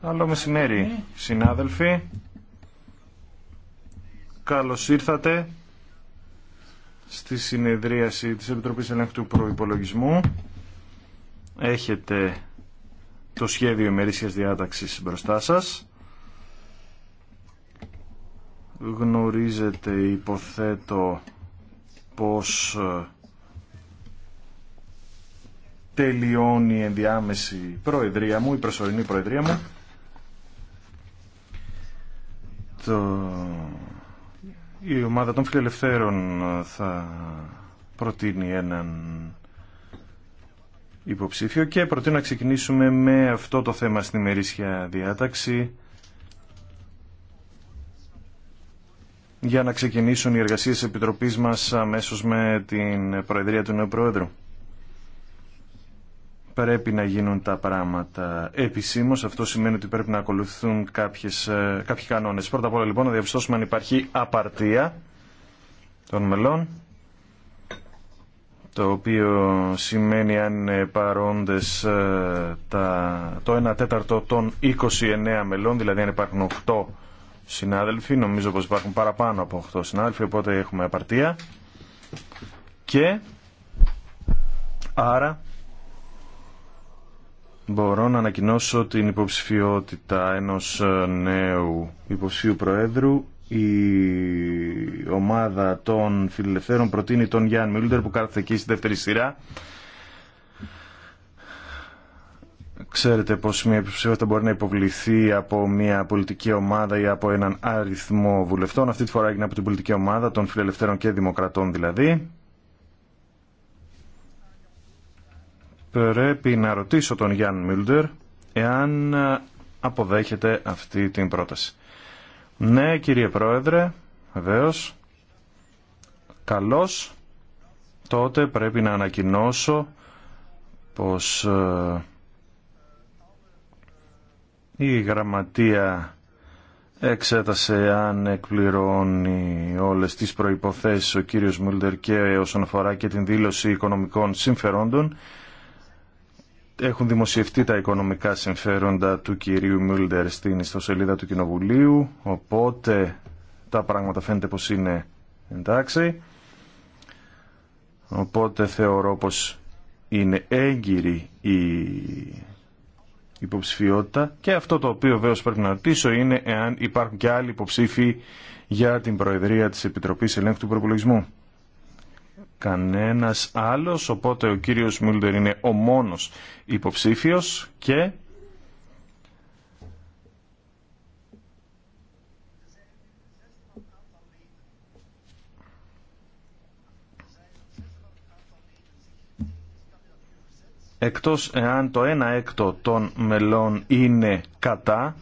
Καλό μεσημέρι, συνάδελφοι. Καλώς ήρθατε στη συνεδρίαση της Επιτροπής Ελέγχου του Προϋπολογισμού. Έχετε το σχέδιο ημερήσιας διάταξης μπροστά σας. Γνωρίζετε, υποθέτω, πως ε, τελειώνει η ενδιάμεση προεδρία μου, η προσωρινή προεδρία μου. Το... Η ομάδα των φιλελευθέρων ε, θα προτείνει έναν υποψήφιο και προτείνω να ξεκινήσουμε με αυτό το θέμα στην ημερήσια διάταξη για να ξεκινήσουν οι εργασίες Επιτροπής μας αμέσως με την Προεδρία του Νέου Πρόεδρου πρέπει να γίνουν τα πράγματα επισήμω. Αυτό σημαίνει ότι πρέπει να ακολουθούν κάποιες, ε, κάποιοι κανόνες. Πρώτα απ' όλα λοιπόν να διαπιστώσουμε αν υπάρχει απαρτία των μελών το οποίο σημαίνει αν είναι παρόντες ε, το 1 τέταρτο των 29 μελών, δηλαδή αν υπάρχουν 8 συνάδελφοι, νομίζω πως υπάρχουν παραπάνω από 8 συνάδελφοι, οπότε έχουμε απαρτία και άρα μπορώ να ανακοινώσω την υποψηφιότητα ενός ε, νέου υποψηφίου Προέδρου. Η ομάδα των φιλελευθέρων προτείνει τον Γιάννη Μιλντερ που κάθεται εκεί στη δεύτερη σειρά. Ξέρετε πως μια υποψηφιότητα μπορεί να υποβληθεί από μια πολιτική ομάδα ή από έναν αριθμό βουλευτών. Αυτή τη φορά έγινε από την πολιτική ομάδα των φιλελευθέρων και δημοκρατών δηλαδή. πρέπει να ρωτήσω τον Γιάνν Μιλντερ εάν ε, αποδέχεται αυτή την πρόταση. Ναι, κύριε Πρόεδρε, βεβαίω. Καλώς, τότε πρέπει να ανακοινώσω πως ε, η γραμματεία εξέτασε αν εκπληρώνει όλες τις προϋποθέσεις ο κύριος Μουλτερ και όσον αφορά και την δήλωση οικονομικών συμφερόντων έχουν δημοσιευτεί τα οικονομικά συμφέροντα του κυρίου Μιούλντερ στην ιστοσελίδα του Κοινοβουλίου, οπότε τα πράγματα φαίνεται πως είναι εντάξει. Οπότε θεωρώ πως είναι έγκυρη η υποψηφιότητα και αυτό το οποίο βέβαια πρέπει να ρωτήσω είναι εάν υπάρχουν και άλλοι υποψήφοι για την Προεδρία της Επιτροπής Ελέγχου του Προπολογισμού κανένας άλλος, οπότε ο κύριος Μιλντερ είναι ο μόνος υποψήφιος και εκτός εάν το 1 έκτο των μελών είναι κατά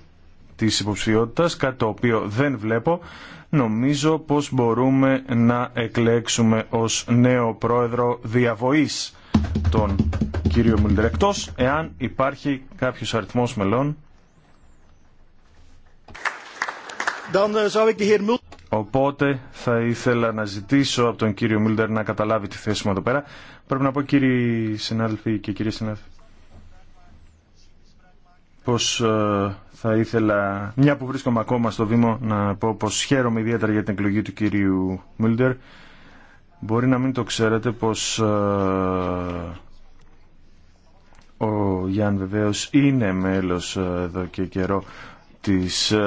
της υποψηφιότητας, κάτι το οποίο δεν βλέπω, νομίζω πως μπορούμε να εκλέξουμε ως νέο πρόεδρο διαβοής τον κύριο Μιλντερ. Εκτός εάν υπάρχει κάποιος αριθμός μελών. Eh, Οπότε θα ήθελα να ζητήσω από τον κύριο Μίλντερ να καταλάβει τη θέση μου εδώ πέρα. Πρέπει να πω κύριοι συνάδελφοι και κύριοι συνάδελφοι πως ε, θα ήθελα, μια που βρίσκομαι ακόμα στο Δήμο, να πω πως χαίρομαι ιδιαίτερα για την εκλογή του κυρίου Μίλντερ. Μπορεί να μην το ξέρετε πως ε, ο Γιάνν βεβαίως είναι μέλος ε, εδώ και καιρό της ε,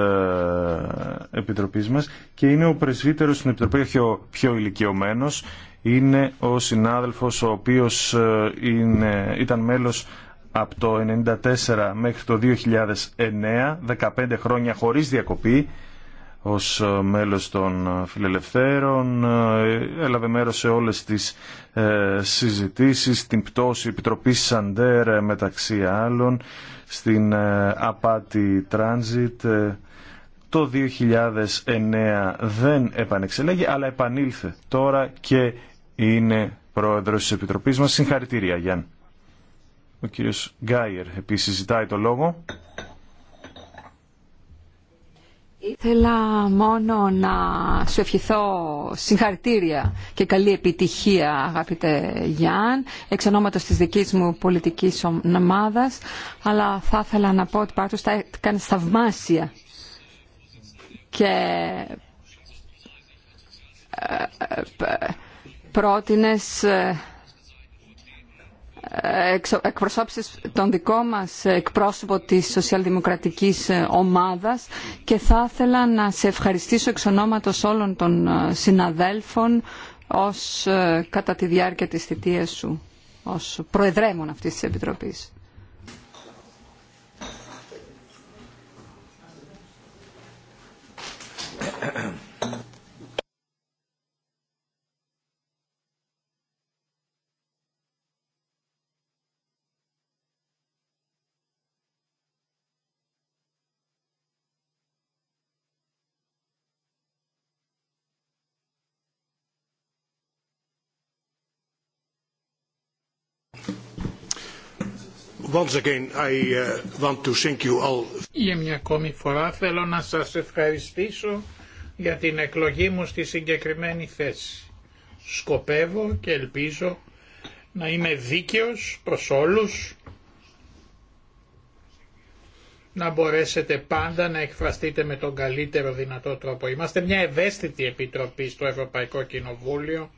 Επιτροπής μας και είναι ο πρεσβύτερος στην Επιτροπή, όχι πιο ηλικιωμένος, είναι ο συνάδελφος ο οποίος είναι, ήταν μέλος από το 1994 μέχρι το 2009, 15 χρόνια χωρίς διακοπή, ως ε, μέλος των ε, φιλελευθέρων, ε, έλαβε μέρος σε όλες τις συζητήσεις, στην πτώση Επιτροπής Σαντέρ μεταξύ άλλων, στην απάτη Τράνζιτ. Το 2009 δεν επανεξελέγει, αλλά επανήλθε τώρα και είναι πρόεδρος της Επιτροπής μας. Συγχαρητήρια Γιάννη. Ο κύριος Γκάιερ επίσης ζητάει το λόγο. Ήθελα μόνο να σου ευχηθώ συγχαρητήρια και καλή επιτυχία αγαπητέ Γιάν, εξ ονόματος της δικής μου πολιτικής ομάδας, αλλά θα ήθελα να πω ότι πάντως τα έκανε θαυμάσια και ε, ε, ε, πρότεινες εκπροσώπησης τον δικό μας εκπρόσωπο της σοσιαλδημοκρατικής ομάδας και θα ήθελα να σε ευχαριστήσω εξ ονόματος όλων των ε, συναδέλφων ως ε, κατά τη διάρκεια της θητείας σου ως προεδρέμων αυτής της Επιτροπής. Uh, για μια ακόμη φορά θέλω να σας ευχαριστήσω για την εκλογή μου στη συγκεκριμένη θέση. Σκοπεύω και ελπίζω να είμαι δίκαιος προς όλους, να μπορέσετε πάντα να εκφραστείτε με τον καλύτερο δυνατό τρόπο. Είμαστε μια ευαίσθητη επιτροπή στο Ευρωπαϊκό Κοινοβούλιο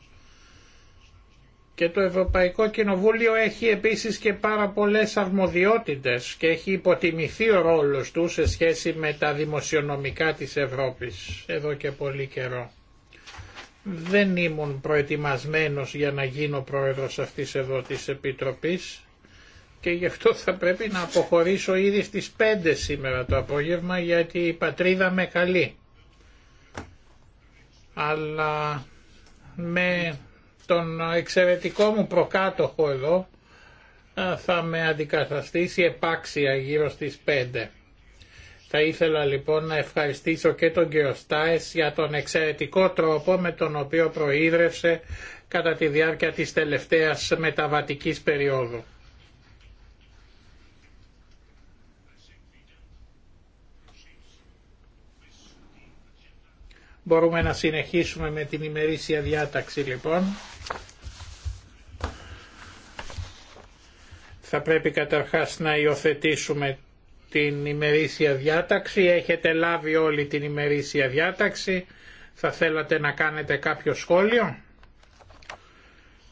και το Ευρωπαϊκό Κοινοβούλιο έχει επίσης και πάρα πολλές αρμοδιότητες και έχει υποτιμηθεί ο ρόλος του σε σχέση με τα δημοσιονομικά της Ευρώπης εδώ και πολύ καιρό. Δεν ήμουν προετοιμασμένος για να γίνω πρόεδρος αυτής εδώ της Επιτροπής και γι' αυτό θα πρέπει να αποχωρήσω ήδη στις 5 σήμερα το απόγευμα γιατί η πατρίδα με καλεί. Αλλά με τον εξαιρετικό μου προκάτοχο εδώ θα με αντικαταστήσει επάξια γύρω στις 5. Θα ήθελα λοιπόν να ευχαριστήσω και τον κύριο Στάες για τον εξαιρετικό τρόπο με τον οποίο προείδρευσε κατά τη διάρκεια της τελευταίας μεταβατικής περίοδου. Μπορούμε να συνεχίσουμε με την ημερήσια διάταξη λοιπόν. Θα πρέπει καταρχάς να υιοθετήσουμε την ημερήσια διάταξη. Έχετε λάβει όλη την ημερήσια διάταξη. Θα θέλατε να κάνετε κάποιο σχόλιο.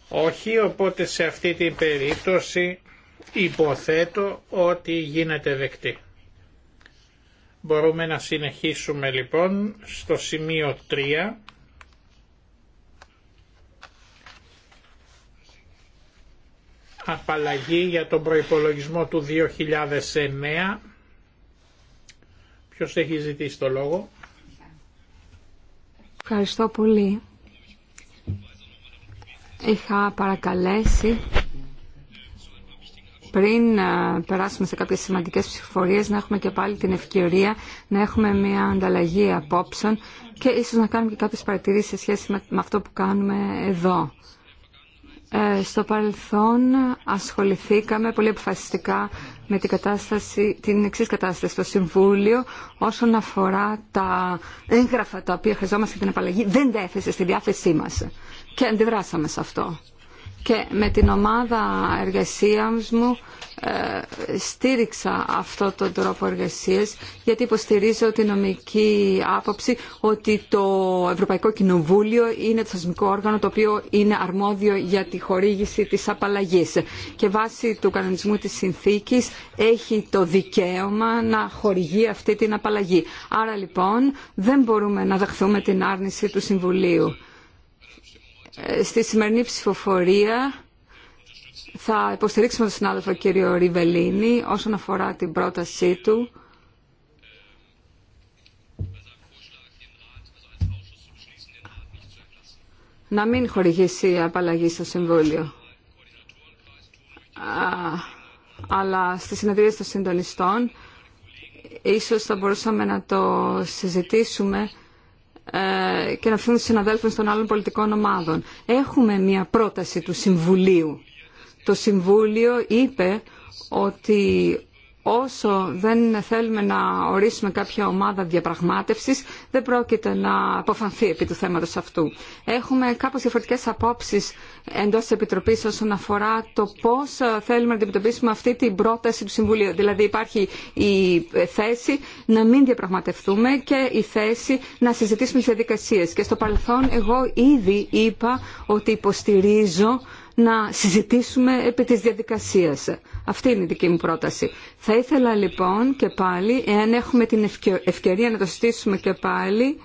Όχι, οπότε σε αυτή την περίπτωση υποθέτω ότι γίνεται δεκτή. Μπορούμε να συνεχίσουμε λοιπόν στο σημείο 3. απαλλαγή για τον προϋπολογισμό του 2009. Ποιος έχει ζητήσει το λόγο. Ευχαριστώ πολύ. Είχα παρακαλέσει πριν ε, περάσουμε σε κάποιες σημαντικές ψηφοφορίες να έχουμε και πάλι την ευκαιρία να έχουμε μια ανταλλαγή απόψεων και ίσως να κάνουμε και κάποιες παρατηρήσεις σε σχέση με, αυτό που κάνουμε εδώ. Ε, στο παρελθόν ασχοληθήκαμε πολύ αποφασιστικά με την, κατάσταση, την εξής κατάσταση στο Συμβούλιο όσον αφορά τα έγγραφα τα οποία χρειαζόμαστε την απαλλαγή δεν τα έθεσε στη διάθεσή μας και αντιδράσαμε σε αυτό και με την ομάδα εργασίας μου ε, στήριξα αυτό τον τρόπο εργασίας γιατί υποστηρίζω την νομική άποψη ότι το Ευρωπαϊκό Κοινοβούλιο είναι το θεσμικό όργανο το οποίο είναι αρμόδιο για τη χορήγηση της απαλλαγής και βάσει του κανονισμού της συνθήκης έχει το δικαίωμα να χορηγεί αυτή την απαλλαγή. Άρα λοιπόν δεν μπορούμε να δεχθούμε την άρνηση του Συμβουλίου. Ε, στη σημερινή ψηφοφορία θα υποστηρίξουμε τον συνάδελφο κύριο Ριβελίνη όσον αφορά την πρότασή του να μην χορηγήσει απαλλαγή στο Συμβούλιο. Αλλά στις συνεδρίες των συντονιστών ίσως θα μπορούσαμε να το συζητήσουμε ε, και να αφήνουν τους συναδέλφους των άλλων πολιτικών ομάδων. Έχουμε μια πρόταση του Συμβουλίου. Το Συμβούλιο είπε ότι όσο δεν θέλουμε να ορίσουμε κάποια ομάδα διαπραγμάτευσης, δεν πρόκειται να αποφανθεί επί του θέματος αυτού. Έχουμε κάπως διαφορετικές απόψεις εντός της Επιτροπής όσον αφορά το πώς θέλουμε να αντιμετωπίσουμε αυτή την πρόταση του Συμβουλίου. Δηλαδή υπάρχει η θέση να μην διαπραγματευτούμε και η θέση να συζητήσουμε τις διαδικασίες. Και στο παρελθόν εγώ ήδη είπα ότι υποστηρίζω να συζητήσουμε επί της διαδικασίας. Αυτή είναι η δική μου πρόταση. Θα ήθελα λοιπόν και πάλι, εάν έχουμε την ευκαιρία να το συζητήσουμε και πάλι,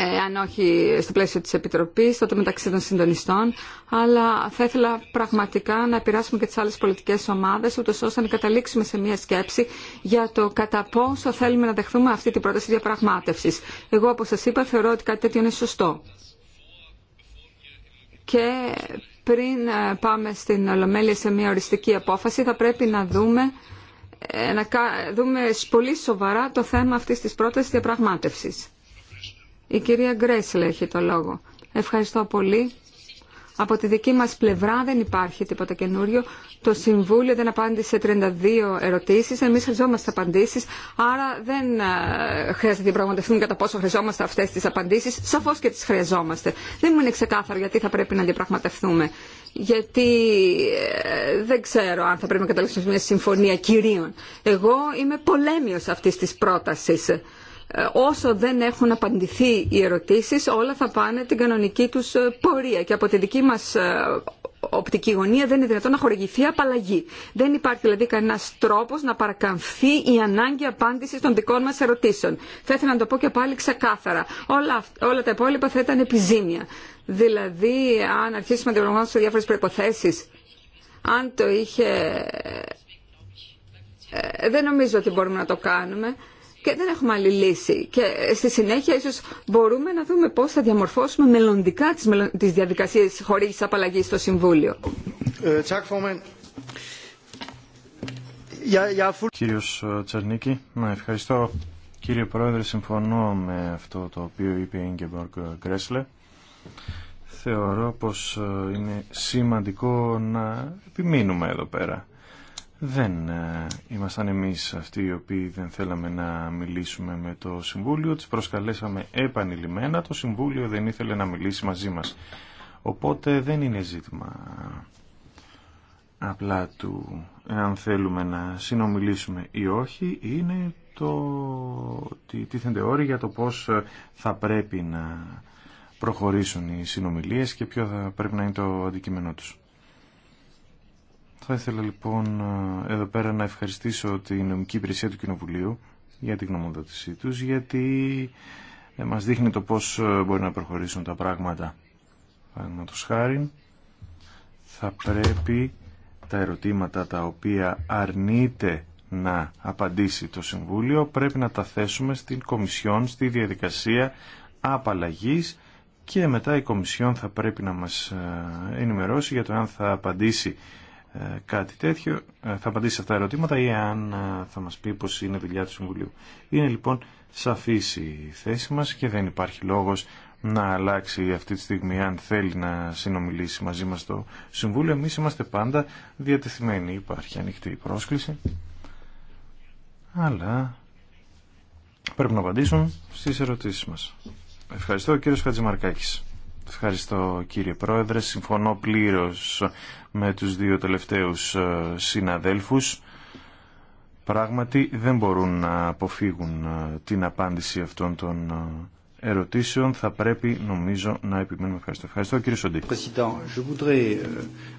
ε, αν όχι στο πλαίσιο της Επιτροπής, τότε μεταξύ των συντονιστών, αλλά θα ήθελα πραγματικά να επηρεάσουμε και τις άλλες πολιτικές ομάδες, ούτως ώστε να καταλήξουμε σε μια σκέψη για το κατά πόσο θέλουμε να δεχθούμε αυτή την πρόταση διαπραγμάτευσης. Εγώ, όπως σας είπα, θεωρώ ότι κάτι τέτοιο είναι σωστό και πριν ε, πάμε στην Ολομέλεια σε μια οριστική απόφαση θα πρέπει να δούμε, ε, να δούμε πολύ σοβαρά το θέμα αυτής της πρότασης διαπραγμάτευσης. Η κυρία Γκρέσλε έχει το λόγο. Ευχαριστώ πολύ. Από τη δική μας πλευρά δεν υπάρχει τίποτα καινούριο. Το Συμβούλιο δεν απάντησε 32 ερωτήσεις, εμείς χρειαζόμαστε απαντήσεις, άρα δεν ε, χρειάζεται να διαπραγματευτούμε κατά πόσο χρειαζόμαστε αυτές τις απαντήσεις. Σαφώς και τις χρειαζόμαστε. Δεν μου είναι ξεκάθαρο γιατί θα πρέπει να διαπραγματευτούμε. Γιατί ε, δεν ξέρω αν θα πρέπει να καταλήξουμε μια συμφωνία κυρίων. Εγώ είμαι πολέμιος αυτής της πρότασης. Ε, όσο δεν έχουν απαντηθεί οι ερωτήσεις όλα θα πάνε την κανονική τους ε, πορεία και από τη δική μας ε, οπτική γωνία δεν είναι δυνατόν να χορηγηθεί απαλλαγή. Δεν υπάρχει δηλαδή κανένα τρόπο να παρακαμφθεί η ανάγκη απάντηση των δικών μα ερωτήσεων. Θα ήθελα να το πω και πάλι ξεκάθαρα. Όλα, όλα τα υπόλοιπα θα ήταν επιζήμια. Δηλαδή, αν αρχίσουμε να διοργανώσουμε σε διάφορε προποθέσει, αν το είχε. Ε, δεν νομίζω ότι μπορούμε να το κάνουμε και δεν έχουμε άλλη λύση. Και στη συνέχεια ίσως μπορούμε να δούμε πώς θα διαμορφώσουμε μελλοντικά τις διαδικασίες χωρις απαλλαγη στο Συμβούλιο. Ε, Κύριος ε, Τσαρνίκη, να ευχαριστώ. Κύριε Πρόεδρε, συμφωνώ με αυτό το οποίο είπε η Ingeborg ε, Γκρέσλε. Θεωρώ πως είναι σημαντικό να επιμείνουμε εδώ πέρα. Δεν ε, ήμασταν εμείς αυτοί οι οποίοι δεν θέλαμε να μιλήσουμε με το Συμβούλιο. Τις προσκαλέσαμε επανειλημμένα. Το Συμβούλιο δεν ήθελε να μιλήσει μαζί μας. Οπότε δεν είναι ζήτημα απλά του εάν θέλουμε να συνομιλήσουμε ή όχι. Είναι το τι τίθενται όροι για το πώς θα πρέπει να προχωρήσουν οι συνομιλίες και ποιο θα πρέπει να είναι το αντικείμενό τους. Θα ήθελα λοιπόν εδώ πέρα να ευχαριστήσω την νομική υπηρεσία του Κοινοβουλίου για την γνωμοδότησή τους γιατί ε, μας δείχνει το πώς ε, μπορεί να προχωρήσουν τα πράγματα. Παραδείγματος χάρη θα πρέπει τα ερωτήματα τα οποία αρνείται να απαντήσει το Συμβούλιο πρέπει να τα θέσουμε στην Κομισιόν στη διαδικασία απαλλαγής και μετά η Κομισιόν θα πρέπει να μας ε, ενημερώσει για το αν θα απαντήσει ε, κάτι τέτοιο. Ε, θα απαντήσει σε αυτά τα ερωτήματα ή αν ε, θα μας πει πως είναι δουλειά του Συμβουλίου. Είναι λοιπόν σαφής η θέση μας και δεν υπάρχει λόγος να αλλάξει αυτή τη στιγμή αν θέλει να συνομιλήσει μαζί μας το Συμβούλιο. Εμείς είμαστε πάντα διατεθειμένοι. Υπάρχει ανοιχτή πρόσκληση. Αλλά πρέπει να απαντήσουν στις ερωτήσεις μας. Ευχαριστώ κύριος Χατζημαρκάκης. Ευχαριστώ κύριε Πρόεδρε. Συμφωνώ πλήρως με τους δύο τελευταίους ε, συναδέλφους. Πράγματι δεν μπορούν να αποφύγουν ε, την απάντηση αυτών των ε, ερωτήσεων θα πρέπει νομίζω να επιμένουμε. Ευχαριστώ. Ευχαριστώ κύριε Σοντή.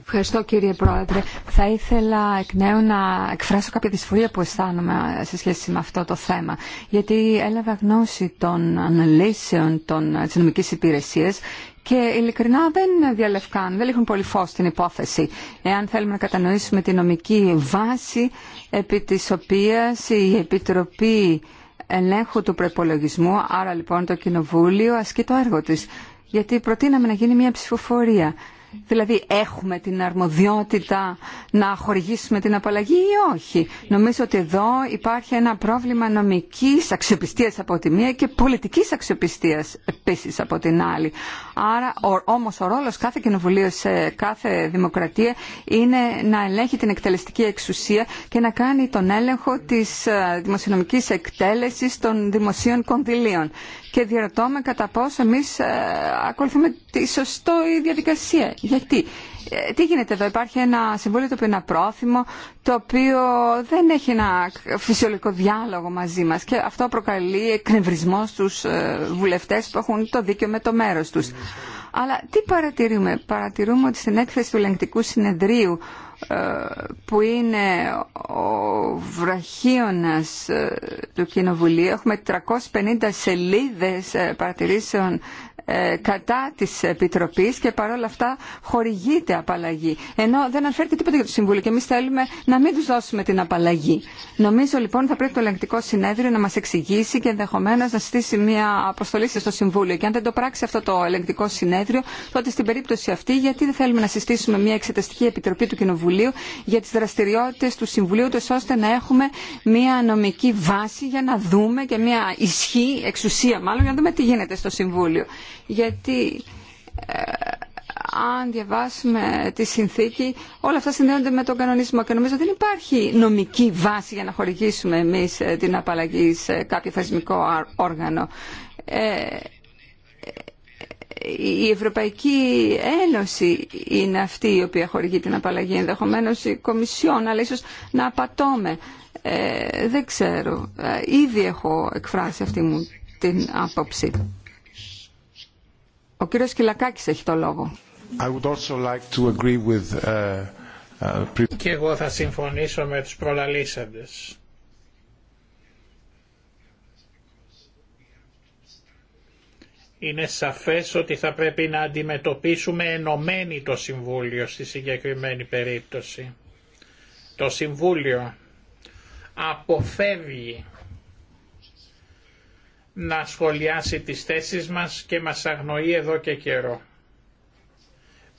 Ευχαριστώ κύριε Πρόεδρε. Θα ήθελα εκ νέου να εκφράσω κάποια δυσφορία που αισθάνομαι σε σχέση με αυτό το θέμα. Γιατί έλαβα γνώση των αναλύσεων των νομικής υπηρεσίας και ειλικρινά δεν διαλευκάνουν, δεν έχουν πολύ φως στην υπόθεση. Εάν θέλουμε να κατανοήσουμε τη νομική βάση επί της οποίας η Επιτροπή ελέγχου του προπολογισμού, άρα λοιπόν το Κοινοβούλιο ασκεί το έργο της. Γιατί προτείναμε να γίνει μια ψηφοφορία Δηλαδή έχουμε την αρμοδιότητα να χορηγήσουμε την απαλλαγή ή όχι. Νομίζω ότι εδώ υπάρχει ένα πρόβλημα νομικής αξιοπιστίας από τη μία και πολιτικής αξιοπιστίας επίσης από την άλλη. Άρα όμως ο ρόλος κάθε κοινοβουλίου σε κάθε δημοκρατία είναι να ελέγχει την εκτελεστική εξουσία και να κάνει τον έλεγχο της ε, δημοσιονομικής εκτέλεσης των δημοσίων κονδυλίων και διαρωτώμε κατά πόσο εμείς ε, ακολουθούμε τη σωστή διαδικασία. Γιατί. Ε, τι γίνεται εδώ, υπάρχει ένα συμβούλιο το οποίο είναι απρόθυμο, το οποίο δεν έχει ένα φυσιολογικό διάλογο μαζί μας και αυτό προκαλεί εκνευρισμό στους ε, βουλευτές που έχουν το δίκαιο με το μέρος τους. Αλλά τι παρατηρούμε, παρατηρούμε ότι στην έκθεση του ελεγκτικού συνεδρίου ε, που είναι ο βραχίωνας ε, του Κοινοβουλίου. Έχουμε 350 σελίδες ε, παρατηρήσεων ε, κατά της Επιτροπής και παρόλα αυτά χορηγείται απαλλαγή. Ενώ δεν αναφέρεται τίποτα για το Συμβούλιο και εμείς θέλουμε να μην τους δώσουμε την απαλλαγή. Νομίζω λοιπόν θα πρέπει το ελεγκτικό συνέδριο να μας εξηγήσει και ενδεχομένω να στήσει μια αποστολή στο Συμβούλιο. Και αν δεν το πράξει αυτό το ελεγκτικό συνέδριο, τότε στην περίπτωση αυτή γιατί δεν θέλουμε να συστήσουμε μια εξεταστική επιτροπή του Κοινοβουλίου για τις δραστηριότητες του Συμβουλίου, ώστε να έχουμε μια νομική βάση για να δούμε και μια ισχύ, εξουσία μάλλον, για να δούμε τι γίνεται στο Συμβούλιο γιατί ε, αν διαβάσουμε τη συνθήκη, όλα αυτά συνδέονται με τον κανονισμό και νομίζω δεν υπάρχει νομική βάση για να χορηγήσουμε εμείς ε, την απαλλαγή σε κάποιο θεσμικό όργανο. Ε, η Ευρωπαϊκή Ένωση είναι αυτή η οποία χορηγεί την απαλλαγή, Ενδεχομένω η Κομισιόν, αλλά ίσως να απατώμε. Δεν ξέρω. Ήδη έχω εκφράσει αυτή μου την άποψη. Ο κύριος Κυλακάκης έχει το λόγο. I uh, uh, Και εγώ θα συμφωνήσω με τους προλαλήσαντες. Είναι σαφές ότι θα πρέπει να αντιμετωπίσουμε ενωμένοι το Συμβούλιο στη συγκεκριμένη περίπτωση. Το Συμβούλιο αποφεύγει να σχολιάσει τις θέσεις μας και μας αγνοεί εδώ και καιρό.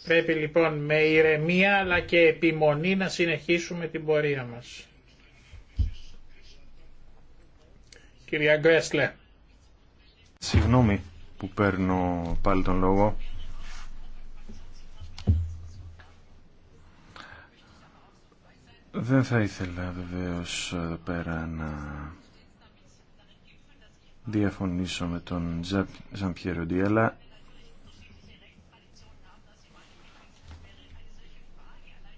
Πρέπει λοιπόν με ηρεμία αλλά και επιμονή να συνεχίσουμε την πορεία μας. Κυρία Γκρέσλε. Συγγνώμη που παίρνω πάλι τον λόγο. Δεν θα ήθελα βεβαίως εδώ πέρα να διαφωνήσω με τον Ζαν Πιεροντή, αλλά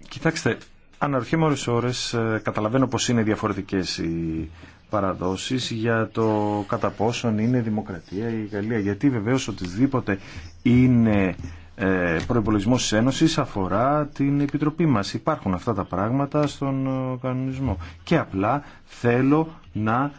κοιτάξτε, αναρωτιέμαι ώρες ώρες, ε, καταλαβαίνω πως είναι διαφορετικές οι παραδόσεις για το κατά πόσον είναι δημοκρατία η Γαλλία, γιατί βεβαίως οτιδήποτε είναι ε, προϋπολογισμός προπολογισμό Ένωση αφορά την Επιτροπή μας. Υπάρχουν αυτά τα πράγματα στον ε, κανονισμό. Και απλά θέλω να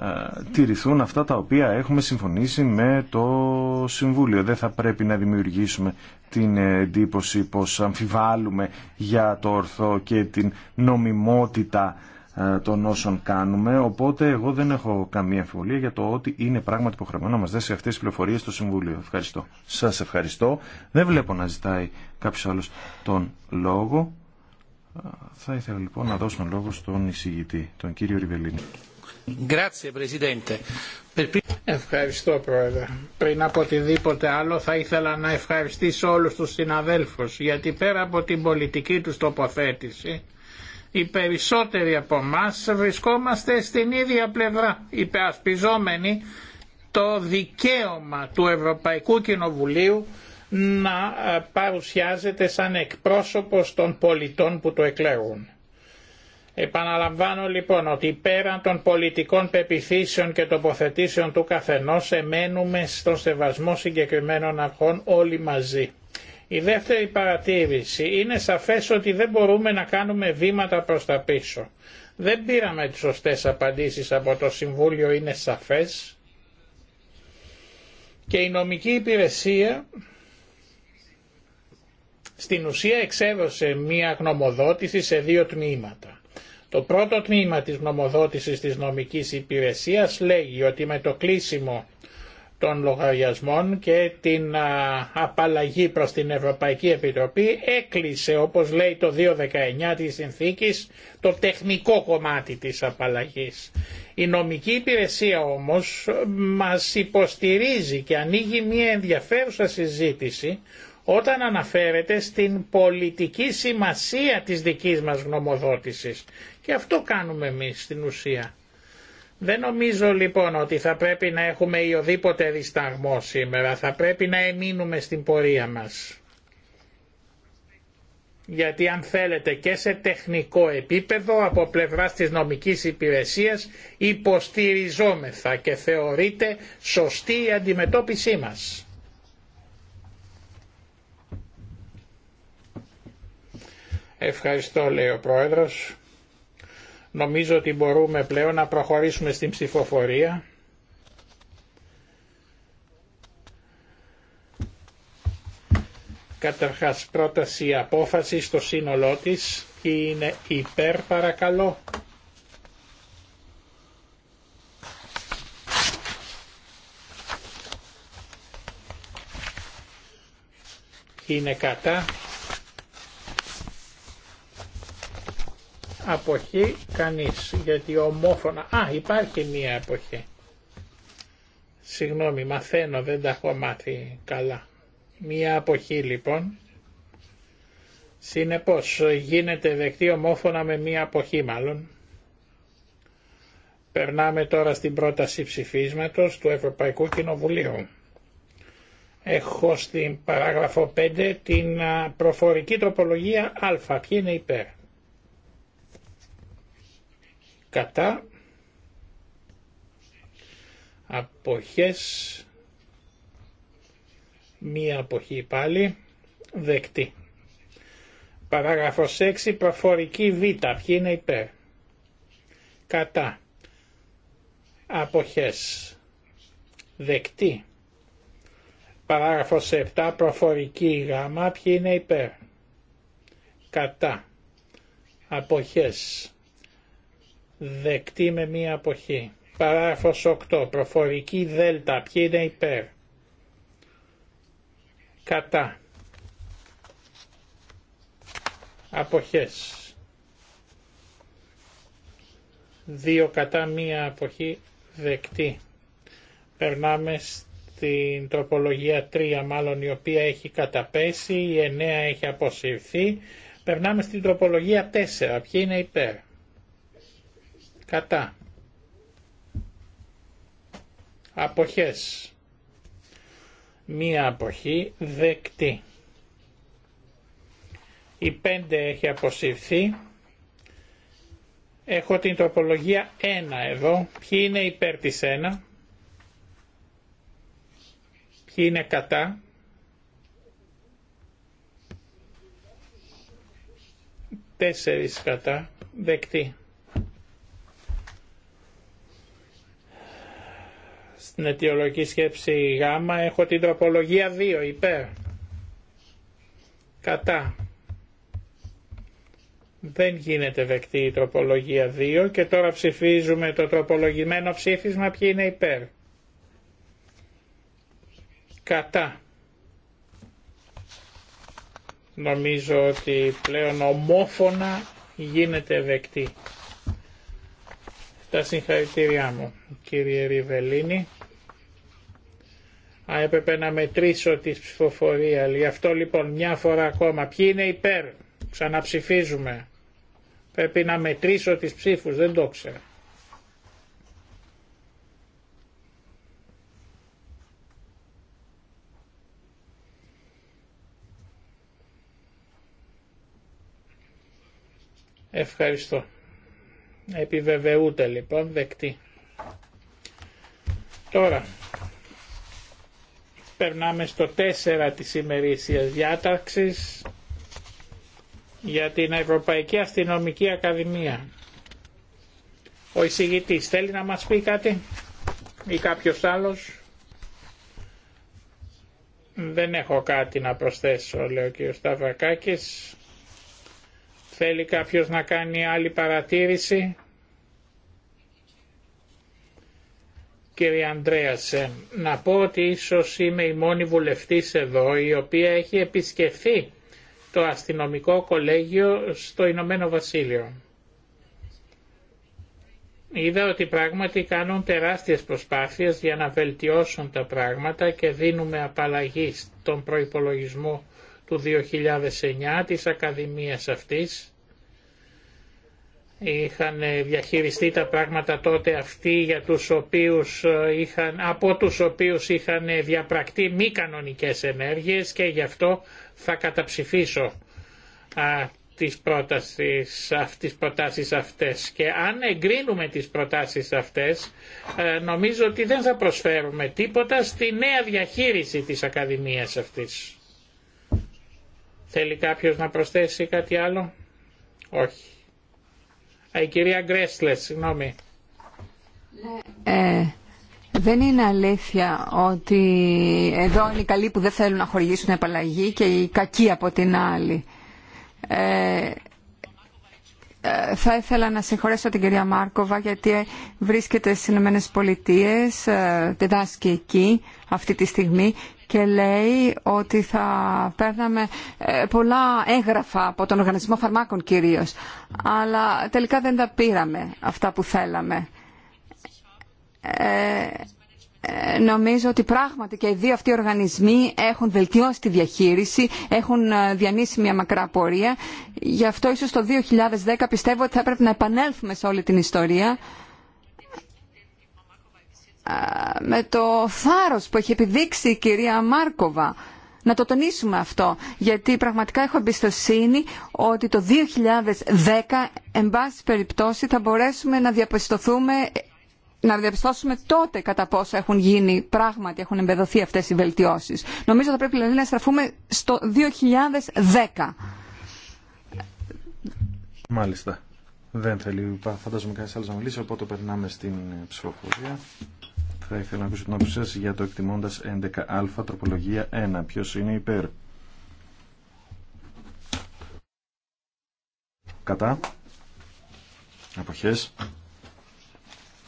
Ε, τηρηθούν αυτά τα οποία έχουμε συμφωνήσει με το Συμβούλιο. Δεν θα πρέπει να δημιουργήσουμε την εντύπωση πως αμφιβάλλουμε για το ορθό και την νομιμότητα ε, των όσων κάνουμε. Οπότε εγώ δεν έχω καμία αμφιβολία για το ότι είναι πράγματι υποχρεωμένο να μας δέσει αυτές τις πληροφορίες στο Συμβούλιο. Ευχαριστώ. Σας ευχαριστώ. Δεν βλέπω να ζητάει κάποιος άλλος τον λόγο. Ε, θα ήθελα λοιπόν να δώσω τον λόγο στον εισηγητή, τον κύριο Ριβελίνη. Ευχαριστώ Πρόεδρε. Πριν από οτιδήποτε άλλο θα ήθελα να ευχαριστήσω όλους τους συναδέλφους γιατί πέρα από την πολιτική τους τοποθέτηση οι περισσότεροι από εμά βρισκόμαστε στην ίδια πλευρά υπερασπιζόμενοι το δικαίωμα του Ευρωπαϊκού Κοινοβουλίου να ε, παρουσιάζεται σαν εκπρόσωπος των πολιτών που το εκλέγουν. Επαναλαμβάνω λοιπόν ότι πέραν των πολιτικών πεπιθήσεων και τοποθετήσεων του καθενός εμένουμε στον σεβασμό συγκεκριμένων αρχών όλοι μαζί. Η δεύτερη παρατήρηση είναι σαφές ότι δεν μπορούμε να κάνουμε βήματα προς τα πίσω. Δεν πήραμε τις σωστές απαντήσεις από το Συμβούλιο, είναι σαφές. Και η νομική υπηρεσία στην ουσία εξέδωσε μία γνωμοδότηση σε δύο τμήματα. Το πρώτο τμήμα της νομοδότησης της νομικής υπηρεσίας λέγει ότι με το κλείσιμο των λογαριασμών και την απαλλαγή προς την Ευρωπαϊκή Επιτροπή έκλεισε όπως λέει το 219 της συνθήκης το τεχνικό κομμάτι της απαλλαγής. Η νομική υπηρεσία όμως μας υποστηρίζει και ανοίγει μια ενδιαφέρουσα συζήτηση όταν αναφέρεται στην πολιτική σημασία της δικής μας γνωμοδότησης και αυτό κάνουμε εμείς στην ουσία. Δεν νομίζω λοιπόν ότι θα πρέπει να έχουμε οδήποτε δισταγμό σήμερα, θα πρέπει να εμείνουμε στην πορεία μας. Γιατί αν θέλετε και σε τεχνικό επίπεδο από πλευράς της νομικής υπηρεσίας υποστηριζόμεθα και θεωρείται σωστή η αντιμετώπιση μας. Ευχαριστώ λέει ο Πρόεδρος. Νομίζω ότι μπορούμε πλέον να προχωρήσουμε στην ψηφοφορία. Καταρχάς πρόταση απόφαση στο σύνολό της είναι υπέρ παρακαλώ. είναι κατά αποχή κανείς, γιατί ομόφωνα... Α, υπάρχει μία αποχή. Συγγνώμη, μαθαίνω, δεν τα έχω μάθει καλά. Μία αποχή λοιπόν. Συνεπώς γίνεται δεκτή ομόφωνα με μία αποχή μάλλον. Περνάμε τώρα στην πρόταση ψηφίσματος του Ευρωπαϊκού Κοινοβουλίου. Έχω στην παράγραφο 5 την προφορική τροπολογία α. Ποιοι είναι υπέρ κατά αποχές μία αποχή πάλι δεκτή. Παράγραφος 6 προφορική β ποιοι είναι υπέρ κατά αποχές δεκτή. Παράγραφος 7 προφορική γ ποιοι είναι υπέρ κατά αποχές Δεκτή με μία αποχή. Παράγραφος 8. Προφορική δέλτα. Ποιοι είναι υπέρ. Κατά. Αποχές. Δύο κατά μία αποχή δεκτή. Περνάμε στην τροπολογία 3 μάλλον η οποία έχει καταπέσει, η 9 έχει αποσυρθεί. Περνάμε στην τροπολογία 4. Ποιοι είναι υπέρ κατά αποχές μία αποχή δεκτή η πέντε έχει αποσυρθεί έχω την τροπολογία ένα εδώ ποιοι είναι υπέρ της ένα ποιοι είναι κατά τέσσερις κατά δεκτή Στην αιτιολογική σκέψη Γ έχω την τροπολογία 2 υπέρ. Κατά. Δεν γίνεται δεκτή η τροπολογία 2 και τώρα ψηφίζουμε το τροπολογημένο ψήφισμα ποιοι είναι υπέρ. Κατά. Νομίζω ότι πλέον ομόφωνα γίνεται δεκτή. Τα συγχαρητήριά μου κύριε Ριβελίνη. Α, έπρεπε να μετρήσω τη ψηφοφορία. Γι' αυτό λοιπόν μια φορά ακόμα. Ποιοι είναι υπέρ. Ξαναψηφίζουμε. Πρέπει να μετρήσω τις ψήφους. Δεν το ξέρω. Ευχαριστώ. Επιβεβαιούται λοιπόν δεκτή. Τώρα, Περνάμε στο 4 της ημερήσιας διάταξης για την Ευρωπαϊκή Αστυνομική Ακαδημία. Ο εισηγητής θέλει να μας πει κάτι ή κάποιος άλλος. Δεν έχω κάτι να προσθέσω, λέει ο κ. Σταυρακάκης. Θέλει κάποιος να κάνει άλλη παρατήρηση. κύριε Ανδρέασεν, να πω ότι ίσως είμαι η μόνη βουλευτής εδώ η οποία έχει επισκεφθεί το αστυνομικό κολέγιο στο Ηνωμένο Βασίλειο. Είδα ότι πράγματι κάνουν τεράστιες προσπάθειες για να βελτιώσουν τα πράγματα και δίνουμε απαλλαγή στον προϋπολογισμό του 2009 της Ακαδημίας αυτής είχαν διαχειριστεί τα πράγματα τότε αυτοί για τους οποίους ε, είχαν, από τους οποίους είχαν διαπρακτεί μη κανονικές ενέργειες και γι' αυτό θα καταψηφίσω α, τις, πρότασεις, αυτές. Και αν εγκρίνουμε τις προτάσεις αυτές ε, νομίζω ότι δεν θα προσφέρουμε τίποτα στη νέα διαχείριση της Ακαδημίας αυτής. Θέλει κάποιος να προσθέσει κάτι άλλο? Όχι κυρία Γκρέσλε, συγγνώμη. Ε, δεν είναι αλήθεια ότι εδώ είναι οι καλοί που δεν θέλουν να χορηγήσουν επαλλαγή και οι κακοί από την άλλη. Ε, ε, θα ήθελα να συγχωρέσω την κυρία Μάρκοβα γιατί βρίσκεται στι Ηνωμένε Πολιτείε, διδάσκει εκεί αυτή τη στιγμή και λέει ότι θα παίρναμε ε, πολλά έγγραφα από τον Οργανισμό Φαρμάκων κυρίως. Αλλά τελικά δεν τα πήραμε αυτά που θέλαμε. Ε, ε, νομίζω ότι πράγματι και οι δύο αυτοί οι οργανισμοί έχουν βελτιώσει τη διαχείριση, έχουν διανύσει μια μακρά πορεία. Γι' αυτό ίσως το 2010 πιστεύω ότι θα πρέπει να επανέλθουμε σε όλη την ιστορία με το θάρρος που έχει επιδείξει η κυρία Μάρκοβα. Να το τονίσουμε αυτό, γιατί πραγματικά έχω εμπιστοσύνη ότι το 2010, εν πάση περιπτώσει, θα μπορέσουμε να διαπιστωθούμε να διαπιστώσουμε τότε κατά πόσα έχουν γίνει πράγματι, έχουν εμπεδοθεί αυτές οι βελτιώσεις. Νομίζω θα πρέπει δηλαδή, να στραφούμε στο 2010. Μάλιστα. Δεν θέλει, φαντάζομαι κανείς άλλος να μιλήσει, οπότε περνάμε στην ψηφοφορία. Θα ήθελα να ακούσω την άποψή σα για το εκτιμώντα 11α τροπολογία 1. Ποιο είναι υπέρ. Κατά. Αποχές.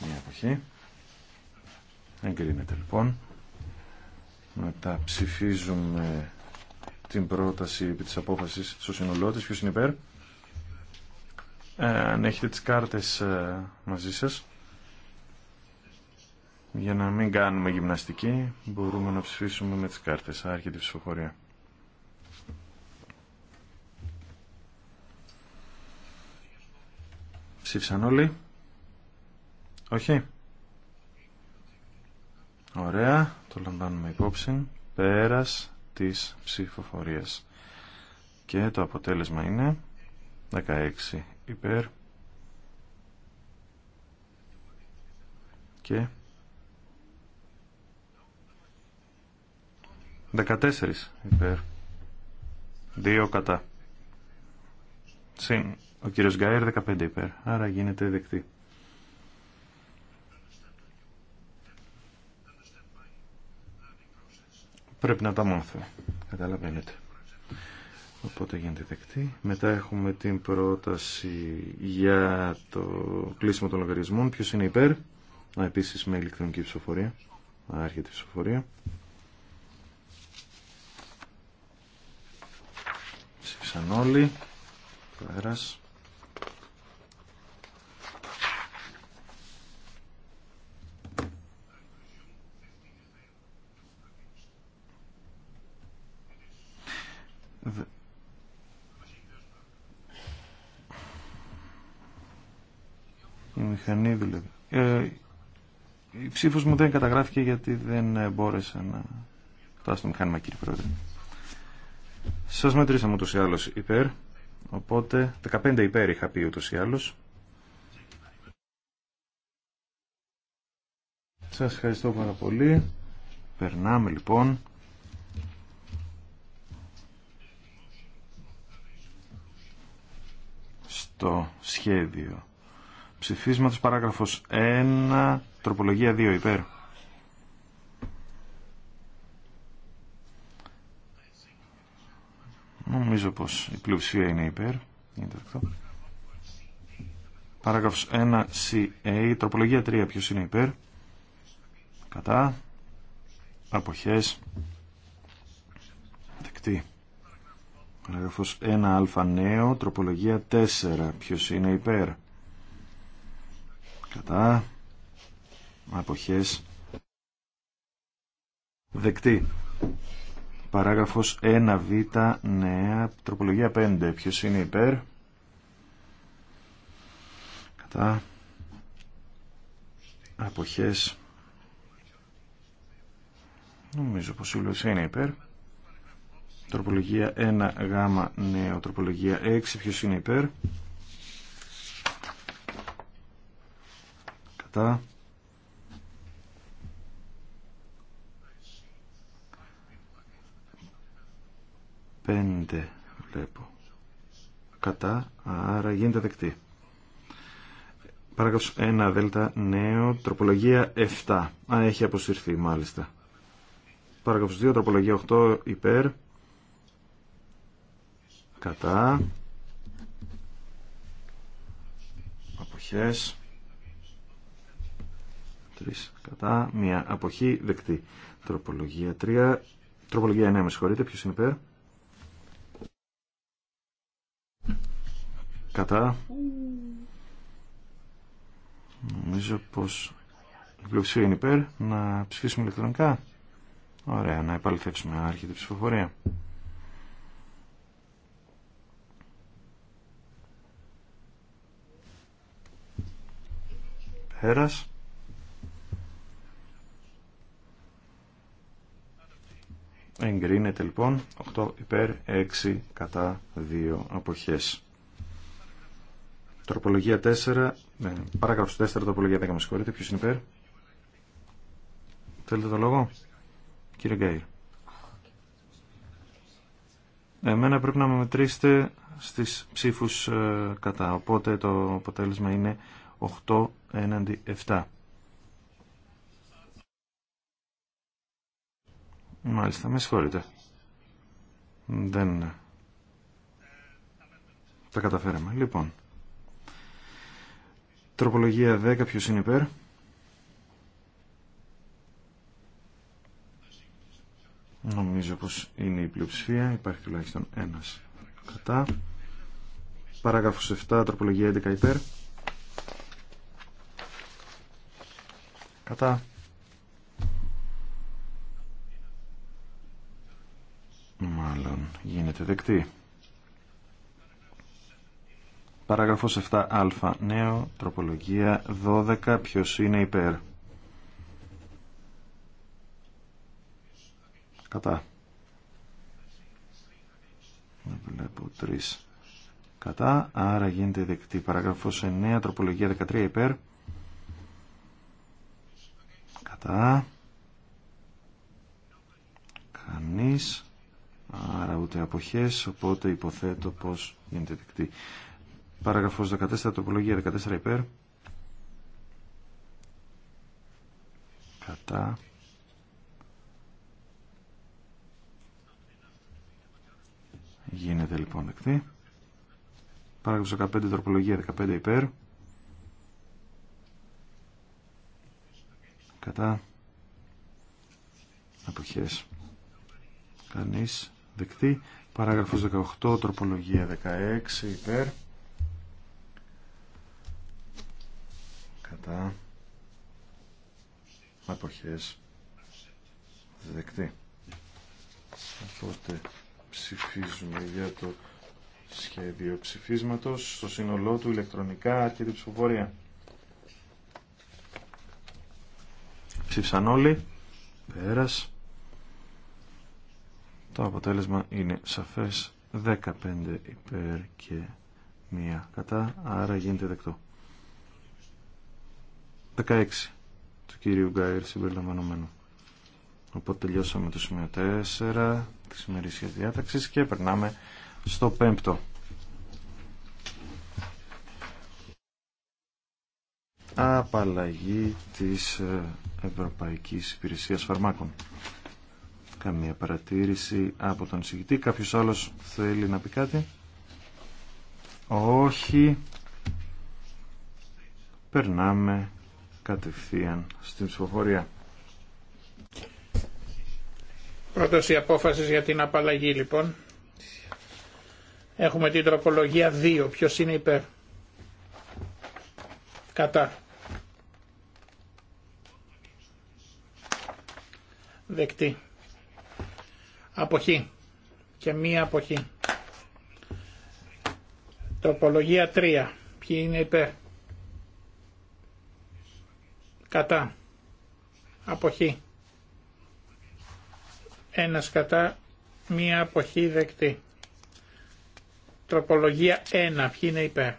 Μια αποχή. Εγκρίνεται λοιπόν. Μετά ψηφίζουμε την πρόταση επί της απόφασης στο σύνολό της. Ποιος είναι υπέρ. Ε, αν έχετε τις κάρτες ε, μαζί σας. Για να μην κάνουμε γυμναστική, μπορούμε να ψηφίσουμε με τις κάρτες. Άρχεται τη ψηφοφορία. Ψήφισαν όλοι. Όχι. Ωραία, το λαμβάνουμε υπόψη. Πέρας της ψηφοφορίας. Και το αποτέλεσμα είναι 16 υπέρ και 14 υπέρ. 2 κατά. Συν. Ο κύριο Γκάιερ 15 υπέρ. Άρα γίνεται δεκτή. Πρέπει να τα μάθουμε. Καταλαβαίνετε. Οπότε γίνεται δεκτή. Μετά έχουμε την πρόταση για το κλείσιμο των λογαριασμών. Ποιο είναι υπέρ. Επίση επίσης με ηλεκτρονική ψηφοφορία. Άρχεται η ψηφοφορία. ψήφισαν όλοι. Πέρας. Η μηχανή δουλεύει. Δηλαδή. Ε, η ψήφος μου δεν καταγράφηκε γιατί δεν ε, μπόρεσα να φτάσω στο μηχάνημα κύριε Πρόεδρε. Σα μετρήσαμε ούτω ή άλλω υπέρ, οπότε 15 υπέρ είχα πει ούτω ή άλλω. Σας ευχαριστώ πάρα πολύ. Περνάμε λοιπόν. Στο σχέδιο ψηφίσματος παράγραφος 1, τροπολογία 2 υπέρ. Νομίζω πως η πλειοψηφία είναι υπέρ. Παράγραφος 1 CA. Τροπολογία 3. Ποιος είναι υπέρ. Κατά. Αποχές. Δεκτή. Παράγραφος 1α νέο. Τροπολογία 4. Ποιος είναι υπέρ. Κατά. Αποχές. Δεκτή. Παράγραφος 1β, νέα, τροπολογία 5. Ποιος είναι υπέρ. Κατά. Αποχές. Νομίζω πως η είναι υπέρ. Τροπολογία 1 γάμα νέο. Τροπολογία 6. Ποιος είναι υπέρ. Κατά. πέντε βλέπω. Κατά, άρα γίνεται δεκτή. Παράγραφος 1 δέλτα νέο, τροπολογία 7. Α, έχει αποσυρθεί μάλιστα. Παράγραφος 2, τροπολογία 8 υπέρ. Κατά. Αποχές. 3 κατά, μία αποχή δεκτή. Τροπολογία 3. Τροπολογία 9, με συγχωρείτε, ποιος είναι υπέρ. Κατά. Νομίζω πως η πλειοψηφία είναι υπέρ. Να ψηφίσουμε ηλεκτρονικά. Ωραία, να επαληθεύσουμε. Άρχεται την ψηφοφορία. Πέρας. Εγκρίνεται λοιπόν 8 υπέρ 6 κατά 2 αποχές. Τροπολογία 4, ναι, παράγραφος 4, τροπολογία 10, με συγχωρείτε, Ποιο είναι υπέρ. Θέλετε το λόγο, κύριε Γκάιρ. Εμένα πρέπει να με μετρήσετε στις ψήφους ε, κατά, οπότε το αποτέλεσμα είναι 8 έναντι 7. Μάλιστα, με συγχωρείτε. Δεν ε, τα καταφέραμε. Λοιπόν, Τροπολογία 10, ποιος είναι υπέρ. Νομίζω πως είναι η πλειοψηφία, υπάρχει τουλάχιστον ένας κατά. Παράγραφος 7, τροπολογία 11 υπέρ. Κατά. Μάλλον γίνεται δεκτή. Παράγραφος 7α. Νέο. Τροπολογία 12. Ποιος είναι υπέρ. Κατά. Δεν βλέπω τρεις. Κατά. Άρα γίνεται δεκτή. Παράγραφος 9. Τροπολογία 13. Υπέρ. Κατά. Κανείς. Άρα ούτε αποχές. Οπότε υποθέτω πως γίνεται δεκτή. Παραγραφός 14, τροπολογία 14 υπέρ. Κατά. Γίνεται λοιπόν δεκτή. Παράγραφος 15, τροπολογία 15 υπέρ. Κατά. Αποχές. Κανείς δεκτή. Παράγραφος 18, τροπολογία 16 υπέρ. μετά αποχές δεκτή. Οπότε ψηφίζουμε για το σχέδιο ψηφίσματος στο σύνολό του ηλεκτρονικά και την ψηφοφορία. Ψήφισαν όλοι. Πέρας. Το αποτέλεσμα είναι σαφές 15 υπέρ και μία κατά, άρα γίνεται δεκτό. 16 του κυρίου Γκάιρ συμπεριλαμβανομένου. Οπότε τελειώσαμε το σημείο 4 τη ημερήσια διάταξη και περνάμε στο 5ο. Απαλλαγή της ε, Ευρωπαϊκής Υπηρεσίας Φαρμάκων. Καμία παρατήρηση από τον συγκητή. Κάποιος άλλος θέλει να πει κάτι. Όχι. Περνάμε κατευθείαν στην ψηφοφορία. Πρώτος η απόφαση για την απαλλαγή λοιπόν. Έχουμε την τροπολογία 2. Ποιος είναι υπέρ. Κατά. Δεκτή. Αποχή. Και μία αποχή. Τροπολογία 3. Ποιοι είναι υπέρ κατά αποχή ένας κατά μία αποχή δεκτή τροπολογία 1 ποιοι είναι υπέρ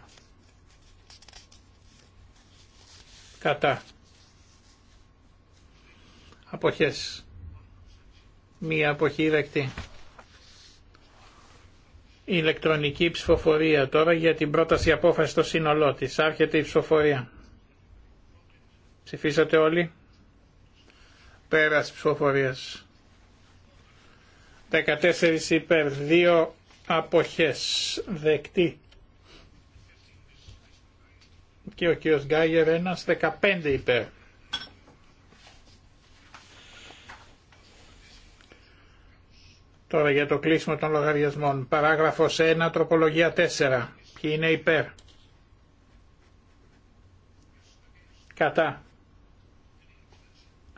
κατά αποχές μία αποχή δεκτή ηλεκτρονική ψηφοφορία τώρα για την πρόταση απόφαση στο σύνολό της άρχεται η ψηφοφορία Ψηφίσατε όλοι. Πέρας ψηφοφορίας. 14 υπέρ, 2 αποχές. Δεκτή. Και ο κύριος Γκάγερ ένας 15 υπέρ. Τώρα για το κλείσιμο των λογαριασμών. Παράγραφος 1, τροπολογία 4. Ποιοι είναι υπέρ. Κατά.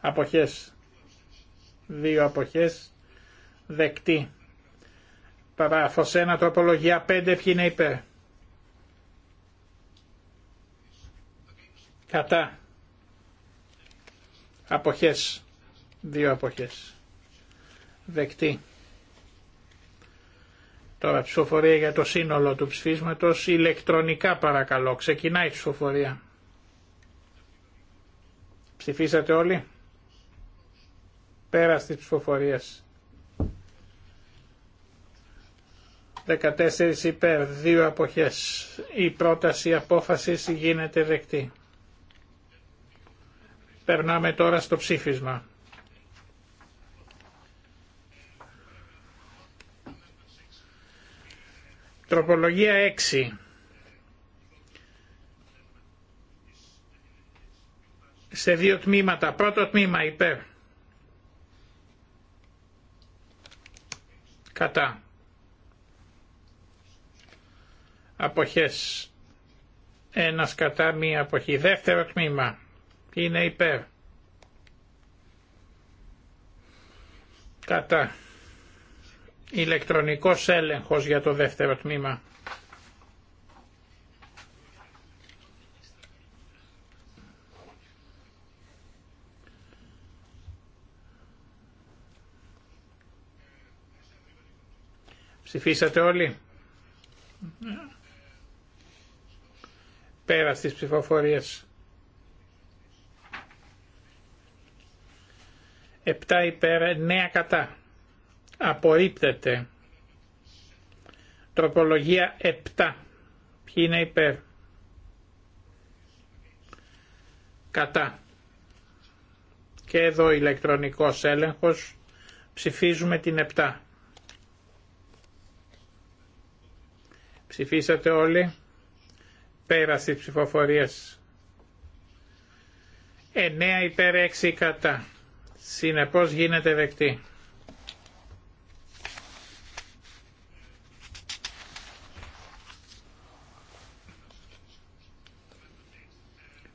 Αποχές. Δύο αποχές. Δεκτή. Παράγραφος το απολογια 5 ποιοι είναι υπέρ. Κατά. Αποχές. Δύο αποχές. Δεκτή. Τώρα ψηφοφορία για το σύνολο του ψηφίσματος. Ηλεκτρονικά παρακαλώ. Ξεκινάει η ψηφοφορία. Ψηφίσατε όλοι. Πέραστη ψηφοφορία. 14 υπέρ, 2 αποχές. Η πρόταση απόφασης γίνεται δεκτή. Περνάμε τώρα στο ψήφισμα. Τροπολογία 6. Σε δύο τμήματα. Πρώτο τμήμα υπέρ. κατά αποχές ένας κατά μία αποχή δεύτερο τμήμα είναι υπέρ κατά ηλεκτρονικός έλεγχος για το δεύτερο τμήμα Ψηφίσατε όλοι. Πέρα στις ψηφοφορίες. Επτά υπέρ, νέα κατά. Απορρίπτεται. Τροπολογία 7. Ποιοι είναι υπέρ. Κατά. Και εδώ ηλεκτρονικός έλεγχος. Ψηφίζουμε την 7. Ψηφίσατε όλοι. Πέραση ψηφοφορία. 9 υπέρ 6 κατά. Συνεπώς γίνεται δεκτή.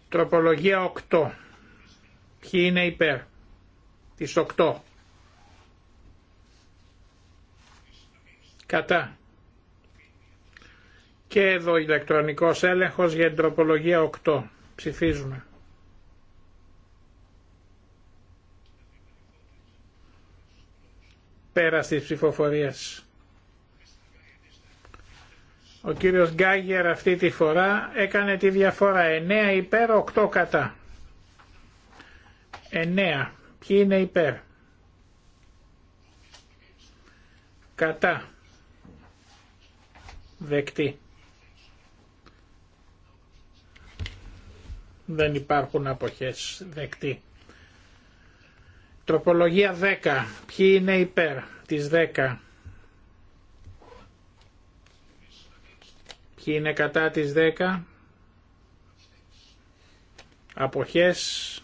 Τροπολογία 8. Ποιοι είναι υπέρ. Τις 8. Κατά. Και εδώ ηλεκτρονικός έλεγχος για την τροπολογία 8. Ψηφίζουμε. Πέρα στις ψηφοφορίες Ο κύριος Γκάγερ αυτή τη φορά έκανε τη διαφορά. 9 υπέρ, 8 κατά. 9. Ποιοι είναι υπέρ. Κατά. Δεκτή. Δεν υπάρχουν αποχές δεκτή. Τροπολογία 10. Ποιοι είναι υπέρ της 10. Ποιοι είναι κατά της 10. Αποχές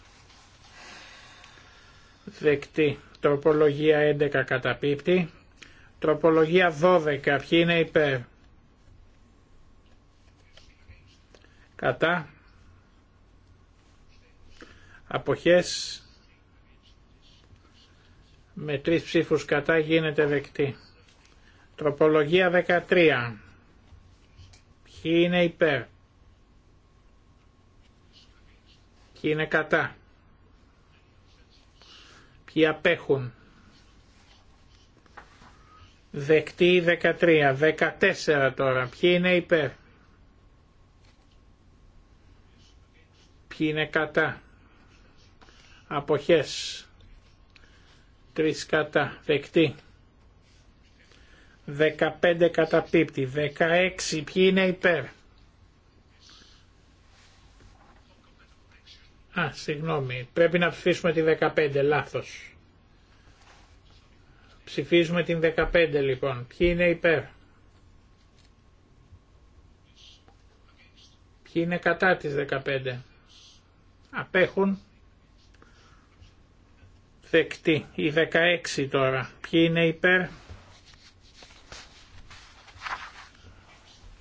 δεκτή. Τροπολογία 11 καταπίπτει. Τροπολογία 12. Ποιοι είναι υπέρ. Κατά. Αποχές με τρεις ψήφους κατά γίνεται δεκτή. Τροπολογία 13. Ποιοι είναι υπέρ. Ποιοι είναι κατά. Ποιοι απέχουν. Δεκτή 13. 14 τώρα. Ποιοι είναι υπέρ. Ποιοι είναι κατά αποχές τρεις κατά δεκτή 15 κατά πίπτη 16 ποιοι είναι υπέρ Α, συγγνώμη, πρέπει να ψηφίσουμε τη δεκαπέντε, λάθος. Ψηφίζουμε την δεκαπέντε λοιπόν. Ποιοι είναι υπέρ. Ποιοι είναι κατά της δεκαπέντε, Απέχουν Δεκτή. Η 16 τώρα. Ποιοι είναι υπέρ.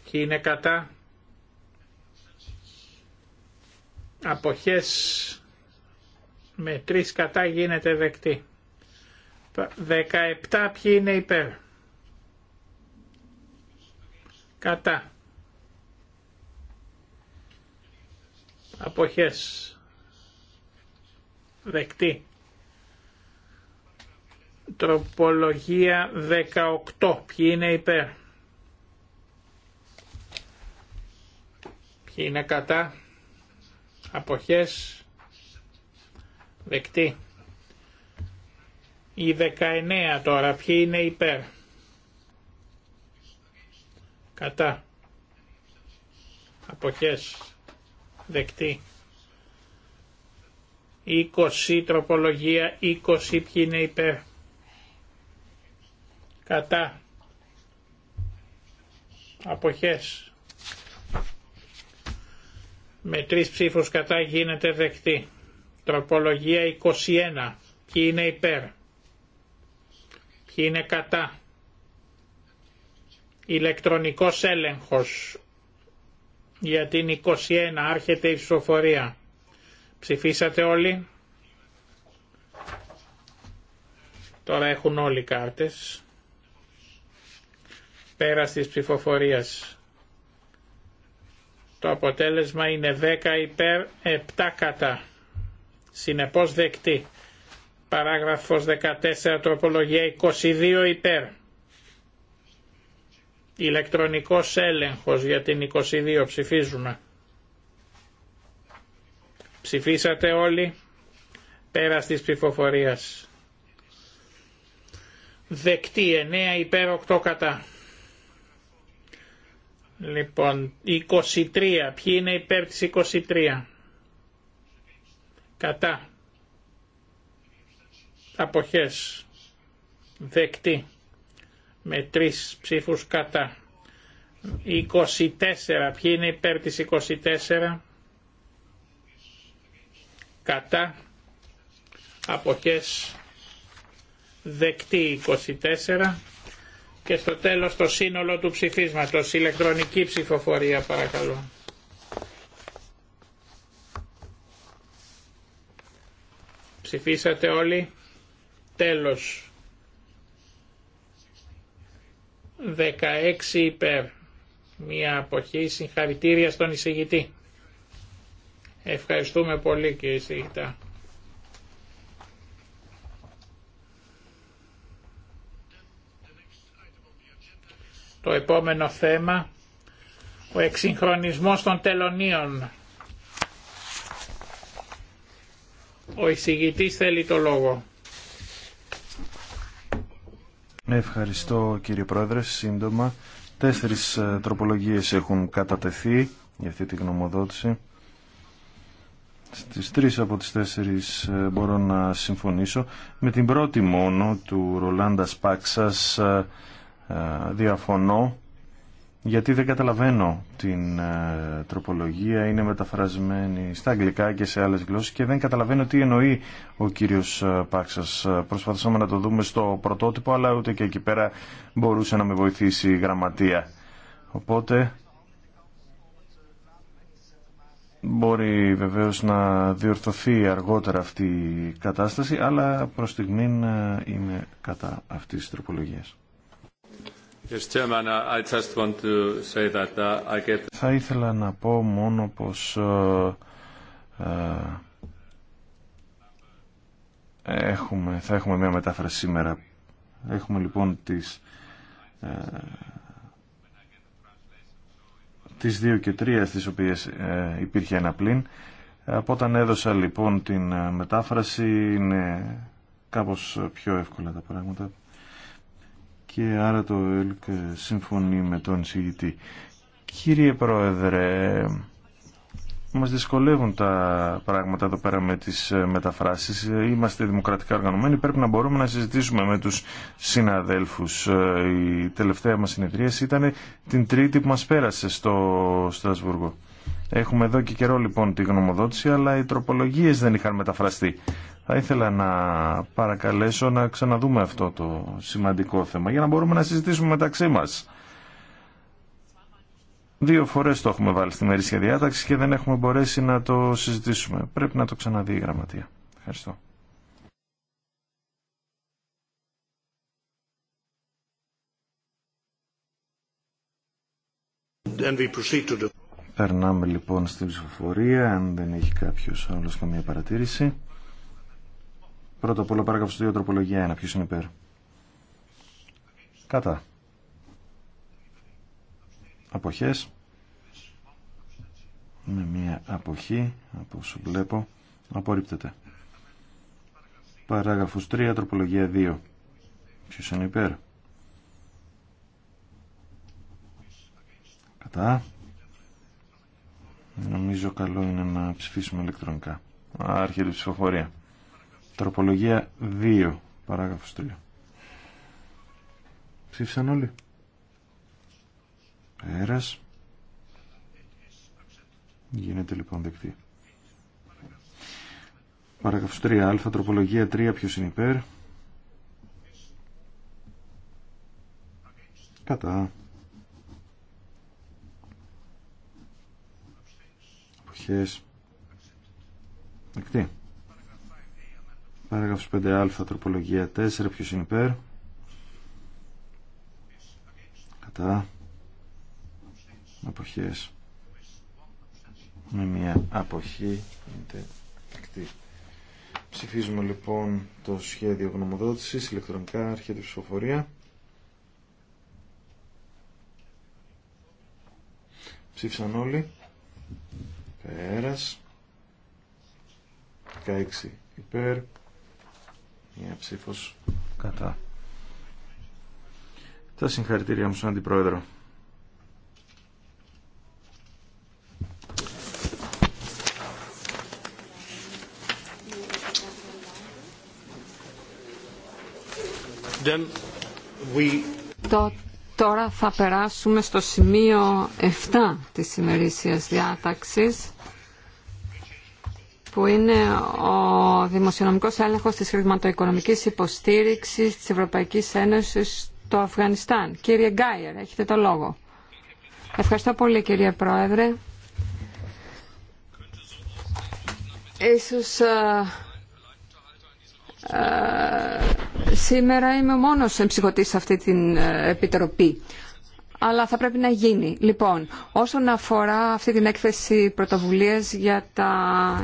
Ποιοι είναι κατά. Αποχές με τρεις κατά γίνεται δεκτή. 17 ποιοι είναι υπέρ. Κατά. Αποχές. Δεκτή. Τροπολογία 18. Ποιοι είναι υπέρ. Ποιοι είναι κατά. Αποχές. Δεκτή. Η 19 τώρα. Ποιοι είναι υπέρ. Κατά. Αποχές. Δεκτή. 20 τροπολογία. 20 ποιοι είναι υπέρ κατά αποχές με τρεις ψήφους κατά γίνεται δεκτή. Τροπολογία 21. Ποιοι είναι υπέρ. Ποιοι είναι κατά. Ηλεκτρονικός έλεγχος. Για την 21 άρχεται η ψηφοφορία. Ψηφίσατε όλοι. Τώρα έχουν όλοι κάρτες. Πέρα της ψηφοφορίας. Το αποτέλεσμα είναι 10 υπέρ 7 κατά. Συνεπώς δεκτή. Παράγραφος 14 τροπολογία 22 υπέρ. Ηλεκτρονικός έλεγχος για την 22 ψηφίζουμε. Ψηφίσατε όλοι Πέρα της ψηφοφορίας. Δεκτή 9 υπέρ 8 κατά. Λοιπόν, 23. Ποιοι είναι υπέρ της 23. Κατά. Αποχές. Δεκτή. Με τρεις ψήφους κατά. 24. Ποιοι είναι υπέρ της 24. Κατά. Αποχές. Δεκτή 24. Και στο τέλος το σύνολο του ψηφίσματος. Ηλεκτρονική ψηφοφορία παρακαλώ. Ψηφίσατε όλοι. Τέλος. 16 υπέρ. Μία αποχή. Συγχαρητήρια στον εισηγητή. Ευχαριστούμε πολύ κύριε εισηγητά. Το επόμενο θέμα, ο εξυγχρονισμός των τελωνίων. Ο εισηγητής θέλει το λόγο. Ευχαριστώ κύριε Πρόεδρε. Σύντομα, τέσσερις ε, τροπολογίες έχουν κατατεθεί για αυτή τη γνωμοδότηση. Στις τρεις από τις τέσσερις ε, μπορώ να συμφωνήσω. Με την πρώτη μόνο του Ρολάντα Πάξας ε, ε, διαφωνώ γιατί δεν καταλαβαίνω την ε, τροπολογία, είναι μεταφρασμένη στα αγγλικά και σε άλλες γλώσσες και δεν καταλαβαίνω τι εννοεί ο κύριος ε, Πάξας. Προσπαθήσαμε να το δούμε στο πρωτότυπο, αλλά ούτε και εκεί πέρα μπορούσε να με βοηθήσει η γραμματεία. Οπότε μπορεί βεβαίως να διορθωθεί αργότερα αυτή η κατάσταση, αλλά προς στιγμή είμαι κατά αυτής της τροπολογίας. Θα ήθελα να πω μόνο πως ε, ε, έχουμε, θα έχουμε μια μετάφραση σήμερα. Έχουμε λοιπόν τις, δύο ε, τις δύο και τρία στις οποίες υπήρχε ένα πλήν. Από όταν έδωσα λοιπόν την μετάφραση είναι κάπως πιο εύκολα τα πράγματα και άρα το ΕΛΚ συμφωνεί με τον συγητή. Κύριε Πρόεδρε, μας δυσκολεύουν τα πράγματα εδώ πέρα με τις ε, μεταφράσεις. Ε, είμαστε δημοκρατικά οργανωμένοι, πρέπει να μπορούμε να συζητήσουμε με τους συναδέλφους. Ε, η τελευταία μας συνεδρίαση ήταν την τρίτη που μας πέρασε στο Στρασβούργο. Έχουμε εδώ και καιρό λοιπόν τη γνωμοδότηση, αλλά οι τροπολογίες δεν είχαν μεταφραστεί. Θα ήθελα να παρακαλέσω να ξαναδούμε αυτό το σημαντικό θέμα για να μπορούμε να συζητήσουμε μεταξύ μας. Δύο φορές το έχουμε βάλει στη μερίσια διάταξη και δεν έχουμε μπορέσει να το συζητήσουμε. Πρέπει να το ξαναδεί η γραμματεία. Ευχαριστώ. Περνάμε λοιπόν στην ψηφοφορία, αν δεν έχει κάποιος άλλος καμία παρατήρηση. Πρώτα απ' όλα παράγραφος 2 τροπολογία 1. Ποιος είναι υπέρ. Κατά. Αποχές. Με μία αποχή, από όσο βλέπω, απορρίπτεται. Παράγραφος 3, τροπολογία 2. Ποιος είναι υπέρ. Κατά. Νομίζω καλό είναι να ψηφίσουμε ηλεκτρονικά. Άρχεται η ψηφοφορία. Τροπολογία 2, παράγραφος 3. Ψήφισαν όλοι. Πέρας. Γίνεται λοιπόν δεκτή. Παράγραφος 3α, τροπολογία 3, ποιος είναι υπέρ. Κατά. Αποχές. Δεκτή. Παράγραφος 5α, τροπολογία 4, ποιος είναι υπέρ. Κατά. Αποχές. Με μια αποχή. Δεκτή. Ψηφίζουμε λοιπόν το σχέδιο γνωμοδότησης, ηλεκτρονικά αρχή ψηφοφορία. Ψήφισαν όλοι. Πέρας. 16 υπέρ. Μια ψήφο κατά. Τα συγχαρητήριά μου στον Αντιπρόεδρο. we... Το, τώρα θα περάσουμε στο σημείο 7 της ημερήσιας διάταξης που είναι ο δημοσιονομικός έλεγχος της χρηματοοικονομικής υποστήριξης της Ευρωπαϊκής Ένωσης στο Αφγανιστάν. Κύριε Γκάιερ, έχετε το λόγο. Ευχαριστώ πολύ κύριε Πρόεδρε. Ίσως ε, ε, σήμερα είμαι μόνος εμψυχωτής σε αυτή την ε, επιτροπή αλλά θα πρέπει να γίνει. Λοιπόν, όσον αφορά αυτή την έκθεση πρωτοβουλία για,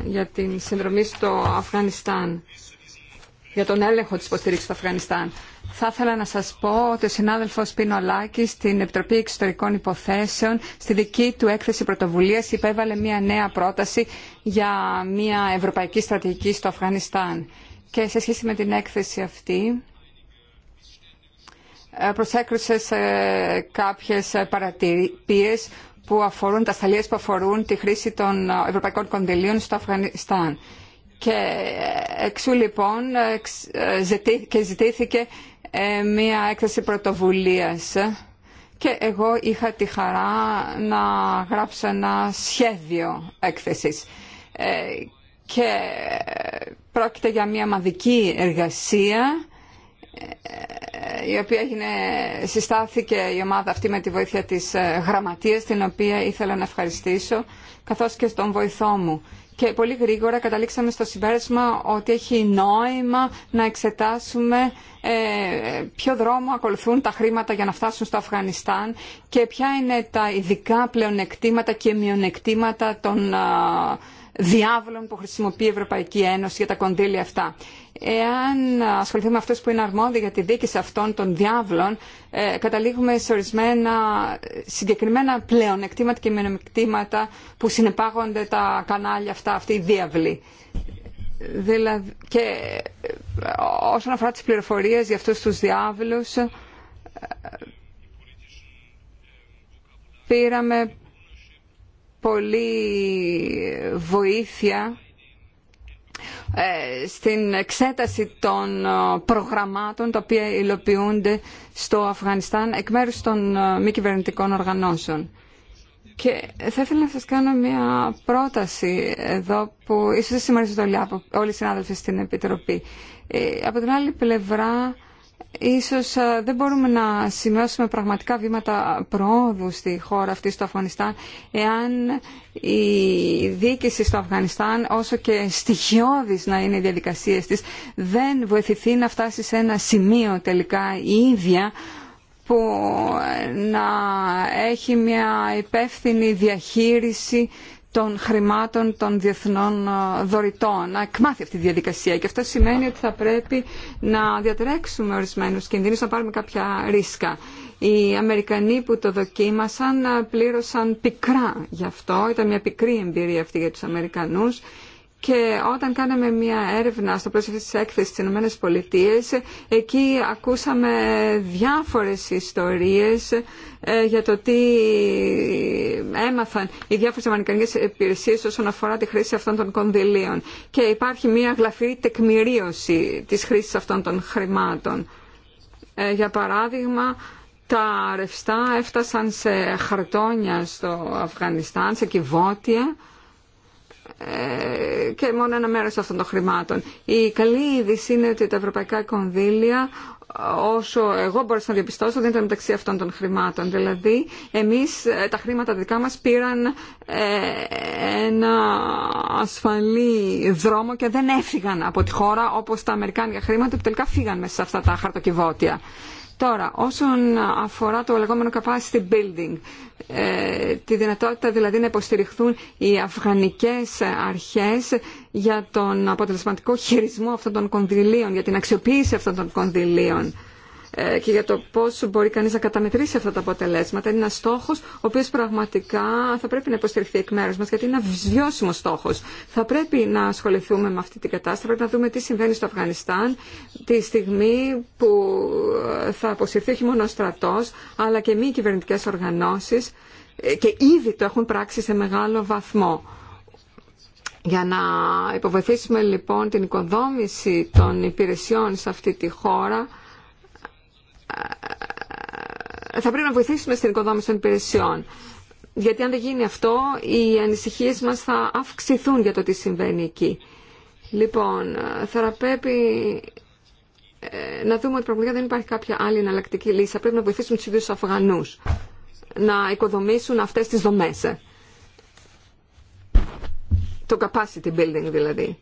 για την συνδρομή στο Αφγανιστάν, για τον έλεγχο της υποστήριξης του Αφγανιστάν, θα ήθελα να σας πω ότι ο συνάδελφος Πίνο Λάκη στην Επιτροπή Εξωτερικών Υποθέσεων στη δική του έκθεση πρωτοβουλίας υπέβαλε μια νέα πρόταση για μια ευρωπαϊκή στρατηγική στο Αφγανιστάν. Και σε σχέση με την έκθεση αυτή, ε, προσέκρισε σε κάποιες ε, παρατηρίες που αφορούν, τα σταλίες που αφορούν τη χρήση των ε, ευρωπαϊκών κονδυλίων στο Αφγανιστάν. Και εξού λοιπόν και ζητήθηκε μία έκθεση πρωτοβουλίας και εγώ είχα τη χαρά να γράψω ένα σχέδιο έκθεσης. Και πρόκειται για μία μαδική εργασία ε, η οποία έγινε, συστάθηκε η ομάδα αυτή με τη βοήθεια της ε, γραμματείας, την οποία ήθελα να ευχαριστήσω, καθώς και στον βοηθό μου. Και πολύ γρήγορα καταλήξαμε στο συμπέρασμα ότι έχει νόημα να εξετάσουμε ε, ποιο δρόμο ακολουθούν τα χρήματα για να φτάσουν στο Αφγανιστάν και ποια είναι τα ειδικά πλεονεκτήματα και μειονεκτήματα των διάβολων που χρησιμοποιεί η Ευρωπαϊκή Ένωση για τα κονδύλια αυτά. Εάν ασχοληθούμε με αυτούς που είναι αρμόδιοι για τη δίκηση αυτών των διάβλων, ε, καταλήγουμε σε ορισμένα συγκεκριμένα πλεονεκτήματα και μειονεκτήματα που συνεπάγονται τα κανάλια αυτά, αυτή η διάβλη. Δηλαδή, και ε, όσον αφορά τις πληροφορίες για αυτούς τους διάβλους, ε, πήραμε πολύ βοήθεια ε, στην εξέταση των ε, προγραμμάτων τα οποία υλοποιούνται στο Αφγανιστάν εκ μέρους των ε, μη κυβερνητικών οργανώσεων. Και θα ήθελα να σας κάνω μια πρόταση εδώ που ίσως δεν σημαίνει όλοι οι συνάδελφοι στην Επιτροπή. από την άλλη πλευρά Ίσως δεν μπορούμε να σημειώσουμε πραγματικά βήματα πρόοδου στη χώρα αυτή στο Αφγανιστάν εάν η διοίκηση στο Αφγανιστάν όσο και στοιχειώδης να είναι οι διαδικασίες της δεν βοηθηθεί να φτάσει σε ένα σημείο τελικά η ίδια που ε, να έχει μια υπεύθυνη διαχείριση των χρημάτων των διεθνών ε, δωρητών. Να εκμάθει αυτή τη διαδικασία και αυτό σημαίνει ότι θα πρέπει να διατρέξουμε ορισμένου κινδύνου, να πάρουμε κάποια ρίσκα. Οι Αμερικανοί που το δοκίμασαν ε, πλήρωσαν πικρά γι' αυτό. Ήταν μια πικρή εμπειρία αυτή για τους Αμερικανού. Και όταν κάναμε μια έρευνα στο πλαίσιο της έκθεσης στις Ηνωμένες Πολιτείες, εκεί ακούσαμε διάφορες ιστορίες ε, για το τι έμαθαν οι διάφορες αμερικανικές υπηρεσίες όσον αφορά τη χρήση αυτών των κονδυλίων. Και υπάρχει μια γλαφυρή τεκμηρίωση της χρήσης αυτών των χρημάτων. Ε, για παράδειγμα, τα ρευστά έφτασαν σε χαρτόνια στο Αφγανιστάν, σε κυβότια, ε, και μόνο ένα μέρος αυτών των χρημάτων. Η καλή είδηση είναι ότι τα ευρωπαϊκά κονδύλια όσο εγώ μπορούσα να διαπιστώσω δεν ήταν μεταξύ αυτών των χρημάτων. Δηλαδή, εμείς ε, τα χρήματα δικά μας πήραν ε, ένα ασφαλή δρόμο και δεν έφυγαν από τη χώρα όπως τα αμερικάνικα χρήματα που τελικά φύγαν μέσα σε αυτά τα χαρτοκιβώτια. Τώρα, όσον αφορά το λεγόμενο capacity building, ε, τη δυνατότητα δηλαδή να υποστηριχθούν οι αφγανικές αρχές για τον αποτελεσματικό χειρισμό αυτών των κονδυλίων, για την αξιοποίηση αυτών των κονδυλίων ε, και για το πώς μπορεί κανείς να καταμετρήσει αυτά τα αποτελέσματα. Είναι ένα στόχος ο οποίος πραγματικά θα πρέπει να υποστηριχθεί εκ μέρους μας γιατί είναι ένα βιώσιμο στόχος. Θα πρέπει να ασχοληθούμε με αυτή την κατάσταση, πρέπει να δούμε τι συμβαίνει στο Αφγανιστάν τη στιγμή που ε, θα αποσυρθεί όχι μόνο ο στρατός αλλά και μη κυβερνητικές οργανώσεις ε, και ήδη το έχουν πράξει σε μεγάλο βαθμό. Για να υποβοηθήσουμε λοιπόν την οικοδόμηση των υπηρεσιών σε αυτή τη χώρα θα πρέπει να βοηθήσουμε στην οικοδόμηση των υπηρεσιών. Γιατί αν δεν γίνει αυτό, οι ανησυχίε μας θα αυξηθούν για το τι συμβαίνει εκεί. Λοιπόν, θα πρέπει ε, να δούμε ότι πραγματικά δεν υπάρχει κάποια άλλη εναλλακτική λύση. Θα πρέπει να βοηθήσουμε τους του Αφγανούς να οικοδομήσουν αυτές τις δομές. Το capacity building δηλαδή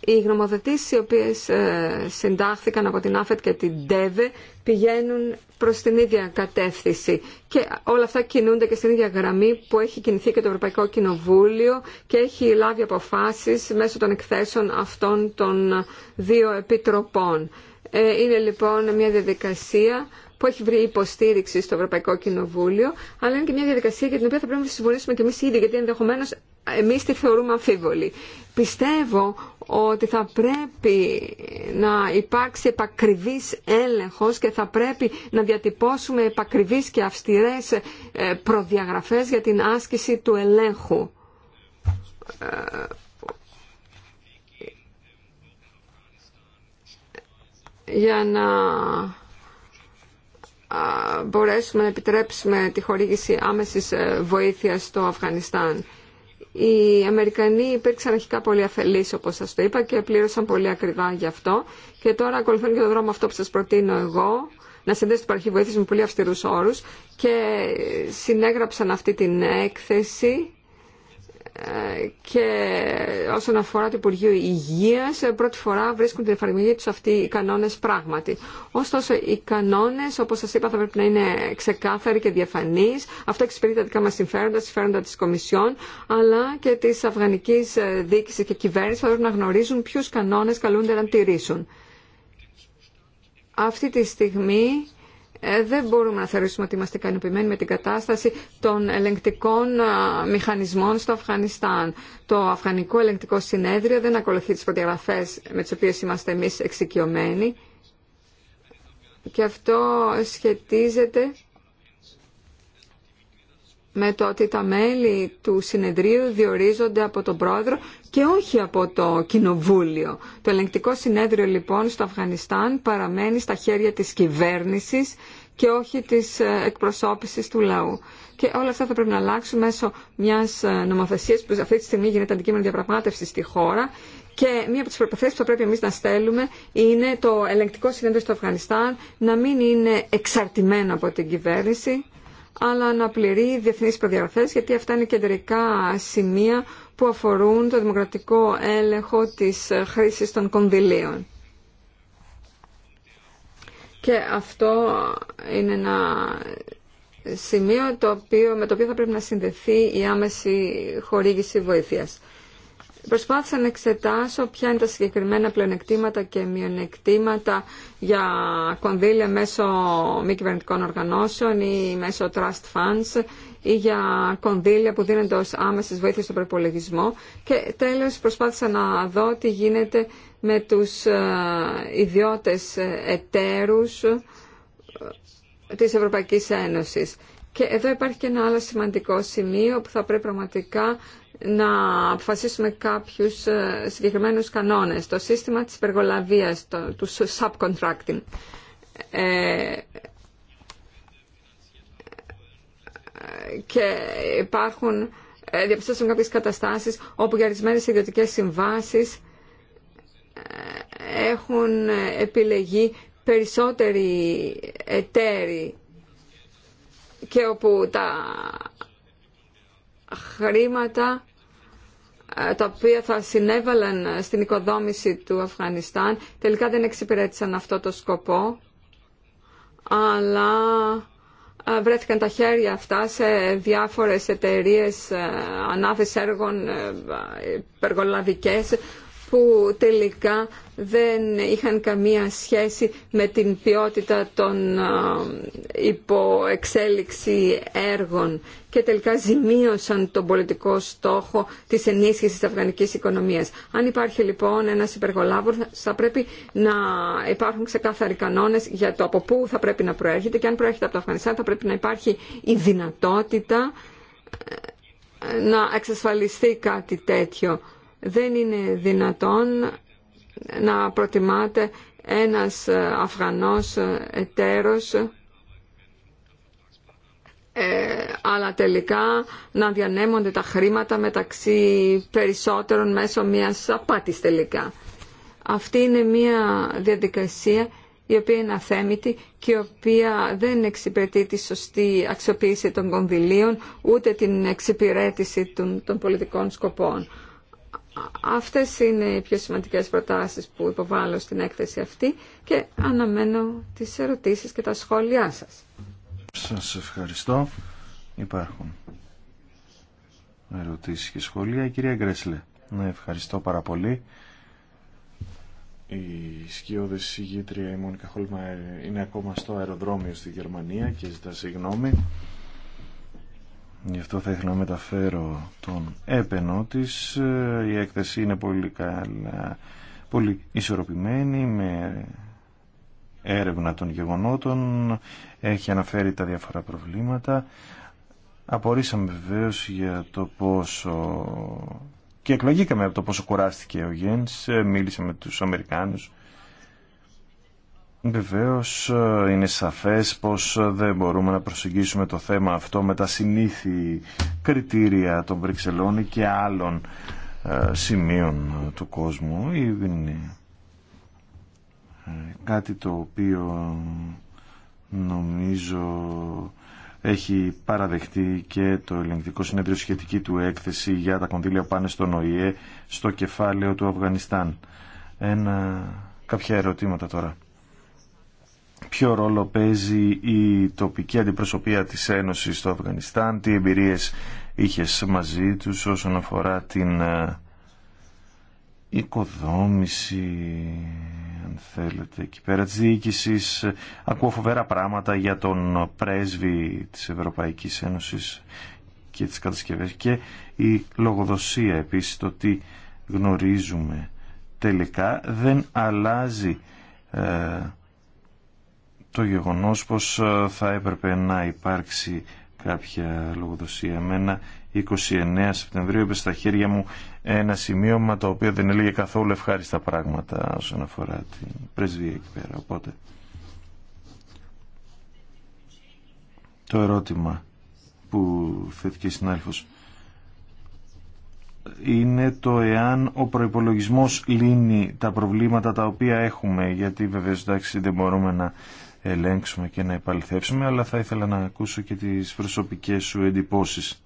οι γνωμοδοτήσεις οι οποίες ε, συντάχθηκαν από την ΑΦΕΤ και την ΤΕΒΕ πηγαίνουν προς την ίδια κατεύθυνση και όλα αυτά κινούνται και στην ίδια γραμμή που έχει κινηθεί και το Ευρωπαϊκό Κοινοβούλιο και έχει λάβει αποφάσεις μέσω των εκθέσεων αυτών των δύο επιτροπών. Ε, είναι λοιπόν μια διαδικασία που έχει βρει υποστήριξη στο Ευρωπαϊκό Κοινοβούλιο, αλλά είναι και μια διαδικασία για την οποία θα πρέπει να συμφωνήσουμε και εμεί ήδη, γιατί ενδεχομένω εμείς τη θεωρούμε αμφίβολη. Πιστεύω ότι θα πρέπει να υπάρξει επακριβής έλεγχος και θα πρέπει να διατυπώσουμε επακριβείς και αυστηρές ε, προδιαγραφές για την άσκηση του ελέγχου. Ε, για να μπορέσουμε να επιτρέψουμε τη χορήγηση άμεσης ε, βοήθειας στο Αφγανιστάν οι Αμερικανοί υπήρξαν αρχικά πολύ αφελείς όπως σας το είπα και πλήρωσαν πολύ ακριβά γι' αυτό και τώρα ακολουθούν και το δρόμο αυτό που σα προτείνω εγώ να συνδέσουν την παρχή βοήθεια με πολύ αυστηρούς όρου, και συνέγραψαν αυτή την έκθεση και όσον αφορά το Υπουργείο Υγεία, πρώτη φορά βρίσκουν την εφαρμογή του αυτοί οι κανόνε πράγματι. Ωστόσο οι κανόνε, όπω σα είπα θα πρέπει να είναι ξεκάθαροι και διαφανεί, Αυτό εξυπηρετεί τα δικά μα συμφέροντα, συμφέροντα τη Κομισιόν αλλά και τη Αφγανική Διοίκηση και κυβέρνηση θα πρέπει να γνωρίζουν ποιου κανόνε καλούνται να τηρήσουν. Αυτή τη στιγμή ε, δεν μπορούμε να θεωρήσουμε ότι είμαστε ικανοποιημένοι με την κατάσταση των ελεγκτικών μηχανισμών στο Αφγανιστάν. Το Αφγανικό Ελεγκτικό Συνέδριο δεν ακολουθεί τις προδιαγραφές με τις οποίες είμαστε εμείς εξοικειωμένοι και αυτό σχετίζεται με το ότι τα μέλη του συνεδρίου διορίζονται από τον πρόεδρο και όχι από το κοινοβούλιο. Το ελεγκτικό συνέδριο λοιπόν στο Αφγανιστάν παραμένει στα χέρια της κυβέρνησης και όχι της ε, εκπροσώπησης του λαού. Και όλα αυτά θα πρέπει να αλλάξουν μέσω μιας ε, νομοθεσίας που αυτή τη στιγμή γίνεται αντικείμενο διαπραγμάτευση στη χώρα και μία από τι προποθέσει που θα πρέπει εμεί να στέλνουμε είναι το ελεγκτικό συνέδριο στο Αφγανιστάν να μην είναι εξαρτημένο από την κυβέρνηση αλλά να πληρεί διεθνείς προδιαγραφές, γιατί αυτά είναι κεντρικά σημεία που αφορούν το δημοκρατικό έλεγχο της χρήσης των κονδυλίων. Και αυτό είναι ένα σημείο το οποίο, με το οποίο θα πρέπει να συνδεθεί η άμεση χορήγηση βοήθειας. Προσπάθησα να εξετάσω ποια είναι τα συγκεκριμένα πλεονεκτήματα και μειονεκτήματα για κονδύλια μέσω μη κυβερνητικών οργανώσεων ή μέσω trust funds ή για κονδύλια που δίνονται ως άμεσης βοήθεια στον προπολογισμό και τέλος προσπάθησα να δω τι γίνεται με τους ε, ιδιώτες εταίρους ε, της Ευρωπαϊκής Ένωσης. Και εδώ υπάρχει και ένα άλλο σημαντικό σημείο που θα πρέπει πραγματικά να αποφασίσουμε κάποιους ε, συγκεκριμένους κανόνες. Το σύστημα της υπεργολαβίας, του subcontracting. Ε, και υπάρχουν, ε, διαπιστώσαμε κάποιες καταστάσεις όπου για ορισμένε ιδιωτικέ συμβάσεις ε, έχουν επιλεγεί περισσότεροι εταίροι και όπου τα χρήματα ε, τα οποία θα συνέβαλαν στην οικοδόμηση του Αφγανιστάν τελικά δεν εξυπηρέτησαν αυτό το σκοπό αλλά ε, βρέθηκαν τα χέρια αυτά σε διάφορες εταιρείες ε, ανάθεση έργων υπεργολαβικές που τελικά δεν είχαν καμία σχέση με την ποιότητα των υποεξέλιξη έργων και τελικά ζημίωσαν τον πολιτικό στόχο της ενίσχυσης της αφγανικής οικονομίας. Αν υπάρχει λοιπόν ένας υπεργολάβος θα πρέπει να υπάρχουν ξεκάθαροι κανόνες για το από πού θα πρέπει να προέρχεται και αν προέρχεται από το Αφγανιστάν θα πρέπει να υπάρχει η δυνατότητα ε, να εξασφαλιστεί κάτι τέτοιο δεν είναι δυνατόν να προτιμάται ένας Αφγανός εταίρος ε, αλλά τελικά να διανέμονται τα χρήματα μεταξύ περισσότερων μέσω μιας απάτης τελικά. Αυτή είναι μια διαδικασία η οποία είναι αθέμητη και η οποία δεν εξυπηρετεί τη σωστή αξιοποίηση των κονδυλίων ούτε την εξυπηρέτηση των πολιτικών σκοπών. Αυτές είναι οι πιο σημαντικές προτάσεις που υποβάλλω στην έκθεση αυτή και αναμένω τις ερωτήσεις και τα σχόλιά σας. Σας ευχαριστώ. Υπάρχουν ερωτήσεις και σχόλια. κυρία Γκρέσλε, ναι, ευχαριστώ πάρα πολύ. Η σκιώδη συγγήτρια η Μόνικα Χόλμα είναι ακόμα στο αεροδρόμιο στη Γερμανία και ζητά συγγνώμη Γι' αυτό θα ήθελα να μεταφέρω τον έπαινο της. Η έκθεση είναι πολύ καλά, πολύ ισορροπημένη, με έρευνα των γεγονότων, έχει αναφέρει τα διάφορα προβλήματα. Απορίσαμε βεβαίω για το πόσο... και εκλογήκαμε από το πόσο κουράστηκε ο Γέννης, μίλησε με τους Αμερικάνους Βεβαίως ε, είναι σαφές πως ε, δεν μπορούμε να προσεγγίσουμε το θέμα αυτό με τα συνήθη κριτήρια των Βρυξελών και άλλων ε, σημείων του κόσμου. Είναι κάτι το οποίο νομίζω έχει παραδεχτεί και το ελληνικό συνέδριο σχετική του έκθεση για τα κονδύλια πάνε στον ΟΗΕ στο κεφάλαιο του Αφγανιστάν. Ένα... Κάποια ερωτήματα τώρα ποιο ρόλο παίζει η τοπική αντιπροσωπεία της Ένωσης στο Αφγανιστάν, τι εμπειρίες είχες μαζί τους όσον αφορά την ε, οικοδόμηση, αν θέλετε, εκεί πέρα της διοίκησης. Ακούω φοβερά πράγματα για τον πρέσβη της Ευρωπαϊκής Ένωσης και τις κατασκευές και η λογοδοσία επίσης, το τι γνωρίζουμε τελικά δεν αλλάζει ε, το γεγονός πως ε, θα έπρεπε να υπάρξει κάποια λογοδοσία. Εμένα 29 Σεπτεμβρίου είπε στα χέρια μου ένα σημείωμα το οποίο δεν έλεγε καθόλου ευχάριστα πράγματα όσον αφορά την πρεσβεία εκεί πέρα. Οπότε το ερώτημα που θέθηκε και η είναι το εάν ο προϋπολογισμός λύνει τα προβλήματα τα οποία έχουμε γιατί βέβαια εντάξει δεν μπορούμε να ελέγξουμε και να επαληθεύσουμε, αλλά θα ήθελα να ακούσω και τις προσωπικές σου εντυπώσεις.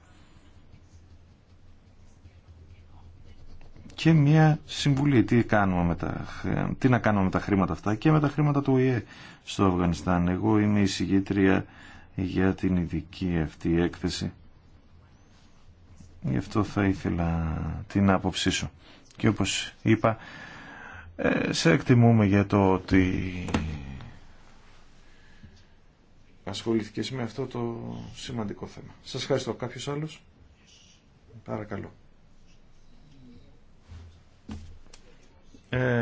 Και μια συμβουλή, τι, κάνουμε με τα, τι να κάνουμε με τα χρήματα αυτά και με τα χρήματα του ΟΗΕ στο Αφγανιστάν. Εγώ είμαι η συγγήτρια για την ειδική αυτή έκθεση. Γι' αυτό θα ήθελα την άποψή σου. Και όπως είπα, ε, σε εκτιμούμε για το ότι Ασχολήθηκε με αυτό το σημαντικό θέμα. Σας ευχαριστώ. Κάποιος άλλος. Παρακαλώ.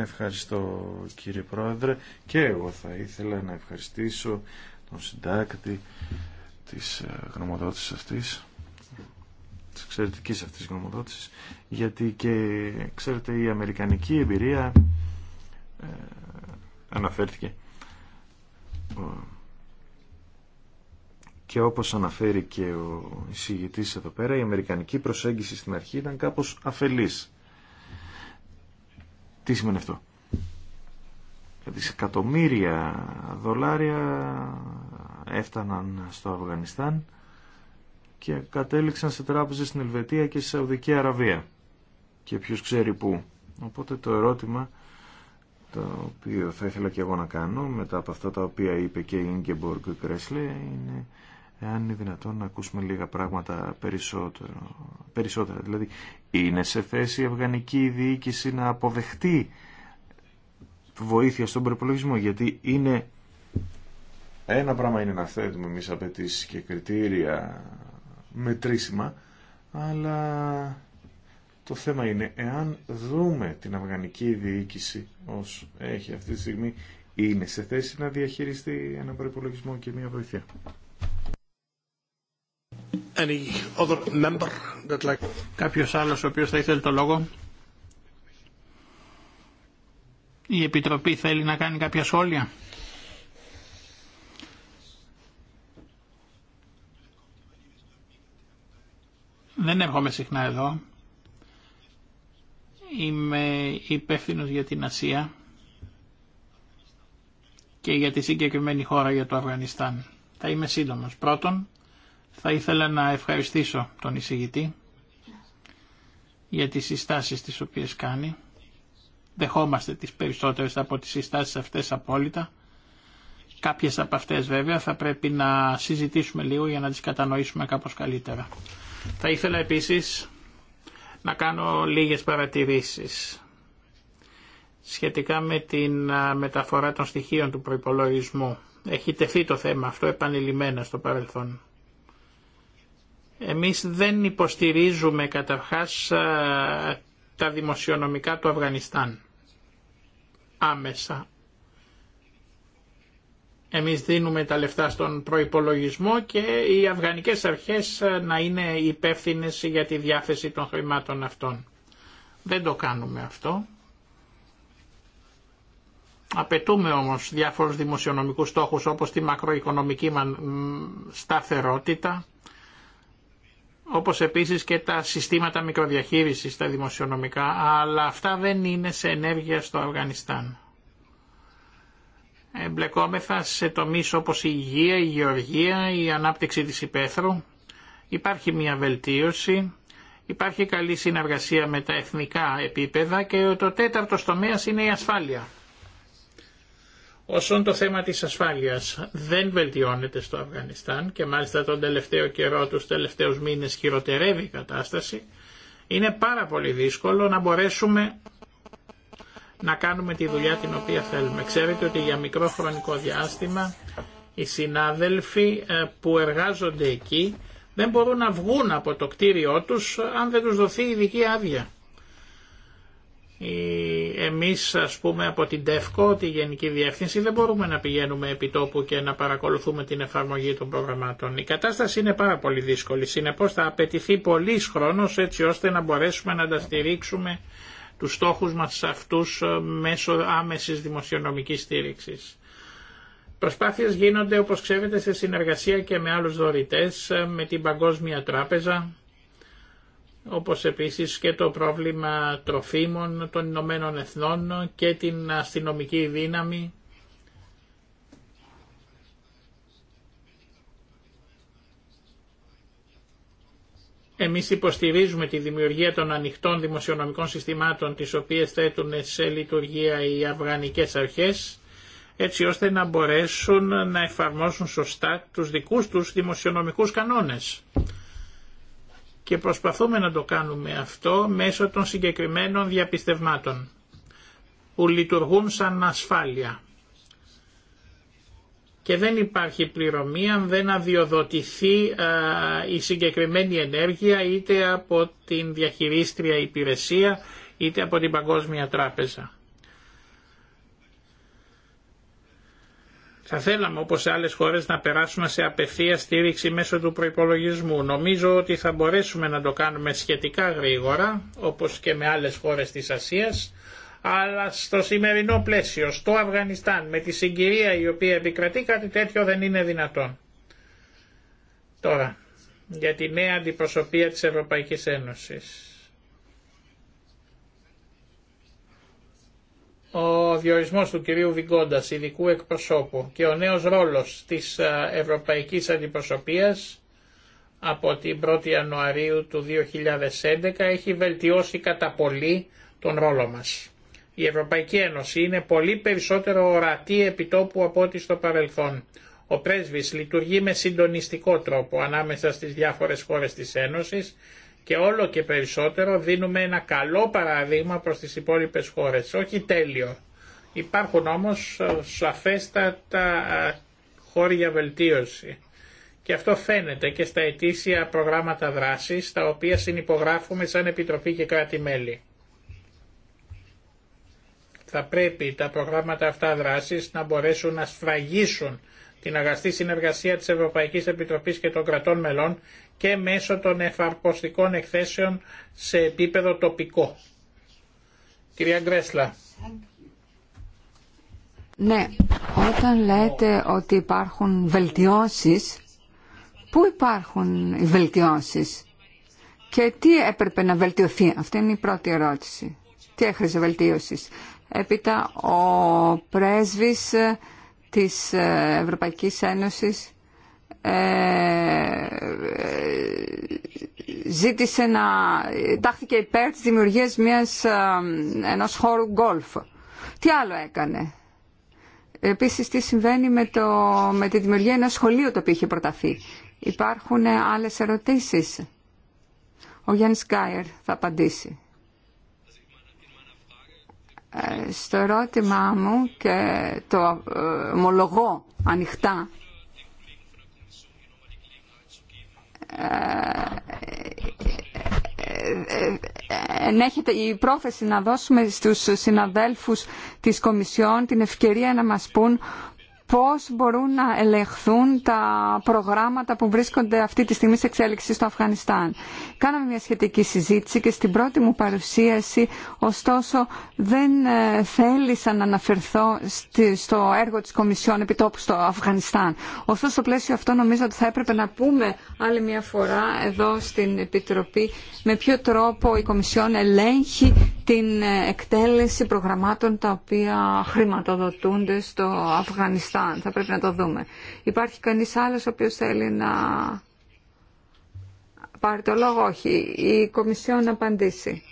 Ευχαριστώ κύριε Πρόεδρε και εγώ θα ήθελα να ευχαριστήσω τον συντάκτη της ε, γνωμοδότησης αυτής της εξαιρετικής αυτής γνωμοδότησης γιατί και ξέρετε η αμερικανική εμπειρία ε, αναφέρθηκε και όπως αναφέρει και ο εισηγητής εδώ πέρα, η αμερικανική προσέγγιση στην αρχή ήταν κάπως αφελής. Τι σημαίνει αυτό. Για τις εκατομμύρια δολάρια έφταναν στο Αφγανιστάν και κατέληξαν σε τράπεζες στην Ελβετία και στη Σαουδική Αραβία. Και ποιος ξέρει πού. Οπότε το ερώτημα το οποίο θα ήθελα και εγώ να κάνω μετά από αυτά τα οποία είπε και η Ίγκεμπορκ Κρέσλε είναι εάν είναι δυνατόν να ακούσουμε λίγα πράγματα περισσότερο, περισσότερα. Δηλαδή, είναι σε θέση η αυγανική διοίκηση να αποδεχτεί βοήθεια στον προπολογισμό, γιατί είναι ένα πράγμα είναι να θέτουμε εμεί απαιτήσει και κριτήρια μετρήσιμα, αλλά το θέμα είναι εάν δούμε την αυγανική διοίκηση ως έχει αυτή τη στιγμή είναι σε θέση να διαχειριστεί ένα προϋπολογισμό και μια βοήθεια. Any other Κάποιος άλλος ο οποίος θα ήθελε το λόγο. Η Επιτροπή θέλει να κάνει κάποια σχόλια. Δεν έρχομαι συχνά εδώ. Είμαι υπεύθυνο για την Ασία και για τη συγκεκριμένη χώρα για το Αφγανιστάν. Θα είμαι σύντομος. Πρώτον, θα ήθελα να ευχαριστήσω τον εισηγητή για τις συστάσεις τις οποίες κάνει. Δεχόμαστε τις περισσότερες από τις συστάσεις αυτές απόλυτα. Κάποιες από αυτές βέβαια θα πρέπει να συζητήσουμε λίγο για να τις κατανοήσουμε κάπως καλύτερα. Θα ήθελα επίσης να κάνω λίγες παρατηρήσεις σχετικά με την μεταφορά των στοιχείων του προϋπολογισμού. Έχει τεθεί το θέμα αυτό επανειλημμένα στο παρελθόν. Εμείς δεν υποστηρίζουμε καταρχάς τα δημοσιονομικά του Αφγανιστάν άμεσα. Εμείς δίνουμε τα λεφτά στον προϋπολογισμό και οι αφγανικές αρχές να είναι υπεύθυνε για τη διάθεση των χρημάτων αυτών. Δεν το κάνουμε αυτό. Απαιτούμε όμως διάφορους δημοσιονομικούς στόχους όπως τη μακροοικονομική σταθερότητα, όπως επίσης και τα συστήματα μικροδιαχείρισης, τα δημοσιονομικά, αλλά αυτά δεν είναι σε ενέργεια στο Αφγανιστάν. Εμπλεκόμεθα σε τομείς όπως η υγεία, η γεωργία, η ανάπτυξη της υπαίθρου. Υπάρχει μια βελτίωση, υπάρχει καλή συνεργασία με τα εθνικά επίπεδα και το τέταρτο τομέα είναι η ασφάλεια. Όσον το θέμα της ασφάλειας δεν βελτιώνεται στο Αφγανιστάν και μάλιστα τον τελευταίο καιρό, τους τελευταίους μήνες χειροτερεύει η κατάσταση, είναι πάρα πολύ δύσκολο να μπορέσουμε να κάνουμε τη δουλειά την οποία θέλουμε. Ξέρετε ότι για μικρό χρονικό διάστημα οι συνάδελφοι ε, που εργάζονται εκεί δεν μπορούν να βγουν από το κτίριό τους ε, αν δεν τους δοθεί ειδική άδεια εμείς ας πούμε από την ΤΕΦΚΟ, τη Γενική Διεύθυνση, δεν μπορούμε να πηγαίνουμε επί τόπου και να παρακολουθούμε την εφαρμογή των προγραμμάτων. Η κατάσταση είναι πάρα πολύ δύσκολη, συνεπώς θα απαιτηθεί πολύ χρόνος έτσι ώστε να μπορέσουμε να τα στηρίξουμε τους στόχους μας αυτούς ε, μέσω άμεσης δημοσιονομικής στήριξης. Προσπάθειες γίνονται όπως ξέρετε σε συνεργασία και με άλλους δωρητές, ε, με την Παγκόσμια Τράπεζα, όπως επίσης και το πρόβλημα τροφίμων των Ηνωμένων Εθνών και την αστυνομική δύναμη Εμείς υποστηρίζουμε τη δημιουργία των ανοιχτών δημοσιονομικών συστημάτων τις οποίες θέτουν σε λειτουργία οι αφγανικές αρχές έτσι ώστε να μπορέσουν να εφαρμόσουν σωστά τους δικούς τους δημοσιονομικούς κανόνες και προσπαθούμε να το κάνουμε αυτό μέσω των συγκεκριμένων διαπιστευμάτων που λειτουργούν σαν ασφάλεια. Και δεν υπάρχει πληρωμή αν δεν αδειοδοτηθεί η συγκεκριμένη ενέργεια είτε από την διαχειρίστρια υπηρεσία είτε από την Παγκόσμια Τράπεζα. Θα θέλαμε όπως σε άλλες χώρες να περάσουμε σε απευθεία στήριξη μέσω του προϋπολογισμού. Νομίζω ότι θα μπορέσουμε να το κάνουμε σχετικά γρήγορα, όπως και με άλλες χώρες της Ασίας, αλλά στο σημερινό πλαίσιο, στο Αφγανιστάν, με τη συγκυρία η οποία επικρατεί, κάτι τέτοιο δεν είναι δυνατόν. Τώρα, για τη νέα αντιπροσωπεία της Ευρωπαϊκής Ένωσης. ο διορισμός του κυρίου Βιγκόντας, ειδικού εκπροσώπου και ο νέος ρόλος της ε, Ευρωπαϊκής Αντιπροσωπείας από την 1η Ιανουαρίου του 2011 έχει βελτιώσει κατά πολύ τον ρόλο μας. Η Ευρωπαϊκή Ένωση είναι πολύ περισσότερο ορατή επιτόπου από ό,τι στο παρελθόν. Ο πρέσβης λειτουργεί με συντονιστικό τρόπο ανάμεσα στις διάφορες χώρες της Ένωσης και όλο και περισσότερο δίνουμε ένα καλό παράδειγμα προς τις υπόλοιπες χώρες, όχι τέλειο. Υπάρχουν όμως ε, σαφέστατα ε, χώρια βελτίωση. Και αυτό φαίνεται και στα ετήσια προγράμματα δράσης, τα οποία συνυπογράφουμε σαν Επιτροπή και κράτη-μέλη. Θα πρέπει τα προγράμματα αυτά δράσης να μπορέσουν να σφραγίσουν την αγαστή συνεργασία της Ευρωπαϊκής Επιτροπής και των κρατών μελών και μέσω των εφαρμοστικών εκθέσεων σε επίπεδο τοπικό. Κυρία Γκρέσλα. Ναι, όταν λέτε ότι υπάρχουν βελτιώσεις, πού υπάρχουν οι βελτιώσεις και τι έπρεπε να βελτιωθεί. Αυτή είναι η πρώτη ερώτηση. Τι έχριζε βελτίωσης. Έπειτα ο πρέσβης της ε, Ευρωπαϊκής Ένωσης ε, ζήτησε να τάχθηκε υπέρ της δημιουργίας μιας, ε, ενός χώρου γκολφ. Τι άλλο έκανε. Επίσης τι συμβαίνει με, το, με τη δημιουργία ενός σχολείου το οποίο είχε προταθεί. Υπάρχουν άλλες ερωτήσεις. Ο Γιάννης Γκάιερ θα απαντήσει στο ερώτημά μου και το ομολογώ ανοιχτά ενέχεται η πρόθεση να δώσουμε στους συναδέλφους της Κομισιόν την ευκαιρία να μας πούν πώς μπορούν να ελεγχθούν τα προγράμματα που βρίσκονται αυτή τη στιγμή σε εξέλιξη στο Αφγανιστάν. Κάναμε μια σχετική συζήτηση και στην πρώτη μου παρουσίαση, ωστόσο δεν ε, θέλησα να αναφερθώ στο έργο της Κομισιόν Επιτόπου στο Αφγανιστάν. Ωστόσο, στο πλαίσιο αυτό νομίζω ότι θα έπρεπε να πούμε άλλη μια φορά εδώ στην Επιτροπή με ποιο τρόπο η Κομισιόν ελέγχει την ε, εκτέλεση προγραμμάτων τα οποία χρηματοδοτούνται στο Αφγανιστάν. Θα πρέπει να το δούμε. Υπάρχει κανείς άλλος ο οποίος θέλει να πάρει το λόγο. Όχι. Η Κομισιόν να απαντήσει.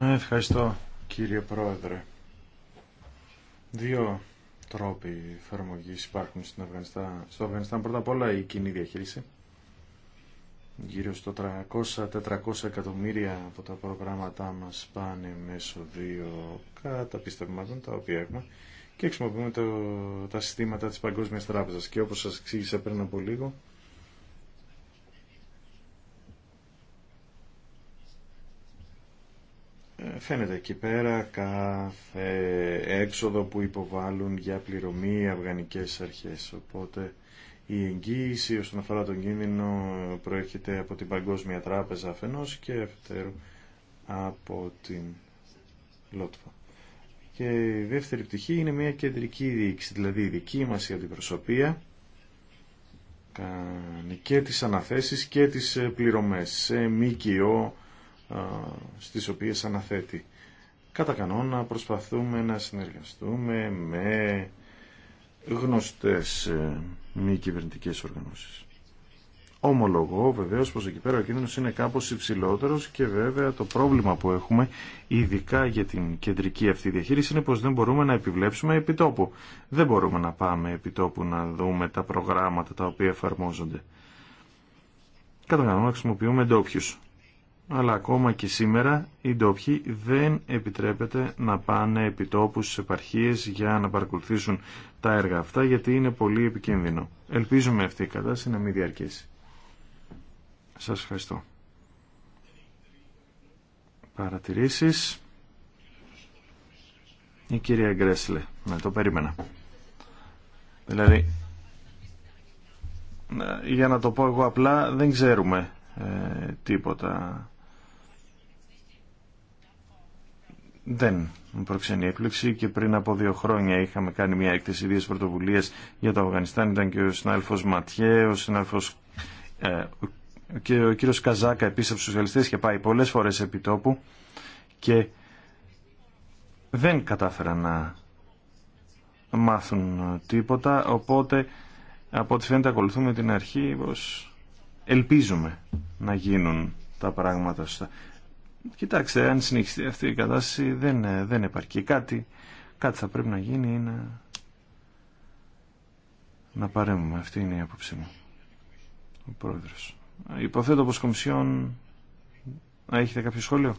Ναι, ευχαριστώ κύριε Πρόεδρε. Δύο τρόποι εφαρμογή υπάρχουν στην Αφγανιστάν. στο Αφγανιστάν. Πρώτα απ' όλα η κοινή διαχείριση. Γύρω στο 300-400 εκατομμύρια από τα προγράμματά μας πάνε μέσω δύο καταπιστευμάτων τα οποία έχουμε και χρησιμοποιούμε το, τα συστήματα της Παγκόσμιας Τράπεζας. Και όπως σας εξήγησα πριν από λίγο, ε, φαίνεται εκεί πέρα κάθε έξοδο που υποβάλλουν για πληρωμή οι αρχές. Οπότε η εγγύηση όσον αφορά τον κίνδυνο προέρχεται από την Παγκόσμια Τράπεζα αφενός και αφετέρου από την Λότφα. Και η δεύτερη πτυχή είναι μια κεντρική διοίκηση, δηλαδή η δική μας η αντιπροσωπεία κάνει και τις αναθέσεις και τις ε, πληρωμές σε ΜΚΟ στις οποίες αναθέτει. Κατά κανόνα προσπαθούμε να συνεργαστούμε με γνωστές ε, μη κυβερνητικέ οργανώσεις. Ομολογώ βεβαίω πω εκεί πέρα ο κίνδυνο είναι κάπω υψηλότερο και βέβαια το πρόβλημα που έχουμε ειδικά για την κεντρική αυτή διαχείριση είναι πω δεν μπορούμε να επιβλέψουμε επιτόπου. Δεν μπορούμε να πάμε επιτόπου να δούμε τα προγράμματα τα οποία εφαρμόζονται. Κατά κανόνα χρησιμοποιούμε ντόπιου. Αλλά ακόμα και σήμερα οι ντόπιοι δεν επιτρέπεται να πάνε επιτόπου στι επαρχίε για να παρακολουθήσουν τα έργα αυτά γιατί είναι πολύ επικίνδυνο. Ελπίζουμε αυτή η κατάσταση να μην διαρκέσει. Σας ευχαριστώ. Παρατηρήσεις. Η κυρία Γκρέσλε. Ναι, το περίμενα. Δηλαδή, για να το πω εγώ απλά, δεν ξέρουμε ε, τίποτα. Δεν προξενεί έκπληξη και πριν από δύο χρόνια είχαμε κάνει μια έκθεση δύο πρωτοβουλία για το Αφγανιστάν. Ήταν και ο συνάδελφο Ματιέ, ο συνάδελφο ε, και ο κύριος Καζάκα επίσης από τους σοσιαλιστές είχε πάει πολλές φορές επί τόπου και δεν κατάφεραν να μάθουν τίποτα οπότε από ό,τι φαίνεται ακολουθούμε την αρχή πως ελπίζουμε να γίνουν τα πράγματα σωστά. Κοιτάξτε, αν συνεχιστεί αυτή η κατάσταση δεν, δεν επαρκεί. Κάτι, κάτι θα πρέπει να γίνει ή να, να παρέμβουμε. Αυτή είναι η άποψή μου. Ο πρόεδρος. Υποθέτω πως Κομισιόν... έχετε κάποιο σχόλιο.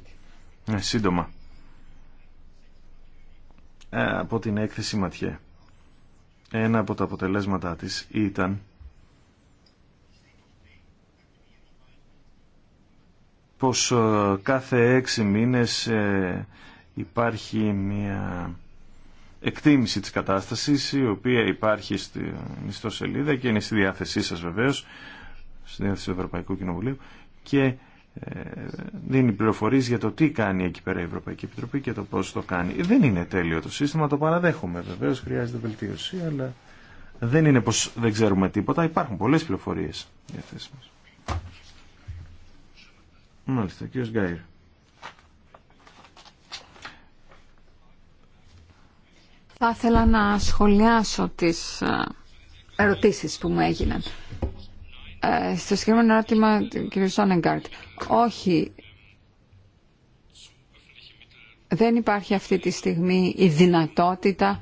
Ναι, σύντομα. Ε, από την έκθεση Ματιέ. Ένα από τα αποτελέσματα της ήταν... πως ε, κάθε έξι μήνες ε, υπάρχει μια εκτίμηση της κατάστασης η οποία υπάρχει στην ιστοσελίδα και είναι στη διάθεσή σας βεβαίως συνέδριο του Ευρωπαϊκού Κοινοβουλίου και ε, δίνει πληροφορίες για το τι κάνει εκεί πέρα η Ευρωπαϊκή Επιτροπή και το πώς το κάνει. Δεν είναι τέλειο το σύστημα, το παραδέχομαι βεβαίω χρειάζεται βελτίωση, αλλά δεν είναι πως δεν ξέρουμε τίποτα, υπάρχουν πολλές πληροφορίες για αυτές μας. Μάλιστα, κύριο Γκάιρ. Θα ήθελα να σχολιάσω τις ε, ερωτήσεις που μου έγιναν. Ε, στο συγκεκριμένο ερώτημα του κ. Σόνεγκαρτ, όχι, δεν υπάρχει αυτή τη στιγμή η δυνατότητα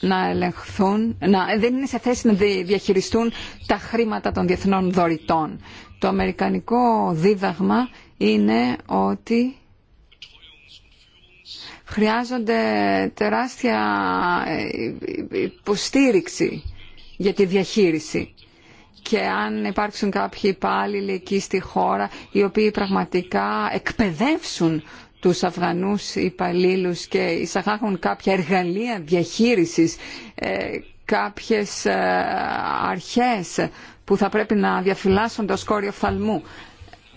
να ελεγχθούν, να, δεν είναι σε θέση να διαχειριστούν τα χρήματα των διεθνών δωρητών. Το αμερικανικό δίδαγμα είναι ότι χρειάζονται τεράστια ε, υποστήριξη για τη διαχείριση και αν υπάρξουν κάποιοι υπάλληλοι εκεί στη χώρα οι οποίοι πραγματικά εκπαιδεύσουν τους Αφγανούς υπαλλήλου και εισαγάγουν κάποια εργαλεία διαχείρισης, ε, κάποιες ε, αρχές που θα πρέπει να διαφυλάσσουν το σκόριο φθαλμού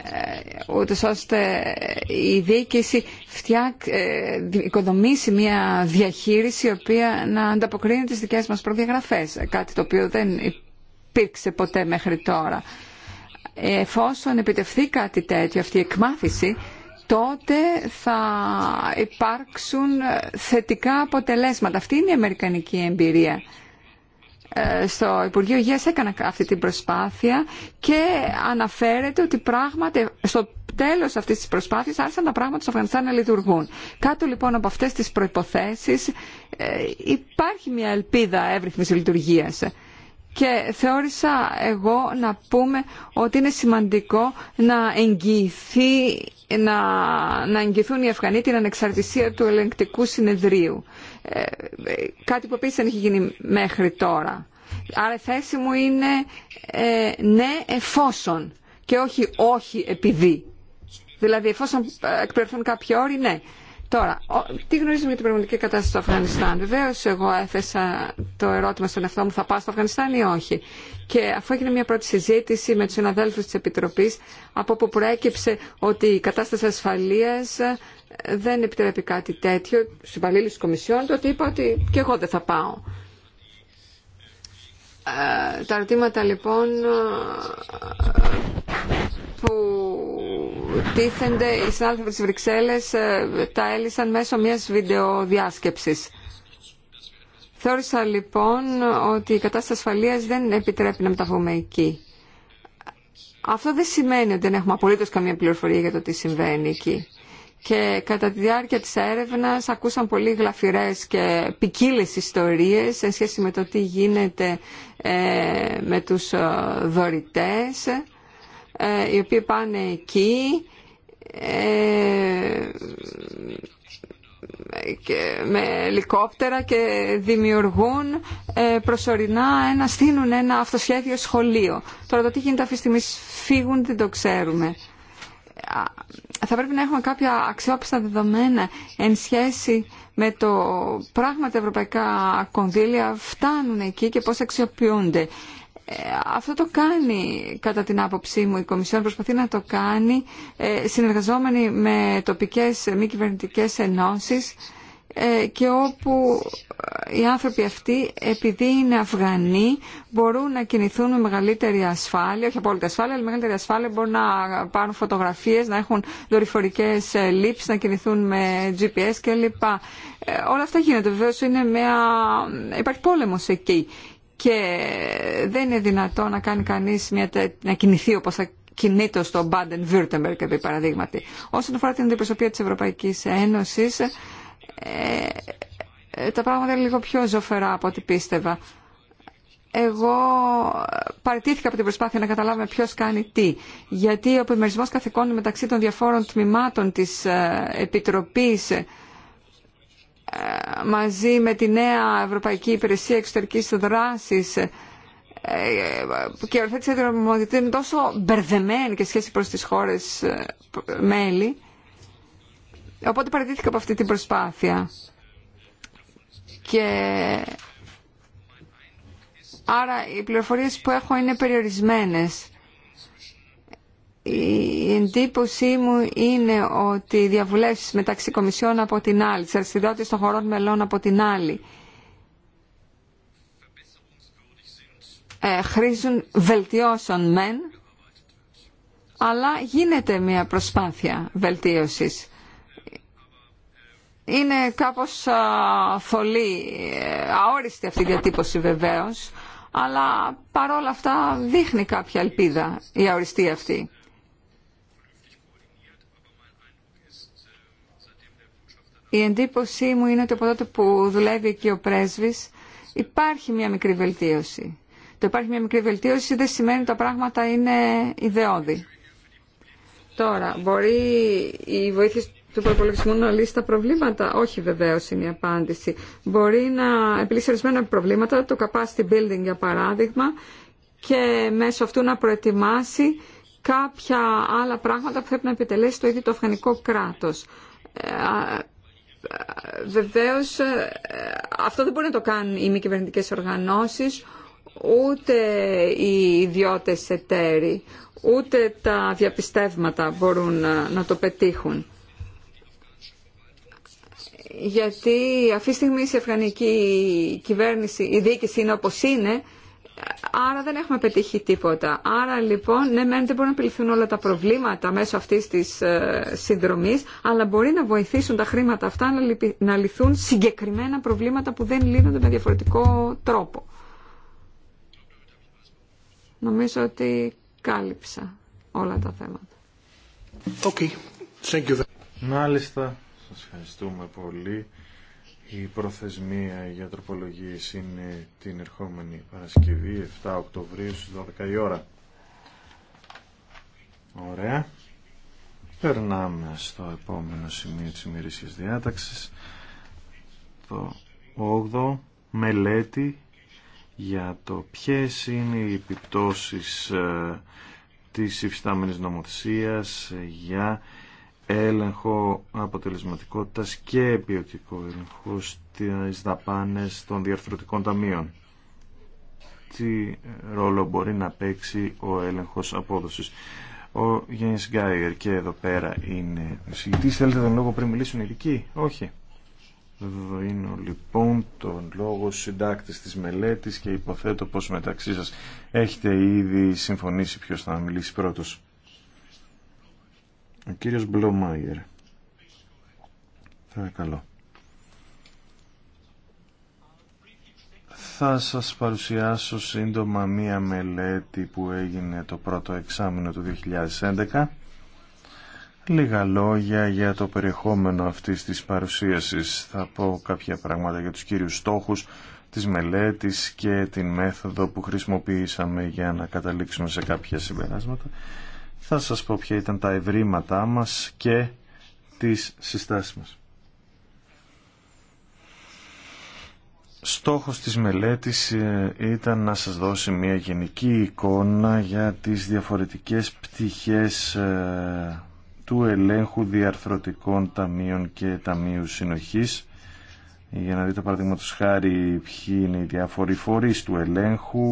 ε, ούτως ώστε η διοίκηση φτιάκ, οικοδομήσει μια διαχείριση η οποία να ανταποκρίνει τις δικές μας προδιαγραφές κάτι το οποίο δεν υπήρξε ποτέ μέχρι τώρα. Εφόσον επιτευθεί κάτι τέτοιο, αυτή η εκμάθηση, τότε θα υπάρξουν θετικά αποτελέσματα. Αυτή είναι η αμερικανική εμπειρία. Ε, στο Υπουργείο Υγείας έκανα αυτή την προσπάθεια και αναφέρεται ότι πράγματι στο τέλος αυτής της προσπάθειας άρχισαν τα πράγματα στο Αφγανιστάν να λειτουργούν. Κάτω λοιπόν από αυτές τις προϋποθέσεις ε, υπάρχει μια ελπίδα εύρυθμης λειτουργίας και θεώρησα εγώ να πούμε ότι είναι σημαντικό να, εγγυηθεί, να, να εγγυηθούν οι Αφγανοί την ανεξαρτησία του ελεγκτικού συνεδρίου. Ε, ε, κάτι που επίσης δεν έχει γίνει μέχρι τώρα. Άρα η θέση μου είναι ε, ναι εφόσον και όχι όχι επειδή. Δηλαδή εφόσον εκπληρωθούν κάποιοι όροι ναι. Τώρα, τι γνωρίζουμε για την πραγματική κατάσταση στο Αφγανιστάν. Βεβαίω, εγώ έθεσα το ερώτημα στον εαυτό μου, θα πάω στο Αφγανιστάν ή όχι. Και αφού έγινε μια πρώτη συζήτηση με του συναδέλφου τη Επιτροπή, από όπου προέκυψε ότι η κατάσταση ασφαλεία ε, δεν επιτρέπει κάτι τέτοιο στου υπαλλήλου τη Κομισιόν, τότε είπα ότι και εγώ δεν θα πάω. Ε, τα ερωτήματα λοιπόν ε, που τίθενται οι συνάδελφοι Βρυξέλλες ε, τα έλυσαν μέσω μιας βιντεοδιάσκεψης. Θεώρησα λοιπόν ότι η κατάσταση ασφαλείας δεν επιτρέπει να μεταβούμε εκεί. Αυτό δεν σημαίνει ότι δεν έχουμε απολύτως καμία πληροφορία για το τι συμβαίνει εκεί. Και κατά τη διάρκεια της έρευνας ακούσαν πολύ γλαφυρές και ποικίλε ιστορίες σε σχέση με το τι γίνεται ε, με τους ε, δωρητές ε, οι οποίοι πάνε εκεί ε, και με ελικόπτερα και δημιουργούν ε, προσωρινά ένα, στείλουν ένα αυτοσχέδιο σχολείο. Τώρα το τι γίνεται αυτή τη στιγμή φύγουν δεν το ξέρουμε. Θα πρέπει να έχουμε κάποια αξιόπιστα δεδομένα εν σχέση με το πράγμα ευρωπαϊκά κονδύλια φτάνουν εκεί και πώς αξιοποιούνται. Ε, αυτό το κάνει κατά την άποψή μου η Κομισιόν, προσπαθεί να το κάνει ε, συνεργαζόμενη με τοπικές μη κυβερνητικέ ενώσεις ε, και όπου οι άνθρωποι αυτοί επειδή είναι Αφγανοί μπορούν να κινηθούν με μεγαλύτερη ασφάλεια, όχι απόλυτη ασφάλεια, αλλά μεγαλύτερη ασφάλεια μπορούν να πάρουν φωτογραφίες, να έχουν δορυφορικές λήψεις, να κινηθούν με GPS κλπ. Όλα αυτά γίνεται, Βεβαίως είναι μια... υπάρχει πόλεμος εκεί και δεν είναι δυνατό να κάνει κανείς μια, να κινηθεί όπως θα κινείται στο Μπάντεν wurttemberg επί παραδείγματι. Όσον αφορά την αντιπροσωπεία της Ευρωπαϊκής Ένωσης, ε, ε, τα πράγματα είναι λίγο πιο ζωφερά από ό,τι πίστευα. Εγώ παραιτήθηκα από την προσπάθεια να καταλάβουμε ποιο κάνει τι. Γιατί ο επιμερισμό καθηκόνων μεταξύ των διαφόρων τμήματων τη ε, Επιτροπή μαζί με τη νέα Ευρωπαϊκή Υπηρεσία Εξωτερικής Δράσης ε, και η ορθέτηση των είναι τόσο μπερδεμένη και σχέση προς τις χώρες ε, μέλη. Οπότε παρατήθηκα από αυτή την προσπάθεια. Και άρα οι πληροφορίες που έχω είναι περιορισμένες η εντύπωσή μου είναι ότι οι διαβουλεύσεις μεταξύ κομισιών από την άλλη, τις αριστερότητες των χωρών μελών από την άλλη, ε, χρήζουν βελτιώσεων μεν, αλλά γίνεται μια προσπάθεια βελτίωσης. Είναι κάπως θολή, ε, αόριστη αυτή η διατύπωση βεβαίως, αλλά παρόλα αυτά δείχνει κάποια ελπίδα η αοριστή αυτή. Η εντύπωσή μου είναι ότι από τότε που δουλεύει εκεί ο πρέσβης υπάρχει μια μικρή βελτίωση. Το υπάρχει μια μικρή βελτίωση δεν σημαίνει ότι τα πράγματα είναι ιδεώδη. Τώρα, μπορεί η βοήθεια του προπολογισμού να λύσει τα προβλήματα. Όχι βεβαίω είναι η απάντηση. Μπορεί να επιλύσει ορισμένα προβλήματα, το capacity building για παράδειγμα, και μέσω αυτού να προετοιμάσει κάποια άλλα πράγματα που πρέπει να επιτελέσει το ίδιο το αφγανικό κράτος. Ε, Βεβαίως ε, αυτό δεν μπορεί να το κάνουν οι μη κυβερνητικέ οργανώσεις, ούτε οι ιδιώτες εταίροι, ούτε τα διαπιστεύματα μπορούν ε, να το πετύχουν. Γιατί αυτή τη στιγμή η αφγανική κυβέρνηση, η διοίκηση είναι όπως είναι, Άρα δεν έχουμε πετύχει τίποτα. Άρα λοιπόν, ναι, δεν μπορούν να επιληθούν όλα τα προβλήματα μέσω αυτή τη ε, συνδρομή, αλλά μπορεί να βοηθήσουν τα χρήματα αυτά να λυθούν συγκεκριμένα προβλήματα που δεν λύνονται με διαφορετικό τρόπο. Νομίζω ότι κάλυψα όλα τα θέματα. Okay. Thank you. Μάλιστα, σας ευχαριστούμε πολύ. Η προθεσμία για τροπολογίες είναι την ερχόμενη Παρασκευή 7 Οκτωβρίου στις 12 η ώρα. Ωραία. Περνάμε στο επόμενο σημείο της ημερήσιας διάταξης. Το 8 μελέτη για το ποιες είναι οι επιπτώσεις ε, της υφιστάμενης νομοθεσίας ε, για έλεγχο αποτελεσματικότητας και ποιοτικό έλεγχο στις δαπάνες των διαρθρωτικών ταμείων. Τι ρόλο μπορεί να παίξει ο έλεγχος απόδοσης. Ο Γιάννης Γκάιερ και εδώ πέρα είναι συγητής. Θέλετε τον λόγο πριν μιλήσουν οι ειδικοί. Όχι. είναι λοιπόν τον λόγο συντάκτης της μελέτης και υποθέτω πως μεταξύ σας έχετε ήδη συμφωνήσει ποιος θα μιλήσει πρώτος. Ο κύριος Μπλομάγερ. Θα σας παρουσιάσω σύντομα μία μελέτη που έγινε το πρώτο εξάμεινο του 2011. Λίγα λόγια για το περιεχόμενο αυτής της παρουσίασης. Θα πω κάποια πράγματα για τους κύριους στόχους της μελέτης και την μέθοδο που χρησιμοποιήσαμε για να καταλήξουμε σε κάποια συμπεράσματα θα σας πω ποια ήταν τα ευρήματά μας και τις συστάσεις μας. Στόχος της μελέτης ε, ήταν να σας δώσει μια γενική εικόνα για τις διαφορετικές πτυχές ε, του ελέγχου διαρθρωτικών ταμείων και ταμείου συνοχής για να δείτε παραδείγματο χάρη ποιοι είναι οι διάφοροι φορείς του ελέγχου,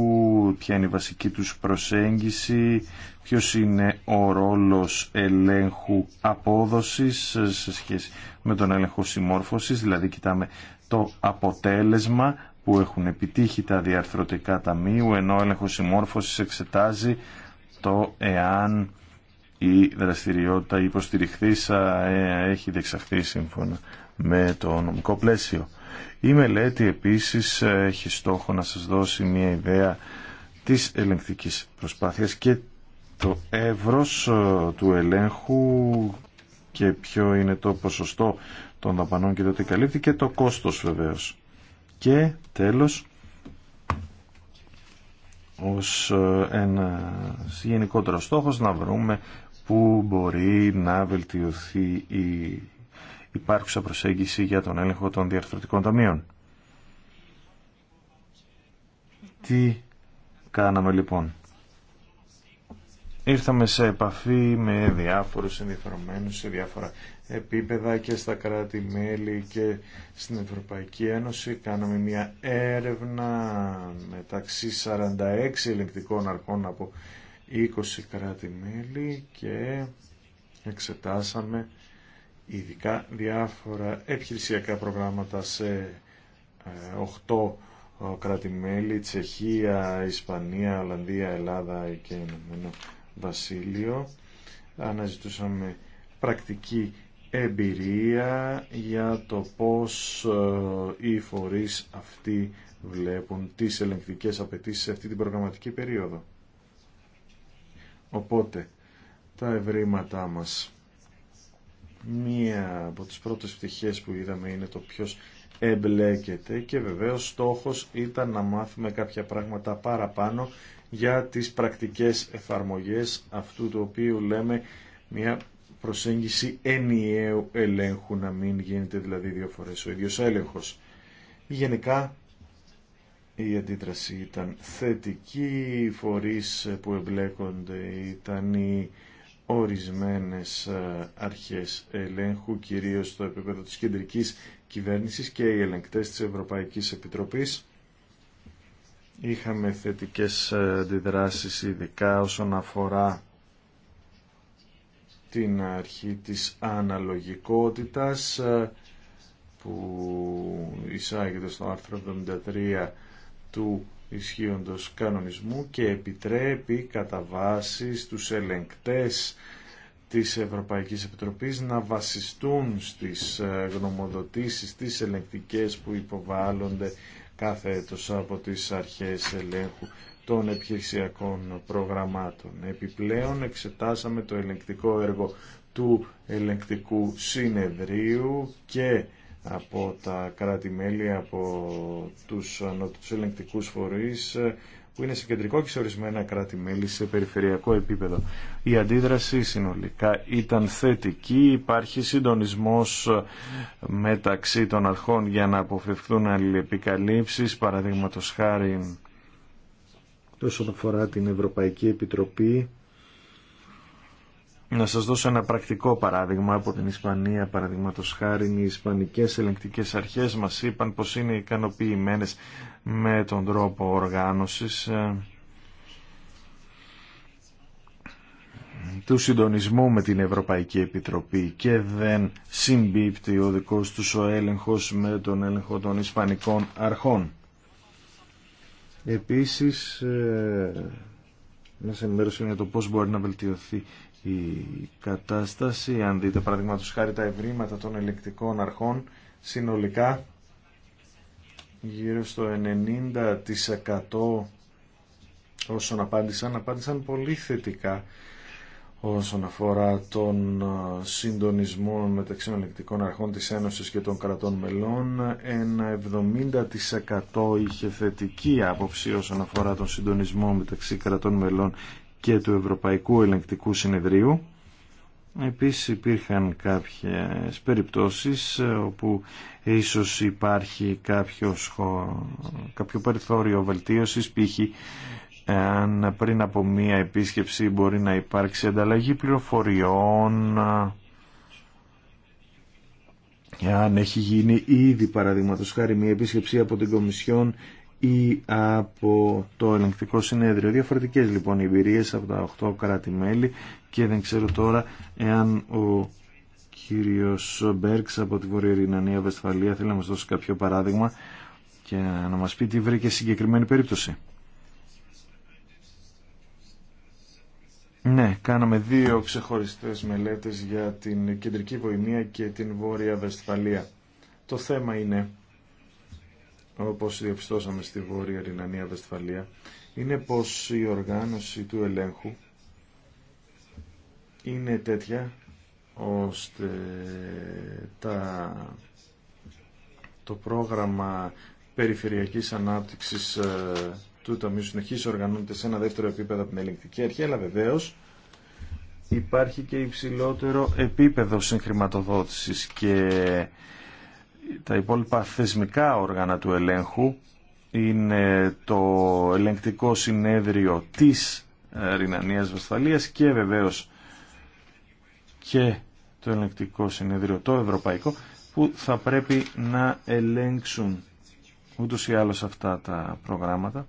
ποια είναι η βασική τους προσέγγιση, ποιος είναι ο ρόλος ελέγχου απόδοσης σε σχέση με τον έλεγχο συμμόρφωσης, δηλαδή κοιτάμε το αποτέλεσμα που έχουν επιτύχει τα διαρθρωτικά ταμείου, ενώ ο έλεγχος συμμόρφωσης εξετάζει το εάν η δραστηριότητα υποστηριχθήσα ε, έχει διεξαχθεί σύμφωνα με το νομικό πλαίσιο. Η μελέτη επίσης έχει στόχο να σας δώσει μια ιδέα της ελεγκτικής προσπάθειας και το εύρος ε, του ελέγχου και ποιο είναι το ποσοστό των δαπανών και το τι καλύπτει και το κόστος βεβαίως. Και τέλος, ως ε, ένα γενικότερο στόχος να βρούμε πού μπορεί να βελτιωθεί η υπάρχουσα προσέγγιση για τον έλεγχο των διαρθρωτικών ταμείων. Τι κάναμε λοιπόν. Ήρθαμε σε επαφή με διάφορους ενδιαφερομένους σε διάφορα επίπεδα και στα κράτη-μέλη και στην Ευρωπαϊκή Ένωση. Κάναμε μια έρευνα μεταξύ 46 ελεγκτικών αρχών από 20 κράτη-μέλη και εξετάσαμε ειδικά διάφορα επιχειρησιακά προγράμματα σε 8 ε, ε, κράτη-μέλη, Τσεχία, Ισπανία, Ολλανδία, Ελλάδα και Ηνωμένο Βασίλειο. Αναζητούσαμε πρακτική εμπειρία για το πώς ε, οι φορείς αυτοί βλέπουν τις ελεγκτικές απαιτήσεις σε αυτή την προγραμματική περίοδο. Οπότε, τα ευρήματά μας μία από τις πρώτες πτυχές που είδαμε είναι το ποιος εμπλέκεται και βεβαίως στόχος ήταν να μάθουμε κάποια πράγματα παραπάνω για τις πρακτικές εφαρμογές αυτού του οποίου λέμε μια προσέγγιση ενιαίου ελέγχου να μην γίνεται δηλαδή δύο φορές ο ίδιος έλεγχος. Γενικά η αντίδραση ήταν θετική, οι φορείς που εμπλέκονται ήταν οι ορισμένες ε, αρχές ελέγχου, κυρίως στο επίπεδο της κεντρικής κυβέρνησης και οι ελεγκτές της Ευρωπαϊκής Επιτροπής. Είχαμε θετικές ε, αντιδράσεις ειδικά όσον αφορά την αρχή της αναλογικότητας ε, που εισάγεται στο άρθρο 73 του ισχύοντος κανονισμού και επιτρέπει κατά βάση στους ελεγκτές της Ευρωπαϊκής Επιτροπής να βασιστούν στις ε, γνωμοδοτήσεις, τις ελεγκτικές που υποβάλλονται κάθε έτος από τις αρχές ελέγχου των επιχειρησιακών προγραμμάτων. Επιπλέον εξετάσαμε το ελεγκτικό έργο του ελεγκτικού συνεδρίου και από τα κράτη-μέλη, από τους, τους ελεγκτικούς φορείς, που είναι συγκεντρικό και σε ορισμένα κράτη-μέλη σε περιφερειακό επίπεδο. Η αντίδραση συνολικά ήταν θετική. Υπάρχει συντονισμός μεταξύ των αρχών για να αποφευχθούν αλληλεπικαλύψεις, παραδείγματο χάρη όσον αφορά την Ευρωπαϊκή Επιτροπή να σας δώσω ένα πρακτικό παράδειγμα από την Ισπανία. Παραδείγματο χάρη, οι Ισπανικές ελεγκτικές αρχές μας είπαν πως είναι ικανοποιημένε με τον τρόπο οργάνωσης ε, του συντονισμού με την Ευρωπαϊκή Επιτροπή και δεν συμπίπτει ο δικός τους ο έλεγχος με τον έλεγχο των Ισπανικών αρχών. Επίσης, ε, μας ενημέρωσε για το πώς μπορεί να βελτιωθεί η κατάσταση. Αν δείτε παραδείγματο χάρη τα ευρήματα των ελεκτικών αρχών, συνολικά γύρω στο 90% όσων απάντησαν, απάντησαν πολύ θετικά όσον αφορά τον συντονισμό μεταξύ των ελεκτικών αρχών της Ένωσης και των κρατών μελών. Ένα 70% είχε θετική άποψη όσον αφορά τον συντονισμό μεταξύ κρατών μελών και του Ευρωπαϊκού Ελεγκτικού Συνεδρίου. Επίσης υπήρχαν κάποιες περιπτώσεις ε, όπου ίσως υπάρχει κάποιο, κάποιο περιθώριο βελτίωσης, π.χ. αν πριν από μία επίσκεψη μπορεί να υπάρξει ανταλλαγή πληροφοριών, αν ε, έχει γίνει ήδη παραδείγματο χάρη μία επίσκεψη από την Κομισιόν ή από το ελεγκτικό συνέδριο. Διαφορετικές λοιπόν οι εμπειρίες από τα 8 κράτη-μέλη και δεν ξέρω τώρα εάν ο κύριος Μπέρξ από τη Βορειορινανία Βεσφαλία θέλει να μας δώσει κάποιο παράδειγμα και να μας πει τι βρήκε συγκεκριμένη περίπτωση. Ναι, κάναμε δύο ξεχωριστές μελέτες για την κεντρική βοημία και την Βόρεια Βεσφαλία. Το θέμα είναι όπως διαπιστώσαμε στη Βόρεια Ρινανία Βεσφαλία, είναι πως η οργάνωση του ελέγχου είναι τέτοια ώστε τα, το πρόγραμμα περιφερειακής ανάπτυξης ε, του Ταμείου Συνοχής οργανώνεται σε ένα δεύτερο επίπεδο από την ελεγκτική αρχή, αλλά βεβαίως υπάρχει και υψηλότερο επίπεδο συγχρηματοδότησης και τα υπόλοιπα θεσμικά όργανα του ελέγχου είναι το ελεγκτικό συνέδριο της ε, Ρινανίας Βασθαλίας και βεβαίως και το ελεγκτικό συνέδριο το ευρωπαϊκό που θα πρέπει να ελέγξουν ούτως ή άλλως αυτά τα προγράμματα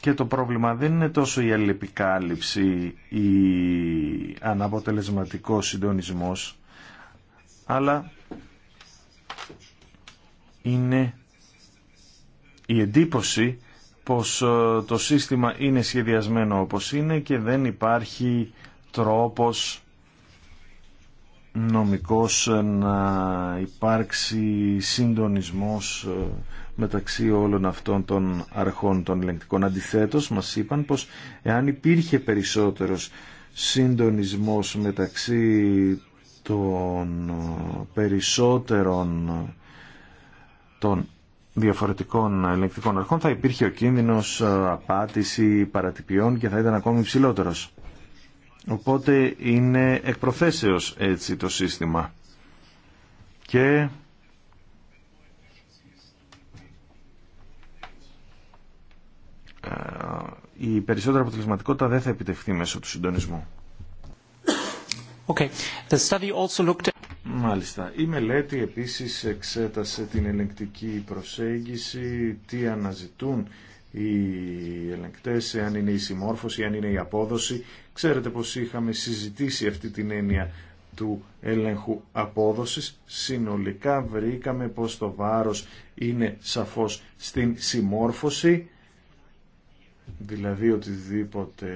και το πρόβλημα δεν είναι τόσο η αλληλεπικάλυψη η αναποτελεσματικό συντονισμός αλλά είναι η εντύπωση πως ε, το σύστημα είναι σχεδιασμένο όπως είναι και δεν υπάρχει τρόπος νομικός ε, να υπάρξει συντονισμός ε, μεταξύ όλων αυτών των αρχών των ελεγκτικών. Αντιθέτως μας είπαν πως εάν υπήρχε περισσότερος συντονισμός μεταξύ των περισσότερων των διαφορετικών ελεγκτικών αρχών θα υπήρχε ο κίνδυνος ε, απάτηση παρατυπιών και θα ήταν ακόμη ψηλότερος. Οπότε είναι εκπροθέσεως έτσι το σύστημα. Και ε, η περισσότερη αποτελεσματικότητα δεν θα επιτευχθεί μέσω του συντονισμού. Μάλιστα. Η μελέτη επίσης εξέτασε την ελεγκτική προσέγγιση, τι αναζητούν οι ελεγκτές, αν είναι η συμμόρφωση, αν είναι η απόδοση. Ξέρετε πως είχαμε συζητήσει αυτή την έννοια του έλεγχου απόδοσης. Συνολικά βρήκαμε πως το βάρος είναι σαφώς στην συμμόρφωση δηλαδή οτιδήποτε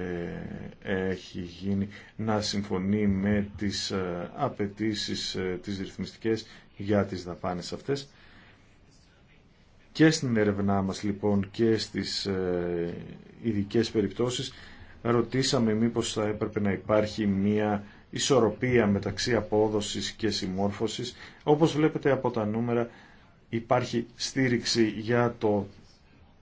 έχει γίνει να συμφωνεί με τις ε, απαιτήσει ε, τις ρυθμιστικές για τις δαπάνες αυτές. Και στην έρευνά μας λοιπόν και στις ε, ειδικέ περιπτώσεις ρωτήσαμε μήπως θα έπρεπε να υπάρχει μία ισορροπία μεταξύ απόδοσης και συμμόρφωσης. Όπως βλέπετε από τα νούμερα υπάρχει στήριξη για το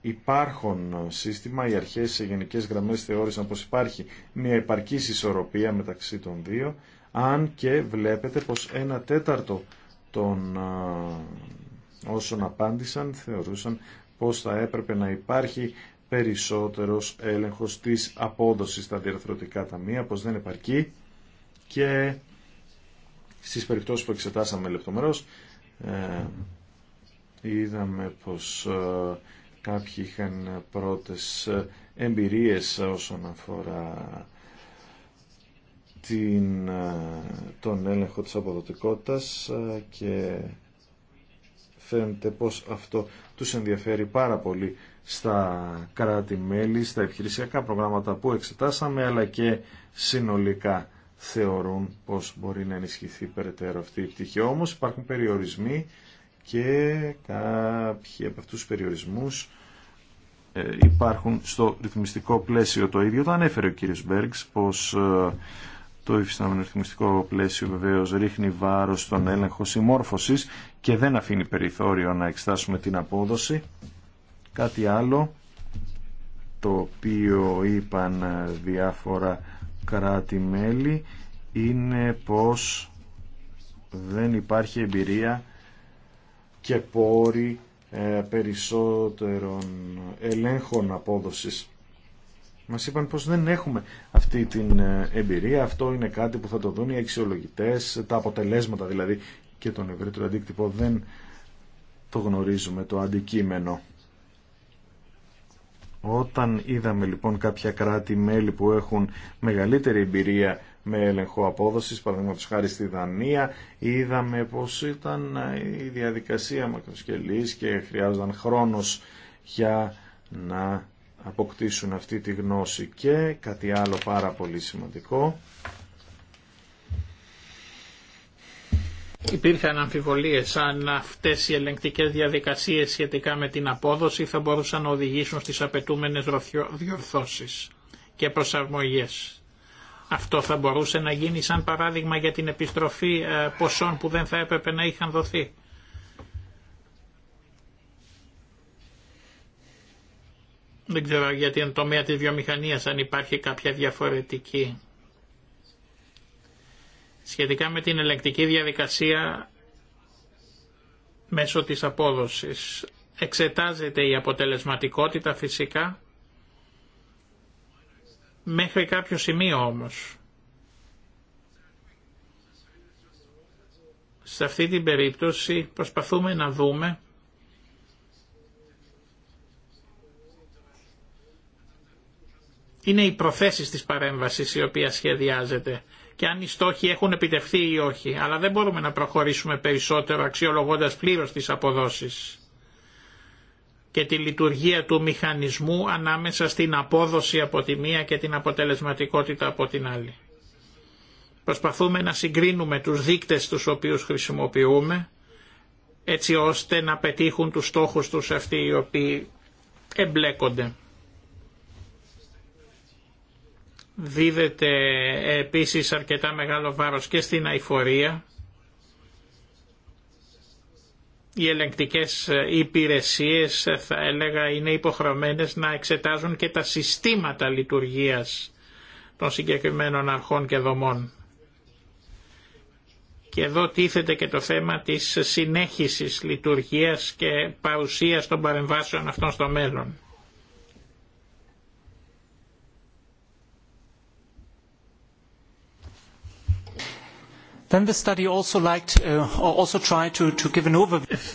υπάρχουν σύστημα, οι αρχές σε γενικές γραμμές θεώρησαν πως υπάρχει μια επαρκής ισορροπία μεταξύ των δύο, αν και βλέπετε πως ένα τέταρτο των όσων απάντησαν θεωρούσαν πως θα έπρεπε να υπάρχει περισσότερος έλεγχος της απόδοσης στα διαρθρωτικά ταμεία, πως δεν επαρκεί και στις περιπτώσεις που εξετάσαμε λεπτομερώς ε, είδαμε πως ε, Κάποιοι είχαν πρώτες εμπειρίες όσον αφορά την, ε, τον έλεγχο της αποδοτικότητας ε, και φαίνεται πως αυτό τους ενδιαφέρει πάρα πολύ στα κράτη-μέλη, στα επιχειρησιακά προγράμματα που εξετάσαμε, αλλά και συνολικά θεωρούν πως μπορεί να ενισχυθεί περαιτέρω αυτή η πτυχή. Όμως υπάρχουν περιορισμοί και κάποιοι από αυτούς τους περιορισμούς ε, υπάρχουν στο ρυθμιστικό πλαίσιο το ίδιο. Το ανέφερε ο κύριος Μπέργκς πως ε, το υφιστάμενο ρυθμιστικό πλαίσιο βεβαίως ρίχνει βάρος στον έλεγχο συμμόρφωσης και δεν αφήνει περιθώριο να εξτάσουμε την απόδοση. Κάτι άλλο το οποίο είπαν ε, διάφορα κράτη-μέλη είναι πως δεν υπάρχει εμπειρία και πόροι ε, περισσότερων ελέγχων απόδοσης. Μας είπαν πως δεν έχουμε αυτή την ε, εμπειρία, αυτό είναι κάτι που θα το δουν οι αξιολογητές, τα αποτελέσματα δηλαδή και τον ευρύτερο αντίκτυπο δεν το γνωρίζουμε το αντικείμενο. Όταν είδαμε λοιπόν κάποια κράτη-μέλη που έχουν μεγαλύτερη εμπειρία με έλεγχο απόδοση, παραδείγματο χάρη στη Δανία, είδαμε πως ήταν ε, η διαδικασία μακροσκελής και χρειάζονταν χρόνος για να αποκτήσουν αυτή τη γνώση και κάτι άλλο πάρα πολύ σημαντικό. Υπήρχαν αμφιβολίες αν αυτές οι ελεγκτικές διαδικασίες σχετικά με την απόδοση θα μπορούσαν να οδηγήσουν στις απαιτούμενες διορθώσεις και προσαρμογές. Αυτό θα μπορούσε να γίνει σαν παράδειγμα για την επιστροφή ε, ποσών που δεν θα έπρεπε να είχαν δοθεί. Δεν ξέρω για την τομέα της βιομηχανίας αν υπάρχει κάποια διαφορετική. Σχετικά με την ελεκτική διαδικασία μέσω της απόδοσης. Εξετάζεται η αποτελεσματικότητα φυσικά Μέχρι κάποιο σημείο όμως. Σε αυτή την περίπτωση προσπαθούμε να δούμε είναι οι προθέσεις της παρέμβασης η οποία σχεδιάζεται και αν οι στόχοι έχουν επιτευχθεί ή όχι. Αλλά δεν μπορούμε να προχωρήσουμε περισσότερο αξιολογώντας πλήρως τις αποδόσεις και τη λειτουργία του μηχανισμού ανάμεσα στην απόδοση από τη μία και την αποτελεσματικότητα από την άλλη. Προσπαθούμε να συγκρίνουμε τους δείκτες τους οποίους χρησιμοποιούμε έτσι ώστε να πετύχουν τους στόχους τους αυτοί οι οποίοι εμπλέκονται. Δίδεται επίσης αρκετά μεγάλο βάρος και στην αηφορία οι ελεγκτικές ε, υπηρεσίες ε, θα έλεγα είναι υποχρεωμένες να εξετάζουν και τα συστήματα λειτουργίας των συγκεκριμένων αρχών και δομών. Και εδώ τίθεται και το θέμα της συνέχισης λειτουργίας και παρουσίας των παρεμβάσεων αυτών στο μέλλον.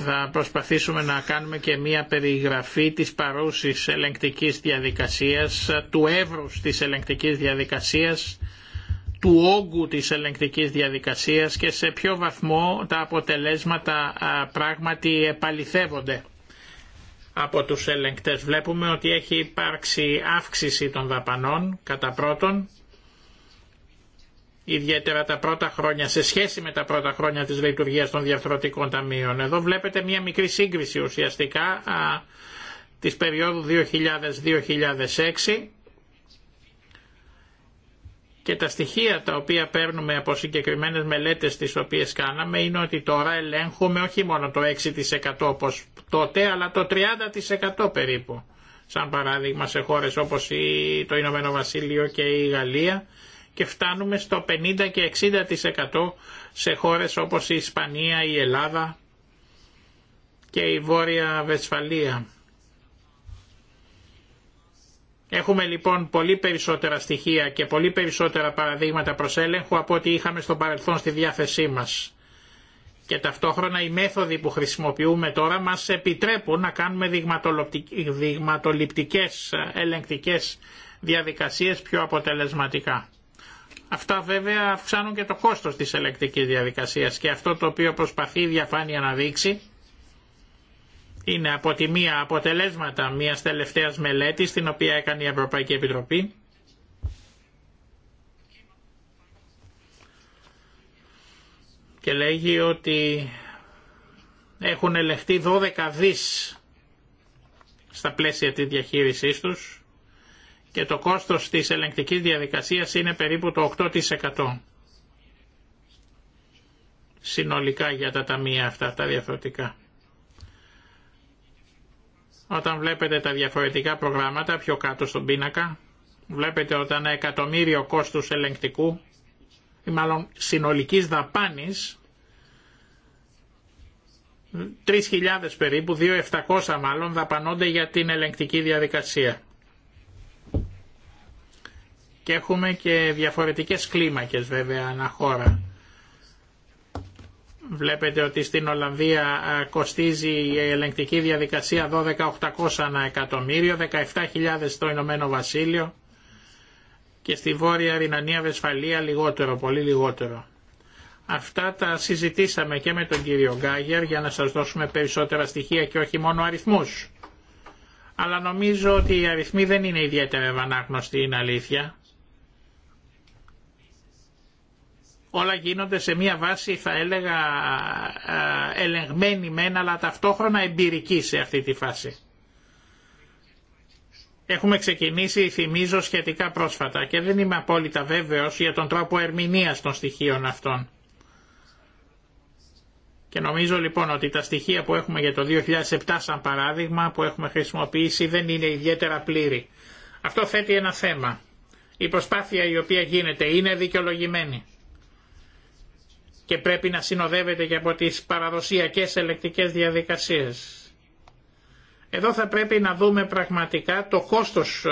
Θα προσπαθήσουμε να κάνουμε και μία περιγραφή της παρούσης ελεγκτικής διαδικασίας, του εύρους της ελεγκτικής διαδικασίας, του όγκου της ελεγκτικής διαδικασίας και σε ποιο βαθμό τα αποτελέσματα πράγματι επαληθεύονται από τους ελεγκτές. Βλέπουμε ότι έχει υπάρξει αύξηση των δαπανών κατά πρώτον ιδιαίτερα τα πρώτα χρόνια, σε σχέση με τα πρώτα χρόνια της λειτουργίας των διαφορετικών ταμείων. Εδώ βλέπετε μια μικρή σύγκριση ουσιαστικά α, της περίοδου 2000-2006 και τα στοιχεία τα οποία παίρνουμε από συγκεκριμένες μελέτες τις οποίες κάναμε είναι ότι τώρα ελέγχουμε όχι μόνο το 6% όπως τότε αλλά το 30% περίπου. Σαν παράδειγμα σε χώρες όπως το Ηνωμένο Βασίλειο και η Γαλλία και φτάνουμε στο 50 και 60% σε χώρες όπως η Ισπανία, η Ελλάδα και η Βόρεια Βεσφαλία. Έχουμε λοιπόν πολύ περισσότερα στοιχεία και πολύ περισσότερα παραδείγματα προς έλεγχο από ό,τι είχαμε στο παρελθόν στη διάθεσή μας. Και ταυτόχρονα οι μέθοδοι που χρησιμοποιούμε τώρα μας επιτρέπουν να κάνουμε δειγματοληπτικές ελεγκτικές διαδικασίες πιο αποτελεσματικά. Αυτά βέβαια αυξάνουν και το κόστος της ελεκτικής διαδικασίας και αυτό το οποίο προσπαθεί η διαφάνεια να δείξει είναι από τη μία αποτελέσματα μιας τελευταίας μελέτης την οποία έκανε η Ευρωπαϊκή Επιτροπή και λέγει ότι έχουν ελεχθεί 12 δις στα πλαίσια της διαχείρισής τους και το κόστος της ελεγκτικής διαδικασίας είναι περίπου το 8% συνολικά για τα ταμεία αυτά, τα διαφορετικά. Όταν βλέπετε τα διαφορετικά προγράμματα πιο κάτω στον πίνακα, βλέπετε όταν ένα εκατομμύριο κόστους ελεγκτικού ή μάλλον συνολικής δαπάνης 3.000 περίπου, 2.700 μάλλον δαπανώνται για την ελεγκτική διαδικασία. Και έχουμε και διαφορετικές κλίμακες βέβαια χώρα. Βλέπετε ότι στην Ολλανδία κοστίζει η ελεγκτική διαδικασία 12.800 εκατομμύριο, 17.000 στο Ηνωμένο Βασίλειο και στη Βόρεια Ρινανία Βεσφαλία λιγότερο, πολύ λιγότερο. Αυτά τα συζητήσαμε και με τον κύριο Γκάγερ για να σας δώσουμε περισσότερα στοιχεία και όχι μόνο αριθμούς. Αλλά νομίζω ότι οι αριθμοί δεν είναι ιδιαίτερα ευανάγνωστοι, είναι αλήθεια. όλα γίνονται σε μια βάση θα έλεγα ελεγμένη ένα αλλά ταυτόχρονα εμπειρική σε αυτή τη φάση. Έχουμε ξεκινήσει, θυμίζω, σχετικά πρόσφατα και δεν είμαι απόλυτα βέβαιος για τον τρόπο ερμηνείας των στοιχείων αυτών. Και νομίζω λοιπόν ότι τα στοιχεία που έχουμε για το 2007 σαν παράδειγμα που έχουμε χρησιμοποιήσει δεν είναι ιδιαίτερα πλήρη. Αυτό θέτει ένα θέμα. Η προσπάθεια η οποία γίνεται είναι δικαιολογημένη και πρέπει να συνοδεύεται και από τις παραδοσιακές ελεκτικές διαδικασίες. Εδώ θα πρέπει να δούμε πραγματικά το κόστος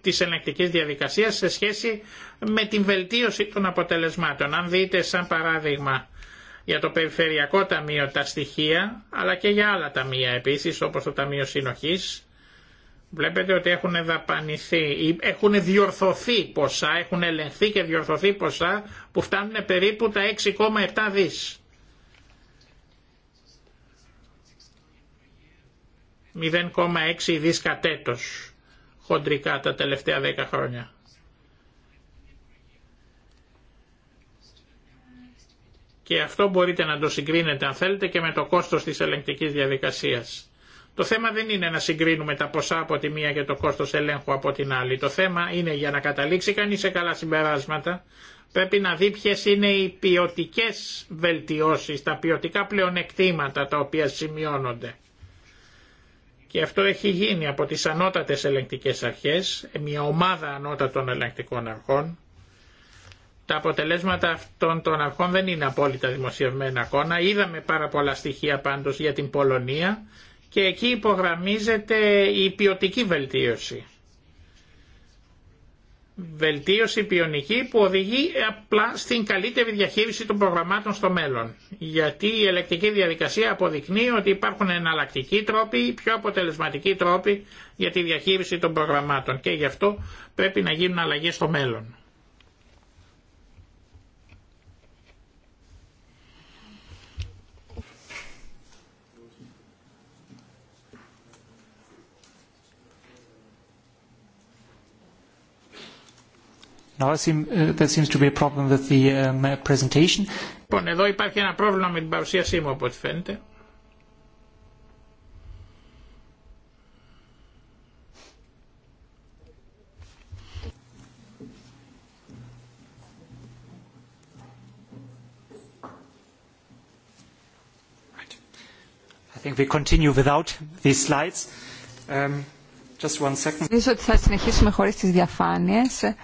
της ελεκτικής διαδικασίας σε σχέση με την βελτίωση των αποτελεσμάτων. Αν δείτε σαν παράδειγμα για το Περιφερειακό Ταμείο τα στοιχεία, αλλά και για άλλα ταμεία επίσης όπως το Ταμείο Συνοχής, Βλέπετε ότι έχουν δαπανηθεί, έχουν διορθωθεί ποσά, έχουν ελεγχθεί και διορθωθεί ποσά που φτάνουν περίπου τα 6,7 δις. 0,6 δις κατέτος χοντρικά τα τελευταία 10 χρόνια. Και αυτό μπορείτε να το συγκρίνετε αν θέλετε και με το κόστος της ελεγκτικής διαδικασίας. Το θέμα δεν είναι να συγκρίνουμε τα ποσά από τη μία και το κόστος ελέγχου από την άλλη. Το θέμα είναι για να καταλήξει κανείς σε καλά συμπεράσματα πρέπει να δει ποιε είναι οι ποιοτικέ βελτιώσεις, τα ποιοτικά πλεονεκτήματα τα οποία σημειώνονται. Και αυτό έχει γίνει από τις ανώτατες ελεγκτικές αρχές, μια ομάδα ανώτατων ελεγκτικών αρχών. Τα αποτελέσματα αυτών των αρχών δεν είναι απόλυτα δημοσιευμένα ακόμα. Είδαμε πάρα πολλά στοιχεία πάντως για την Πολωνία και εκεί υπογραμμίζεται η ποιοτική βελτίωση. Βελτίωση ποιονική που οδηγεί απλά στην καλύτερη διαχείριση των προγραμμάτων στο μέλλον. Γιατί η ελεκτική διαδικασία αποδεικνύει ότι υπάρχουν εναλλακτικοί τρόποι, πιο αποτελεσματικοί τρόποι για τη διαχείριση των προγραμμάτων και γι' αυτό πρέπει να γίνουν αλλαγές στο μέλλον. Now seem, uh, there seems to be a problem with the um, uh, presentation. Λοιπόν, εδώ υπάρχει ένα πρόβλημα με την παρουσίασή μου από ό,τι φαίνεται. I think we continue without these slides. Um, just one second. Νομίζω ότι θα συνεχίσουμε χωρίς τις διαφάνειες.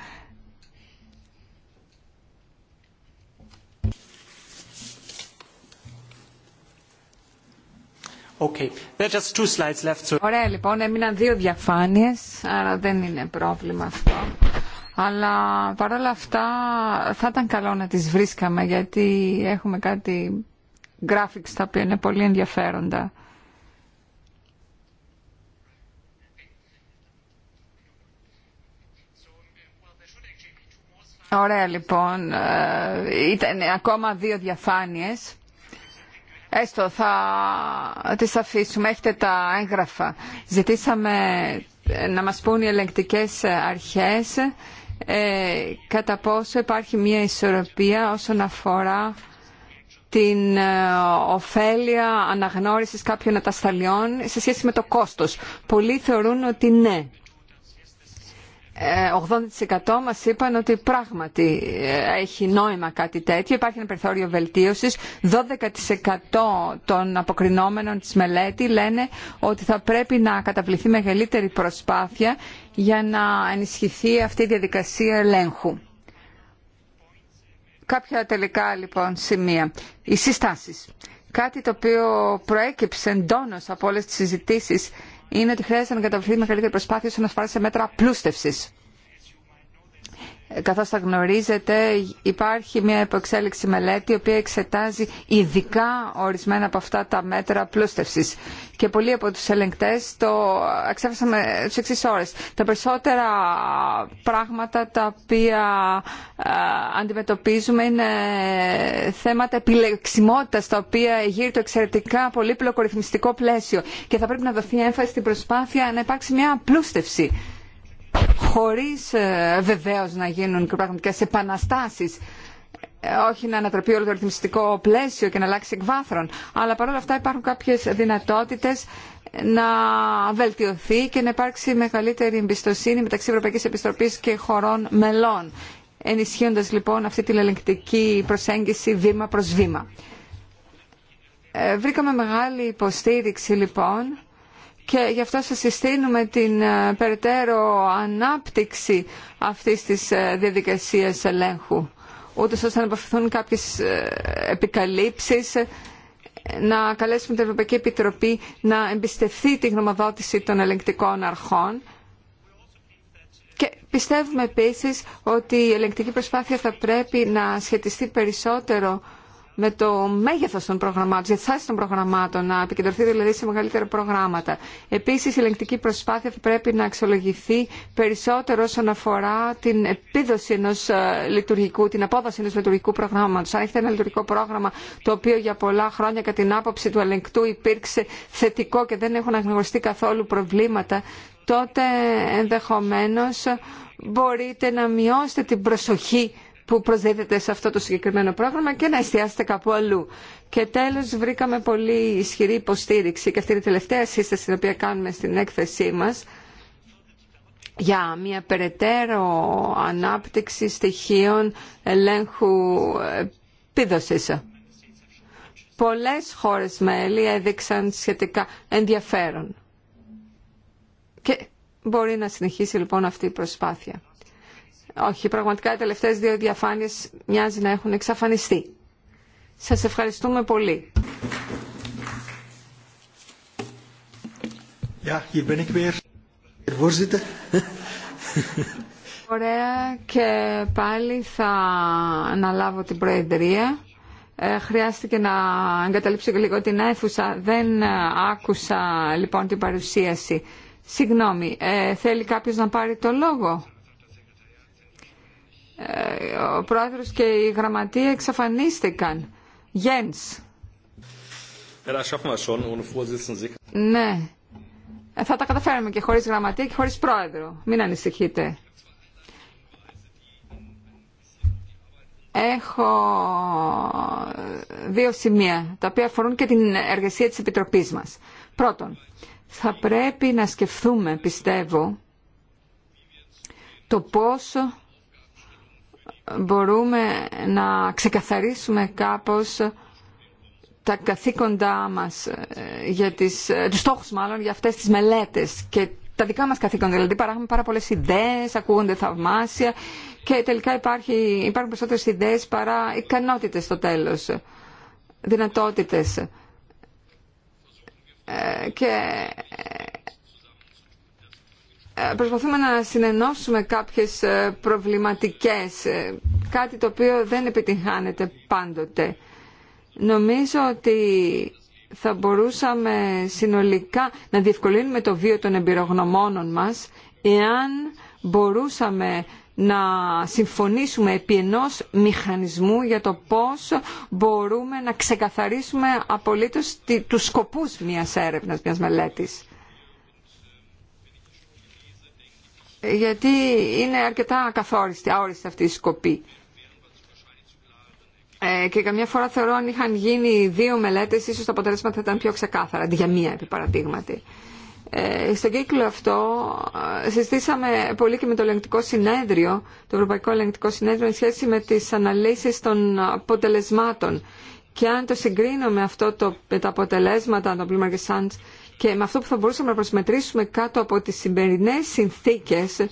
Ωραία λοιπόν, έμειναν δύο διαφάνειες, άρα δεν είναι πρόβλημα αυτό. Αλλά παρόλα αυτά θα ήταν καλό να τις βρίσκαμε γιατί έχουμε κάτι γράφικς τα οποία είναι πολύ ενδιαφέροντα. Ωραία λοιπόν, ε, ήταν ακόμα δύο διαφάνειες. Έστω θα τις αφήσουμε. Έχετε τα έγγραφα. Ζητήσαμε ε, να μας πούν οι ελεγκτικές ε, αρχές ε, κατά πόσο υπάρχει μια ισορροπία όσον αφορά την ωφέλεια αναγνώρισης κάποιων ατασταλιών σε σχέση με το κόστος. Πολλοί θεωρούν ότι ναι. 80% ε, μας είπαν ότι πράγματι ε, έχει νόημα κάτι τέτοιο. Υπάρχει ένα περιθώριο βελτίωσης. 12% των αποκρινόμενων της μελέτη λένε ότι θα πρέπει να καταβληθεί μεγαλύτερη προσπάθεια για να ενισχυθεί αυτή η διαδικασία ελέγχου. Κάποια τελικά λοιπόν σημεία. Οι συστάσεις. Κάτι το οποίο προέκυψε εντόνως από όλες τις συζητήσεις είναι ότι χρειάζεται να καταβληθεί μεγαλύτερη προσπάθεια όσον αφορά σε μέτρα πλούστευσης καθώς θα γνωρίζετε υπάρχει μια υποεξέλιξη μελέτη η οποία εξετάζει ειδικά ορισμένα από αυτά τα μέτρα πλούστευσης και πολλοί από τους ελεγκτές το εξέφασαν με τις εξής ώρες. Τα περισσότερα πράγματα τα οποία ε, αντιμετωπίζουμε είναι θέματα επιλεξιμότητας τα οποία γύρει το εξαιρετικά πολύπλοκο ρυθμιστικό πλαίσιο και θα πρέπει να δοθεί έμφαση στην προσπάθεια να υπάρξει μια πλούστευση χωρίς ε, βεβαίως να γίνουν και πραγματικές επαναστάσεις ε, όχι να ανατροπεί όλο το ρυθμιστικό πλαίσιο και να αλλάξει εκβάθρων. Αλλά παρόλα αυτά υπάρχουν κάποιες δυνατότητες να βελτιωθεί και να υπάρξει μεγαλύτερη εμπιστοσύνη μεταξύ Ευρωπαϊκής Επιστροπής και χωρών μελών. Ενισχύοντας λοιπόν αυτή την ελεγκτική προσέγγιση βήμα προς βήμα. Ε, βρήκαμε μεγάλη υποστήριξη λοιπόν και γι' αυτό σας συστήνουμε την ε, περαιτέρω ανάπτυξη αυτής της ε, διαδικασίας ελέγχου ούτως ώστε να αποφευθούν κάποιες ε, επικαλύψεις να καλέσουμε την Ευρωπαϊκή Επιτροπή να εμπιστευτεί τη γνωμοδότηση των ελεγκτικών αρχών και πιστεύουμε επίσης ότι η ελεγκτική προσπάθεια θα πρέπει να σχετιστεί περισσότερο με το μέγεθο των προγραμμάτων, για τι των προγραμμάτων, να επικεντρωθεί δηλαδή σε μεγαλύτερα προγράμματα. Επίση, η ελεγκτική προσπάθεια θα πρέπει να αξιολογηθεί περισσότερο όσον αφορά την επίδοση ενό ε, λειτουργικού, την απόδοση ενό λειτουργικού προγράμματο. Αν έχετε ένα λειτουργικό πρόγραμμα το οποίο για πολλά χρόνια κατά την άποψη του ελεγκτού υπήρξε θετικό και δεν έχουν αναγνωριστεί καθόλου προβλήματα, τότε ενδεχομένω μπορείτε να μειώσετε την προσοχή που προσδίδεται σε αυτό το συγκεκριμένο πρόγραμμα και να εστιάσετε κάπου αλλού. Και τέλος βρήκαμε πολύ ισχυρή υποστήριξη και αυτή είναι η τελευταία σύσταση την οποία κάνουμε στην έκθεσή μας για μια περαιτέρω ανάπτυξη στοιχείων ελέγχου πίδωσης. Πολλές χώρες μέλη έδειξαν σχετικά ενδιαφέρον. Και μπορεί να συνεχίσει λοιπόν αυτή η προσπάθεια. Όχι, πραγματικά οι τελευταίες δύο διαφάνειες μοιάζει να έχουν εξαφανιστεί. Σας ευχαριστούμε πολύ. Ωραία και πάλι θα αναλάβω την Προεδρία. Ε, χρειάστηκε να εγκαταλείψω λίγο την αίθουσα. Δεν ε, άκουσα λοιπόν την παρουσίαση. Συγγνώμη, ε, θέλει κάποιος να πάρει το λόγο. Ε, ο πρόεδρος και η γραμματεία εξαφανίστηκαν. Γενς. Ναι. Ε, θα τα καταφέρουμε και χωρίς γραμματεία και χωρίς πρόεδρο. Μην ανησυχείτε. Έχω δύο σημεία, τα οποία αφορούν και την εργασία της Επιτροπής μας. Πρώτον, θα πρέπει να σκεφτούμε, πιστεύω, το πόσο μπορούμε να ξεκαθαρίσουμε κάπως τα καθήκοντά μας, ε, για τις, ε, τους στόχους μάλλον για αυτές τις μελέτες και τα δικά μας καθήκοντα. Δηλαδή παράγουμε πάρα πολλές ιδέες, ακούγονται θαυμάσια και τελικά υπάρχει, υπάρχουν περισσότερες ιδέες παρά ικανότητε στο τέλος, δυνατότητες. Ε, και ε, προσπαθούμε να συνενώσουμε κάποιες ε, προβληματικές, ε, κάτι το οποίο δεν επιτυγχάνεται πάντοτε. Νομίζω ότι θα μπορούσαμε συνολικά να διευκολύνουμε το βίο των εμπειρογνωμόνων μας εάν μπορούσαμε να συμφωνήσουμε επί ενός μηχανισμού για το πώς μπορούμε να ξεκαθαρίσουμε απολύτως τους σκοπούς μιας έρευνας, μιας μελέτης. γιατί είναι αρκετά ακαθόριστη, αόριστη αυτή η σκοπή. Ε, και καμιά φορά θεωρώ αν είχαν γίνει δύο μελέτες, ίσως τα αποτελέσματα θα ήταν πιο ξεκάθαρα, αντί για μία επί παραδείγματι. Ε, στον κύκλο αυτό ε, συστήσαμε πολύ και με το ελεγκτικό συνέδριο, το Ευρωπαϊκό Ελεγκτικό Συνέδριο, σε σχέση με τις αναλύσεις των αποτελεσμάτων. Και αν το συγκρίνω με αυτό με τα αποτελέσματα των Πλήμαρ και Σάντς, και με αυτό που θα μπορούσαμε να προσμετρήσουμε κάτω από τις σημερινές συνθήκες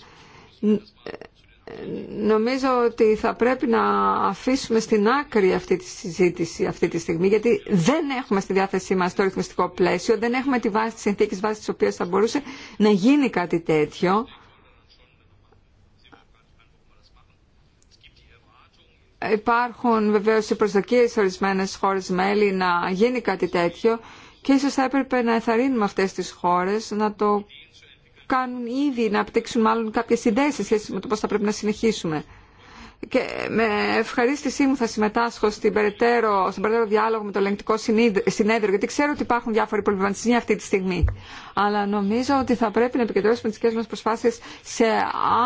νομίζω ότι θα πρέπει να αφήσουμε στην άκρη αυτή τη συζήτηση αυτή τη στιγμή γιατί δεν έχουμε στη διάθεσή μας το ρυθμιστικό πλαίσιο δεν έχουμε τη βάση της συνθήκης βάση της οποίας θα μπορούσε να γίνει κάτι τέτοιο Υπάρχουν βεβαίως οι προσδοκίες σε ορισμένες χώρες μέλη να γίνει κάτι τέτοιο και ίσως θα έπρεπε να εθαρρύνουμε αυτές τις χώρες να το κάνουν ήδη, να απτύξουν μάλλον κάποιες ιδέες σε σχέση με το πώς θα πρέπει να συνεχίσουμε και με ευχαρίστησή μου θα συμμετάσχω στην περαιτέρω, στον περαιτέρω διάλογο με το ελεγκτικό συνέδριο, γιατί ξέρω ότι υπάρχουν διάφοροι προβληματισμοί αυτή τη στιγμή. Αλλά νομίζω ότι θα πρέπει να επικεντρώσουμε τι δικέ μα προσπάθειε σε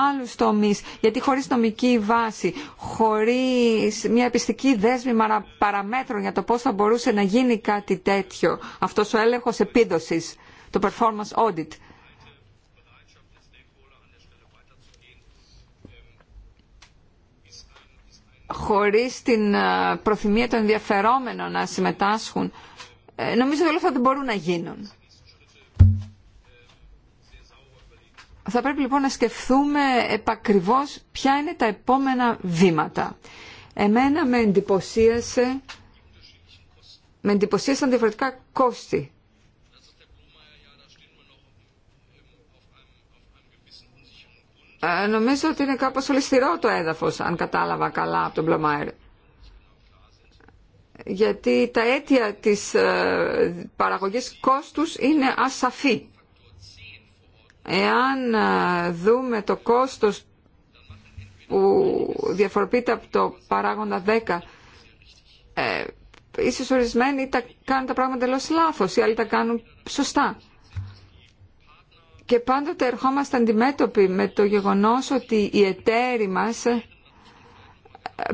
άλλου τομεί, γιατί χωρί νομική βάση, χωρί μια επιστική δέσμη παραμέτρων για το πώ θα μπορούσε να γίνει κάτι τέτοιο, αυτό ο έλεγχο επίδοση, το performance audit, χωρίς την ε, προθυμία των ενδιαφερόμενων να συμμετάσχουν, ε, νομίζω ότι όλα αυτά δεν μπορούν να γίνουν. Θα πρέπει λοιπόν να σκεφτούμε επακριβώς ποια είναι τα επόμενα βήματα. Εμένα με εντυπωσίασε, με εντυπωσίασαν διαφορετικά κόστη Ε, νομίζω ότι είναι κάπως ολισθηρό το έδαφος, αν κατάλαβα καλά από τον Μπλομάιρ. Γιατί τα αίτια της ε, παραγωγής κόστους είναι ασαφή. Εάν ε, δούμε το κόστος που διαφοροποιείται από το παράγοντα 10, ε, ίσως ορισμένοι τα κάνουν τα πράγματα τελώς λάθος, οι άλλοι τα κάνουν σωστά. Και πάντοτε ερχόμαστε αντιμέτωποι με το γεγονός ότι οι εταίροι μας ε,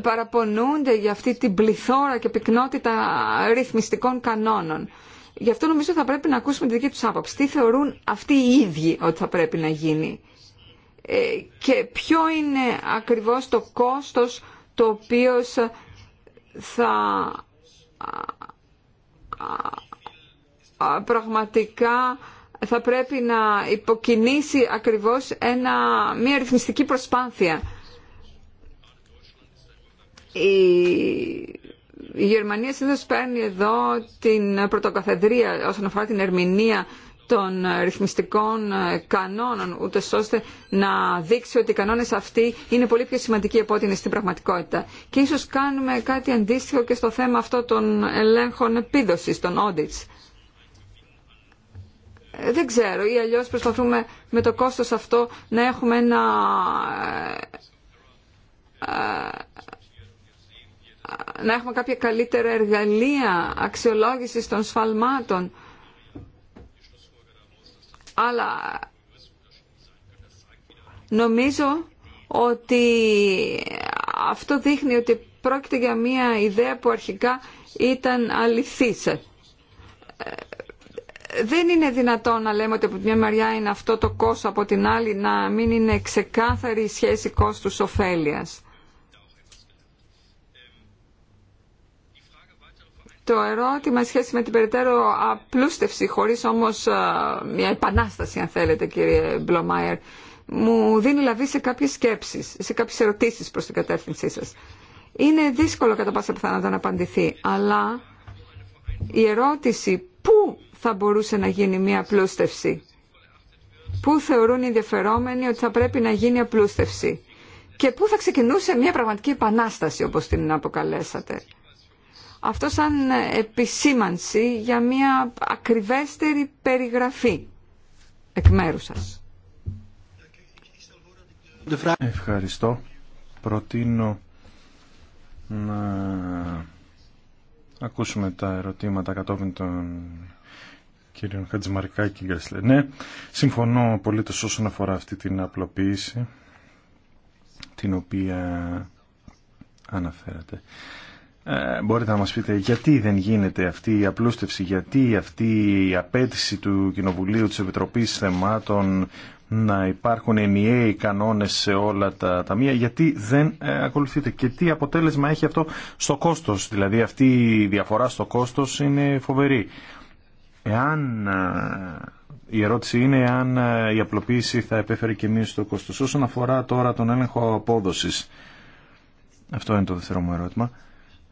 παραπονούνται για αυτή την πληθώρα και πυκνότητα ρυθμιστικών κανόνων. Γι' αυτό νομίζω θα πρέπει να ακούσουμε τη δική τους άποψη. Τι θεωρούν αυτοί οι ίδιοι ότι θα πρέπει να γίνει. Ε, και ποιο είναι ακριβώς το κόστος το οποίο θα πραγματικά θα πρέπει να υποκινήσει ακριβώς ένα, μια ρυθμιστική προσπάθεια. Η... Γερμανία συνήθω παίρνει εδώ την πρωτοκαθεδρία όσον αφορά την ερμηνεία των ρυθμιστικών κανόνων, ούτε ώστε να δείξει ότι οι κανόνες αυτοί είναι πολύ πιο σημαντικοί από ό,τι είναι στην πραγματικότητα. Και ίσως κάνουμε κάτι αντίστοιχο και στο θέμα αυτό των ελέγχων επίδοσης, των audits δεν ξέρω ή αλλιώς προσπαθούμε με το κόστος αυτό να έχουμε ένα ε, ε, να έχουμε κάποια καλύτερα εργαλεία αξιολόγησης των σφαλμάτων αλλά νομίζω ότι αυτό δείχνει ότι πρόκειται για μια ιδέα που αρχικά ήταν αληθής ε, δεν είναι δυνατόν να λέμε ότι από τη μια μεριά είναι αυτό το κόστος, από την άλλη να μην είναι ξεκάθαρη η σχέση κόστους ωφέλειας. Το ερώτημα σχέση με την περαιτέρω απλούστευση, χωρίς όμως μια επανάσταση αν θέλετε κύριε Μπλομάιερ, μου δίνει λαβή σε κάποιες σκέψεις, σε κάποιες ερωτήσεις προς την κατεύθυνσή σας. Είναι δύσκολο κατά πάσα πιθανότητα να απαντηθεί, αλλά η ερώτηση πού θα μπορούσε να γίνει μια απλούστευση. Πού θεωρούν οι ενδιαφερόμενοι ότι θα πρέπει να γίνει απλούστευση και πού θα ξεκινούσε μια πραγματική επανάσταση όπως την αποκαλέσατε. Αυτό σαν επισήμανση για μια ακριβέστερη περιγραφή εκ μέρου σας. Ευχαριστώ. Προτείνω να ακούσουμε τα ερωτήματα κατόπιν των κύριων Χατζημαρκάκη Γκάσλε. Ναι, συμφωνώ απολύτως όσον αφορά αυτή την απλοποίηση την οποία αναφέρατε. Ε, μπορείτε να μας πείτε γιατί δεν γίνεται αυτή η απλούστευση, γιατί αυτή η απέτηση του Κοινοβουλίου της Επιτροπής Θεμάτων να υπάρχουν ενιαίοι κανόνες σε όλα τα ταμεία, γιατί δεν ε, ακολουθείτε και τι αποτέλεσμα έχει αυτό στο κόστος. Δηλαδή αυτή η διαφορά στο κόστος είναι φοβερή. Εάν ε, η ερώτηση είναι εάν ε, η απλοποίηση θα επέφερε και μείωση στο κόστος. Όσον αφορά τώρα τον έλεγχο απόδοσης, αυτό είναι το δεύτερο μου ερώτημα,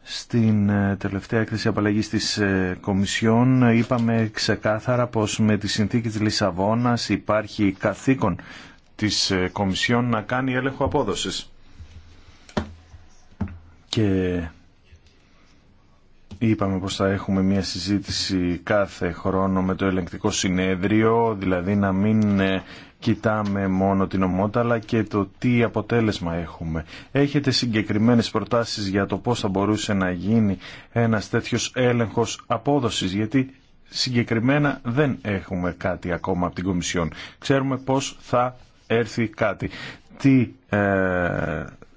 στην ε, τελευταία έκθεση απαλλαγής της Κομισιόν είπαμε ξεκάθαρα πως με τη συνθήκη της Λισαβόνας υπάρχει καθήκον της Κομισιόν να κάνει έλεγχο απόδοσης. Και Είπαμε πως θα έχουμε μια συζήτηση κάθε χρόνο με το ελεγκτικό συνέδριο, δηλαδή να μην ε, κοιτάμε μόνο την ομόταλα και το τι αποτέλεσμα έχουμε. Έχετε συγκεκριμένες προτάσεις για το πώς θα μπορούσε να γίνει ένας τέτοιος έλεγχος απόδοσης, γιατί συγκεκριμένα δεν έχουμε κάτι ακόμα από την Κομισιόν. Ξέρουμε πώς θα έρθει κάτι. Τι ε,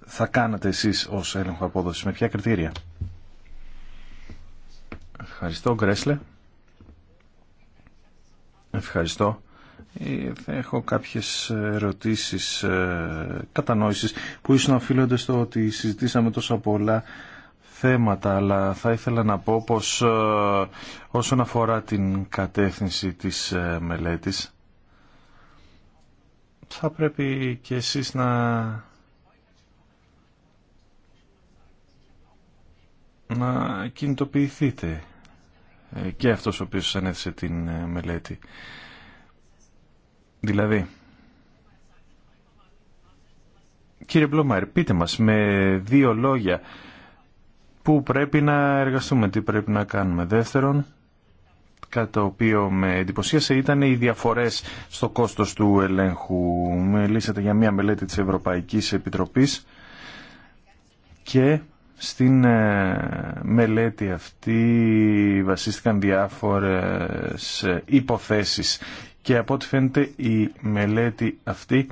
θα κάνατε εσείς ως έλεγχο απόδοσης, με ποια κριτήρια. Ευχαριστώ, Γκρέσλε. Ευχαριστώ. Θα ε, έχω κάποιες ερωτήσεις ε, κατανόησης που ίσως να οφείλονται στο ότι συζητήσαμε τόσα πολλά θέματα, αλλά θα ήθελα να πω πως ε, όσον αφορά την κατεύθυνση της μελέτης θα πρέπει και εσείς να να κινητοποιηθείτε ε, και αυτός ο οποίος ανέθεσε την ε, μελέτη. Δηλαδή, κύριε Μπλόμαρ, πείτε μας με δύο λόγια πού πρέπει να εργαστούμε, τι πρέπει να κάνουμε. Δεύτερον, κάτι το οποίο με εντυπωσίασε ήταν οι διαφορές στο κόστος του ελέγχου. Μιλήσατε για μια μελέτη της Ευρωπαϊκής Επιτροπής και στην ε, μελέτη αυτή βασίστηκαν διάφορες ε, υποθέσεις και από ό,τι φαίνεται η μελέτη αυτή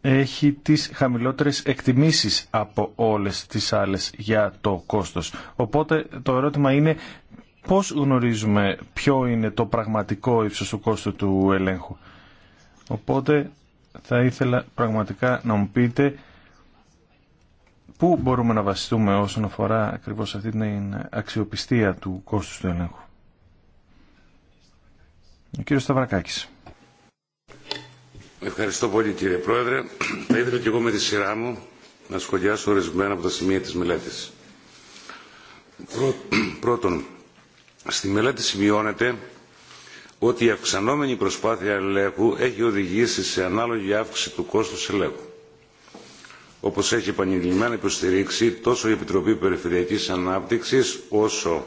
έχει τις χαμηλότερες εκτιμήσεις από όλες τις άλλες για το κόστος. Οπότε το ερώτημα είναι πώς γνωρίζουμε ποιο είναι το πραγματικό ύψος του κόστου του ελέγχου. Οπότε θα ήθελα πραγματικά να μου πείτε πού μπορούμε να βασιστούμε όσον αφορά ακριβώς αυτή την αξιοπιστία του κόστους του ελέγχου. Ο κύριος Σταυρακάκης. Ευχαριστώ πολύ κύριε Πρόεδρε. Θα ήθελα και εγώ με τη σειρά μου να σχολιάσω ορισμένα από τα σημεία της μελέτης. Πρώτον, στη μελέτη σημειώνεται ότι η αυξανόμενη προσπάθεια ελέγχου έχει οδηγήσει σε ανάλογη αύξηση του κόστους ελέγχου όπως έχει επανειλημμένα υποστηρίξει τόσο η Επιτροπή περιφερειακή Ανάπτυξης όσο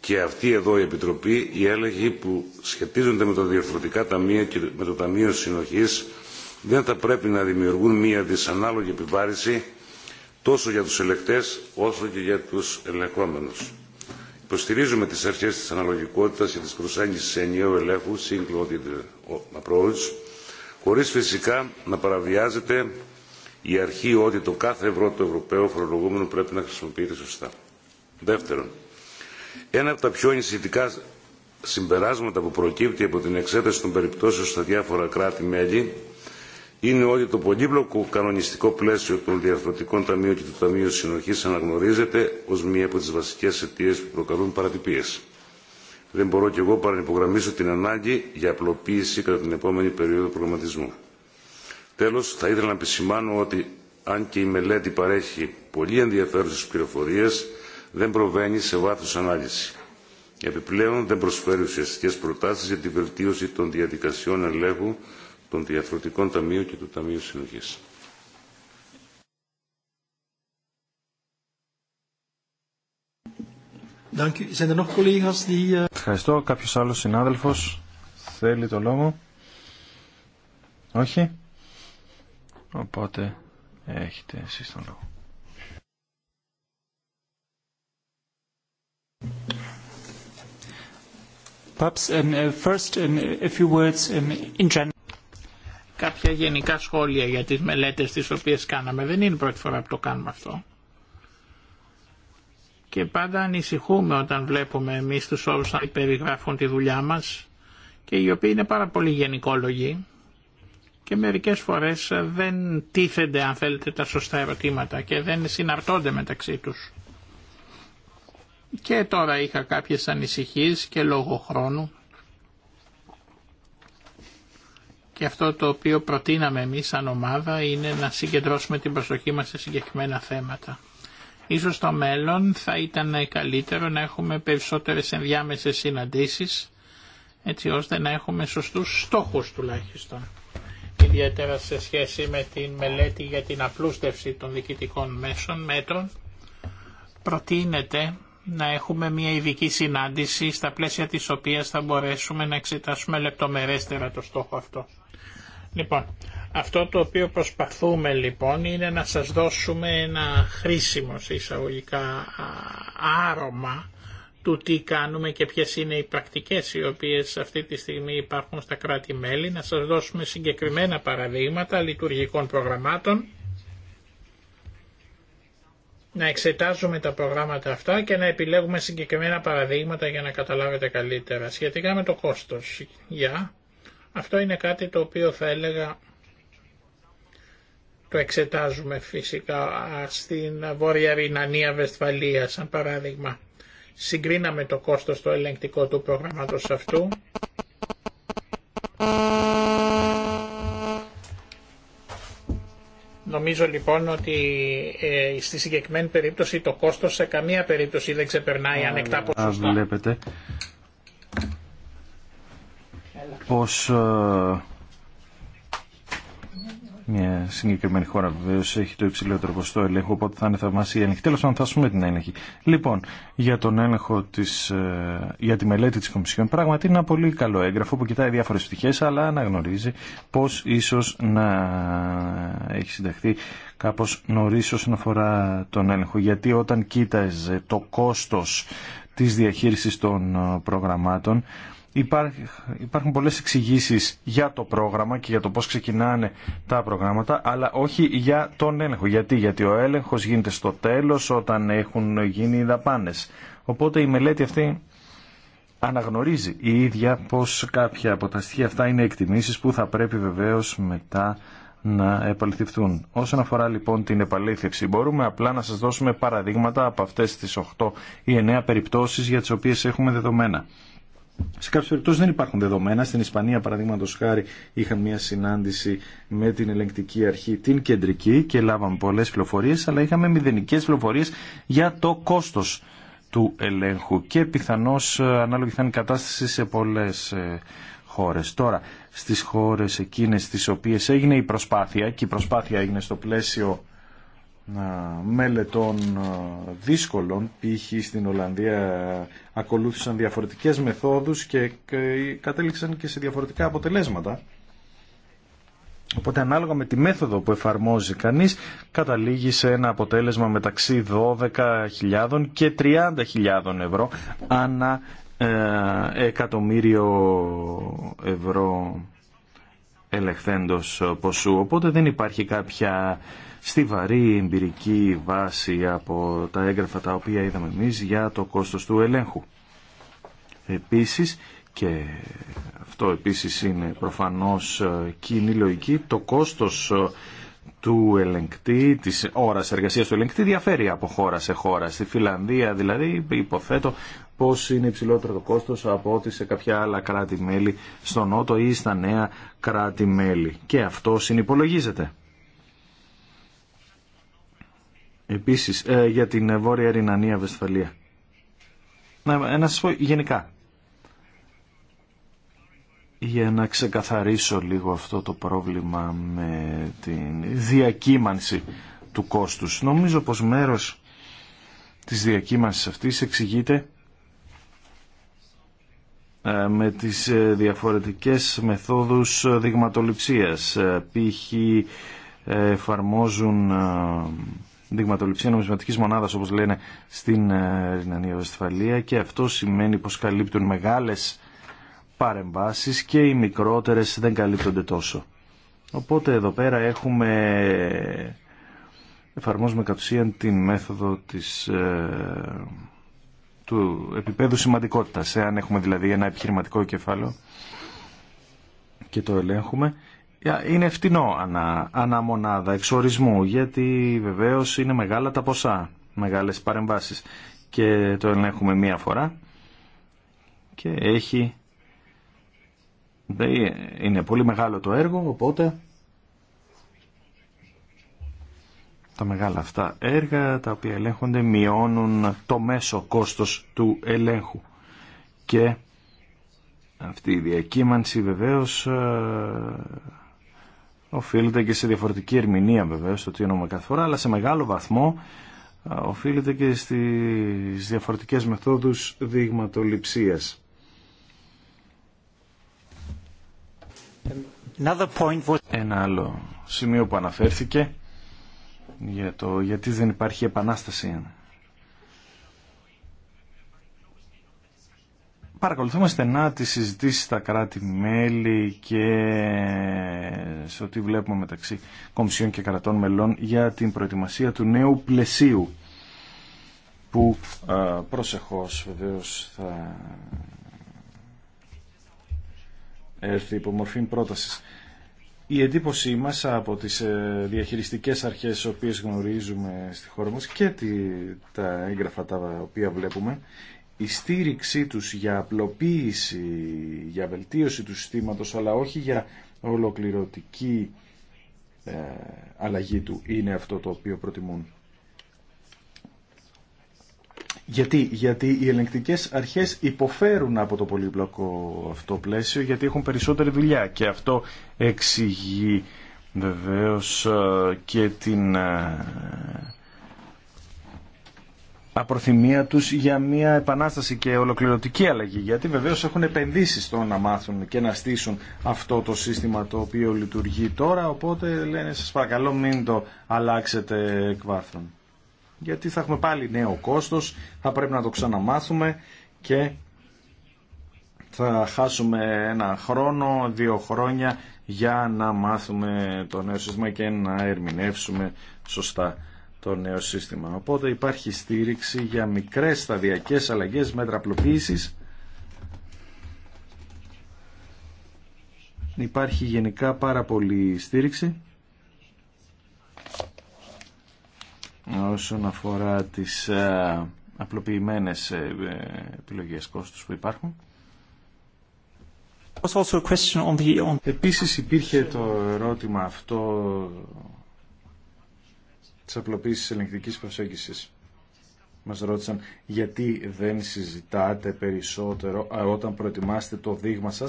και αυτή εδώ η Επιτροπή οι έλεγχοι που σχετίζονται με τα διαφορετικά ταμεία και με το Ταμείο Συνοχής δεν θα πρέπει να δημιουργούν μια δυσανάλογη επιβάρηση τόσο για τους ελεκτές όσο και για τους ελεγχόμενους. Υποστηρίζουμε τις αρχές της αναλογικότητας και της προσέγγισης ενιαίου ελέγχου, single approach, φυσικά να παραβιάζεται η αρχή ότι το κάθε ευρώ του Ευρωπαίου φορολογούμενου πρέπει να χρησιμοποιείται σωστά. Δεύτερον, ένα από τα πιο ενισχυτικά συμπεράσματα που προκύπτει από την εξέταση των περιπτώσεων στα διάφορα κράτη-μέλη είναι ότι το πολύπλοκο κανονιστικό πλαίσιο των διαρθρωτικών ταμείων και του Ταμείου Συνοχή αναγνωρίζεται ω μία από τι βασικέ αιτίε που προκαλούν παρατυπίε. Δεν μπορώ κι εγώ παρά να υπογραμμίσω την ανάγκη για απλοποίηση κατά την επόμενη περίοδο προγραμματισμού. Τέλος, θα ήθελα να επισημάνω ότι αν και η μελέτη παρέχει πολύ ενδιαφέρουσες πληροφορίες, δεν προβαίνει σε βάθος ανάλυση. Επιπλέον, δεν προσφέρει ουσιαστικέ προτάσεις για τη βελτίωση των διαδικασιών ελέγχου των διαφορετικών ταμείων και του Ταμείου Συνοχής. Er eh, Ευχαριστώ. Κάποιος άλλος συνάδελφος θέλει το λόγο. Όχι. Οπότε έχετε εσείς τον λόγο. Κάποια γενικά σχόλια για τις μελέτες τις οποίες κάναμε. Δεν είναι η πρώτη φορά που το κάνουμε αυτό. Και πάντα ανησυχούμε όταν βλέπουμε εμείς τους όρους να περιγράφουν τη δουλειά μας και οι οποίοι είναι πάρα πολύ γενικόλογοι και μερικές φορές ε, δεν τίθενται αν θέλετε τα σωστά ερωτήματα και δεν συναρτώνται μεταξύ τους. Και τώρα είχα κάποιες ανησυχίες και λόγω χρόνου και αυτό το οποίο προτείναμε εμείς σαν ομάδα είναι να συγκεντρώσουμε την προσοχή μας σε συγκεκριμένα θέματα. Ίσως στο μέλλον θα ήταν καλύτερο να έχουμε περισσότερες ενδιάμεσες συναντήσεις έτσι ώστε να έχουμε σωστούς στόχους τουλάχιστον ιδιαίτερα σε σχέση με την μελέτη για την απλούστευση των διοικητικών μέσων μέτρων, προτείνεται να έχουμε μια ειδική συνάντηση στα πλαίσια της οποίας θα μπορέσουμε να εξετάσουμε λεπτομερέστερα το στόχο αυτό. Λοιπόν, αυτό το οποίο προσπαθούμε λοιπόν είναι να σας δώσουμε ένα χρήσιμο σε εισαγωγικά άρωμα του τι κάνουμε και ποιες είναι οι πρακτικές οι οποίες αυτή τη στιγμή υπάρχουν στα κράτη-μέλη, να σας δώσουμε συγκεκριμένα παραδείγματα λειτουργικών προγραμμάτων, να εξετάζουμε τα προγράμματα αυτά και να επιλέγουμε συγκεκριμένα παραδείγματα για να καταλάβετε καλύτερα. Σχετικά με το κόστος, για αυτό είναι κάτι το οποίο θα έλεγα το εξετάζουμε φυσικά στην Βόρεια Ρινανία Βεσφαλία σαν παράδειγμα. Συγκρίναμε το κόστος το ελεγκτικό του προγράμματος αυτού. Νομίζω λοιπόν ότι ε, στη συγκεκριμένη περίπτωση το κόστος σε καμία περίπτωση δεν ξεπερνάει ανεκτά ποσοστά. βλέπετε πως ε, μια συγκεκριμένη χώρα βεβαίω έχει το υψηλότερο ποσοστό ελέγχου, οπότε θα είναι θαυμάσια η έλεγχη. Τέλο, θα φτάσουμε την έλεγχη. Λοιπόν, για τον έλεγχο της, ε, για τη μελέτη τη Κομισιόν, πράγματι είναι ένα πολύ καλό έγγραφο που κοιτάει διάφορε πτυχέ, αλλά αναγνωρίζει πω ίσω να έχει συνταχθεί κάπω νωρί όσον αφορά τον έλεγχο. Γιατί όταν κοίταζε το κόστο τη διαχείριση των ε, προγραμμάτων, υπάρχουν πολλές εξηγήσει για το πρόγραμμα και για το πώς ξεκινάνε τα προγράμματα, αλλά όχι για τον έλεγχο. Γιατί, Γιατί ο έλεγχος γίνεται στο τέλος όταν έχουν γίνει οι δαπάνες. Οπότε η μελέτη αυτή αναγνωρίζει η ίδια πως κάποια από τα στοιχεία αυτά είναι εκτιμήσεις που θα πρέπει βεβαίως μετά να επαληθευτούν. Όσον αφορά λοιπόν την επαλήθευση, μπορούμε απλά να σας δώσουμε παραδείγματα από αυτές τις 8 ή 9 περιπτώσεις για τις οποίες έχουμε δεδομένα. Σε κάποιε περιπτώσει δεν υπάρχουν δεδομένα. Στην Ισπανία, παραδείγματο χάρη, είχαμε μια συνάντηση με την ελεγκτική αρχή, την κεντρική, και λάβαμε πολλέ πληροφορίε, αλλά είχαμε μηδενικέ πληροφορίε για το κόστο του ελέγχου και πιθανώ ε, ανάλογη θα είναι η κατάσταση σε πολλέ ε, χώρε. Τώρα, στι χώρε εκείνε τι οποίε έγινε η προσπάθεια, και η προσπάθεια έγινε στο πλαίσιο μελετών ε, δύσκολων, π.χ. στην Ολλανδία ακολούθησαν διαφορετικές μεθόδους και κατέληξαν και σε διαφορετικά αποτελέσματα. Οπότε ανάλογα με τη μέθοδο που εφαρμόζει κανείς καταλήγει σε ένα αποτέλεσμα μεταξύ 12.000 και 30.000 ευρώ ανά ε, εκατομμύριο ευρώ ελεχθέντος ποσού. Οπότε δεν υπάρχει κάποια στη βαρύ εμπειρική βάση από τα έγγραφα τα οποία είδαμε εμείς για το κόστος του ελέγχου. Επίσης, και αυτό επίσης είναι προφανώς ε, κοινή λογική, το κόστος ε, του ελεγκτή, της ώρας εργασίας του ελεγκτή διαφέρει από χώρα σε χώρα. Στη Φιλανδία δηλαδή υποθέτω πως είναι υψηλότερο το κόστος από ό,τι σε κάποια άλλα κράτη-μέλη στο Νότο ή στα νέα κράτη-μέλη. Και αυτό συνυπολογίζεται. Επίσης, ε, για την Βόρεια Ρινανία Βεσφαλία. Να, ε, να σας πω γενικά. Για να ξεκαθαρίσω λίγο αυτό το πρόβλημα με την διακύμανση του κόστους. Νομίζω πως μέρος της διακύμανσης αυτής εξηγείται ε, με τις διαφορετικές μεθόδους δειγματοληψίας. Π.χ. εφαρμόζουν δειγματοληψία νομισματική μονάδα όπω λένε στην ε, Ρινανία Βεσφαλία και αυτό σημαίνει πω καλύπτουν μεγάλε παρεμβάσει και οι μικρότερε δεν καλύπτονται τόσο. Οπότε εδώ πέρα έχουμε εφαρμόζουμε κατ' ουσίαν την μέθοδο της, ε, του επίπεδου σημαντικότητας. Εάν έχουμε δηλαδή ένα επιχειρηματικό κεφάλαιο και το ελέγχουμε είναι φτηνό ανα, αναμονάδα εξορισμού γιατί βεβαίως είναι μεγάλα τα ποσά, μεγάλες παρεμβάσεις και το ελέγχουμε μία φορά και έχει είναι πολύ μεγάλο το έργο οπότε τα μεγάλα αυτά έργα τα οποία ελέγχονται μειώνουν το μέσο κόστος του ελέγχου και αυτή η διακύμανση βεβαίως ε, οφείλεται και σε διαφορετική ερμηνεία βεβαίως το τι εννοούμε κάθε φορά, αλλά σε μεγάλο βαθμό οφείλεται και στις διαφορετικές μεθόδους δειγματοληψίας. Ένα άλλο σημείο που αναφέρθηκε για το γιατί δεν υπάρχει επανάσταση Παρακολουθούμε στενά τις συζητήσεις στα κράτη-μέλη και σε ό,τι βλέπουμε μεταξύ κομισιών και κρατών μελών για την προετοιμασία του νέου πλαισίου που ε, προσεχώς βεβαίως θα έρθει υπό μορφή πρότασης. Η εντύπωσή μας από τις ε, διαχειριστικές αρχές τι οποίες γνωρίζουμε στη χώρα μας και τα έγγραφα τα οποία βλέπουμε η στήριξή τους για απλοποίηση, για βελτίωση του συστήματος, αλλά όχι για ολοκληρωτική ε, αλλαγή του, είναι αυτό το οποίο προτιμούν. Γιατί, γιατί οι ελεγκτικές αρχές υποφέρουν από το πολύπλοκο αυτό πλαίσιο, γιατί έχουν περισσότερη δουλειά και αυτό εξηγεί βεβαίως ε, και την ε, απροθυμία τους για μια επανάσταση και ολοκληρωτική αλλαγή γιατί βεβαίως έχουν επενδύσει στο να μάθουν και να στήσουν αυτό το σύστημα το οποίο λειτουργεί τώρα οπότε λένε σας παρακαλώ μην το αλλάξετε εκ βάθρων. γιατί θα έχουμε πάλι νέο κόστος θα πρέπει να το ξαναμάθουμε και θα χάσουμε ένα χρόνο, δύο χρόνια για να μάθουμε το νέο σύστημα και να ερμηνεύσουμε σωστά το νέο σύστημα. Οπότε υπάρχει στήριξη για μικρές σταδιακές αλλαγές μέτρα απλοποίησης. Υπάρχει γενικά πάρα πολύ στήριξη όσον αφορά τις ε, απλοποιημένες ε, ε, επιλογές κόστους που υπάρχουν. Επίσης υπήρχε το ερώτημα αυτό απλοποίηση τη ελεγκτική προσέγγιση. Μα ρώτησαν γιατί δεν συζητάτε περισσότερο όταν προετοιμάσετε το δείγμα σα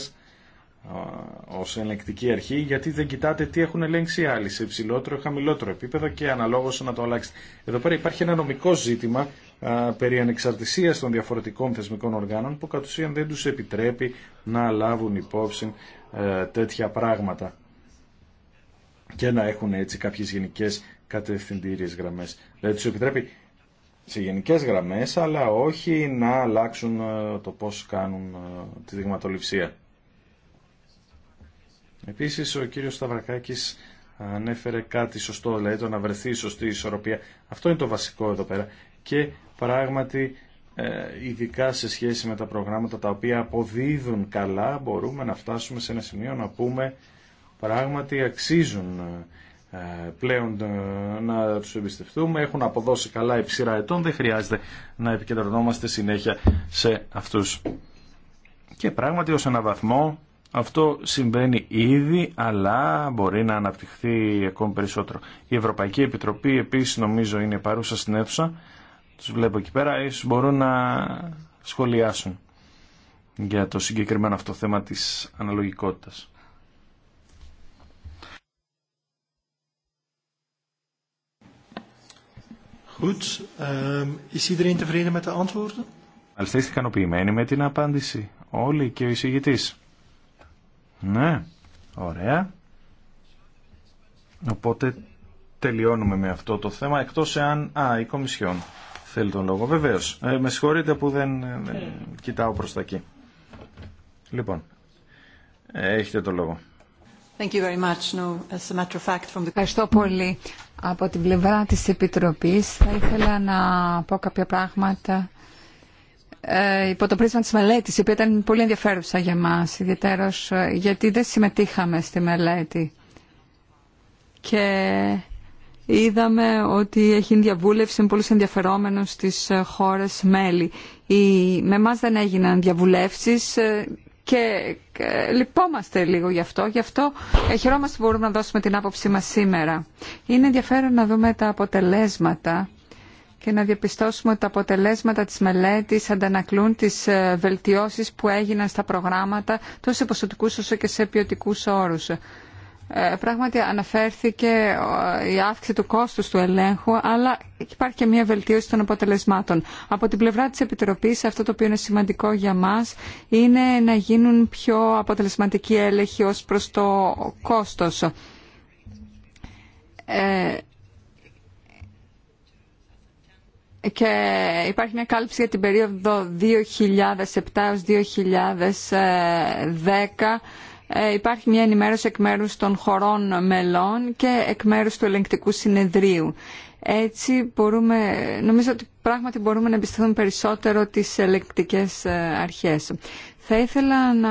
ω ελεγκτική αρχή, γιατί δεν κοιτάτε τι έχουν ελέγξει οι άλλοι σε υψηλότερο ή χαμηλότερο επίπεδο και αναλόγω να το αλλάξετε. Εδώ πέρα υπάρχει ένα νομικό ζήτημα α, περί ανεξαρτησίας των διαφορετικών θεσμικών οργάνων που κατ' ουσίαν δεν του επιτρέπει να λάβουν υπόψη α, τέτοια πράγματα και να έχουν έτσι κάποιες γενικές κατευθυντήριες γραμμές. Δηλαδή τους επιτρέπει σε γενικές γραμμές, αλλά όχι να αλλάξουν ε, το πώς κάνουν ε, τη δειγματοληψία. Επίσης, ο κύριος Σταυρακάκης ανέφερε κάτι σωστό, δηλαδή το να βρεθεί η σωστή ισορροπία. Αυτό είναι το βασικό εδώ πέρα. Και πράγματι, ε, ειδικά σε σχέση με τα προγράμματα τα οποία αποδίδουν καλά, μπορούμε να φτάσουμε σε ένα σημείο να πούμε πράγματι αξίζουν ε, πλέον ε, να τους εμπιστευτούμε. Έχουν αποδώσει καλά υψηρά ετών. Δεν χρειάζεται να επικεντρωνόμαστε συνέχεια σε αυτούς. Και πράγματι ως ένα βαθμό αυτό συμβαίνει ήδη, αλλά μπορεί να αναπτυχθεί ακόμη περισσότερο. Η Ευρωπαϊκή Επιτροπή επίσης νομίζω είναι παρούσα στην αίθουσα. Τους βλέπω εκεί πέρα, ίσως μπορούν να σχολιάσουν για το συγκεκριμένο αυτό θέμα της αναλογικότητας. Goed. Ehm, είστε ικανοποιημένοι με την απάντηση. Όλοι και ο εισηγητής. Ναι. Ωραία. Οπότε τελειώνουμε με αυτό το θέμα, εκτός εάν... Α, η Κομισιόν θέλει τον λόγο. Βεβαίως. Ε, με συγχωρείτε που δεν ε, κοιτάω προς τα εκεί. Λοιπόν, ε, έχετε τον λόγο. Ευχαριστώ πολύ. Από την πλευρά της Επιτροπής θα ήθελα να πω κάποια πράγματα ε, υπό το πρίσμα της μελέτης, η οποία ήταν πολύ ενδιαφέρουσα για μας, ιδιαίτερος ε, γιατί δεν συμμετείχαμε στη μελέτη. Και είδαμε ότι έχει διαβούλευση με πολλούς ενδιαφερόμενους στις ε, χώρες μέλη. Η, με εμά δεν έγιναν διαβουλεύσεις, ε, και ε, λυπόμαστε λίγο γι' αυτό. Γι' αυτό ε, χαιρόμαστε που μπορούμε να δώσουμε την άποψή μας σήμερα. Είναι ενδιαφέρον να δούμε τα αποτελέσματα και να διαπιστώσουμε ότι τα αποτελέσματα της μελέτης αντανακλούν τις ε, βελτιώσεις που έγιναν στα προγράμματα τόσο σε ποσοτικούς όσο και σε ποιοτικούς όρους. Ε, πράγματι αναφέρθηκε ε, η αύξηση του κόστους του ελέγχου, αλλά υπάρχει και μια βελτίωση των αποτελεσμάτων. Από την πλευρά της Επιτροπής, αυτό το οποίο είναι σημαντικό για μας είναι να γίνουν πιο αποτελεσματικοί έλεγχοι ως προς το κόστος. Ε, και υπάρχει μια κάλυψη για την περίοδο 2007 2010 ε, υπάρχει μια ενημέρωση εκ μέρους των χωρών μελών και εκ μέρους του ελεγκτικού συνεδρίου. Έτσι μπορούμε, νομίζω ότι πράγματι μπορούμε να εμπιστευτούμε περισσότερο τις ελεγκτικές ε, αρχές. Θα ήθελα να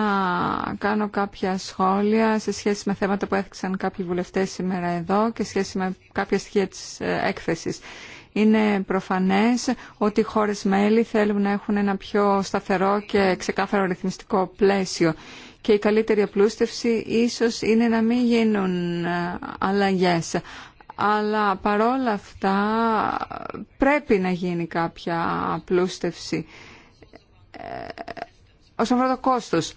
κάνω κάποια σχόλια σε σχέση με θέματα που έθιξαν κάποιοι βουλευτές σήμερα εδώ και σε σχέση με κάποια στοιχεία της ε, έκθεσης. Είναι προφανές ότι οι χώρες μέλη θέλουν να έχουν ένα πιο σταθερό και ξεκάθαρο ρυθμιστικό πλαίσιο και η καλύτερη απλούστευση ίσως είναι να μην γίνουν ε, αλλαγές. Αλλά παρόλα αυτά πρέπει να γίνει κάποια απλούστευση ε, όσον αφορά το κόστος.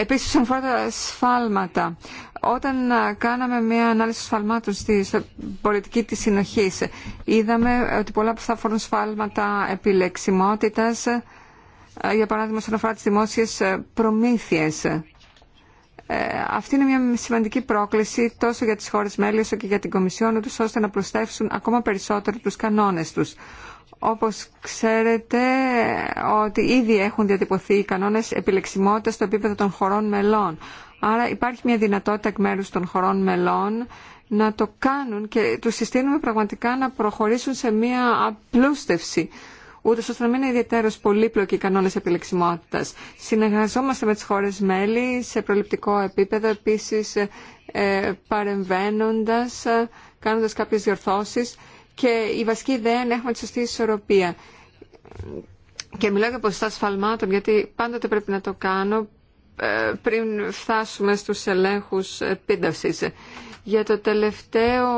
Επίσης, όσον αφορά τα σφάλματα, όταν ε, κάναμε μια ανάλυση σφαλμάτων στη πολιτική της συνοχής, είδαμε ότι πολλά που θα αφορούν σφάλματα επιλεξιμότητας, ε, για παράδειγμα όσον αφορά τις δημόσιες ε, προμήθειες. Ε, αυτή είναι μια σημαντική πρόκληση τόσο για τις χώρες μέλη όσο και για την Κομισιόν τους ώστε να προστεύσουν ακόμα περισσότερο τους κανόνες τους. Όπως ξέρετε ότι ήδη έχουν διατυπωθεί οι κανόνες επιλεξιμότητας στο επίπεδο των χωρών μελών. Άρα υπάρχει μια δυνατότητα εκ μέρους των χωρών μελών να το κάνουν και τους συστήνουμε πραγματικά να προχωρήσουν σε μια απλούστευση ούτω ώστε να μην είναι ιδιαίτερω πολύπλοκοι οι κανόνε επιλεξιμότητα. Συνεργαζόμαστε με τι χώρε μέλη σε προληπτικό επίπεδο, επίση ε, παρεμβαίνοντα, ε, κάνοντα κάποιε διορθώσει και η βασική ιδέα είναι να έχουμε τη σωστή ισορροπία. Και μιλάω για ποσοστά σφαλμάτων, γιατί πάντοτε πρέπει να το κάνω ε, πριν φτάσουμε στους ελέγχους επίδοσης. Για το τελευταίο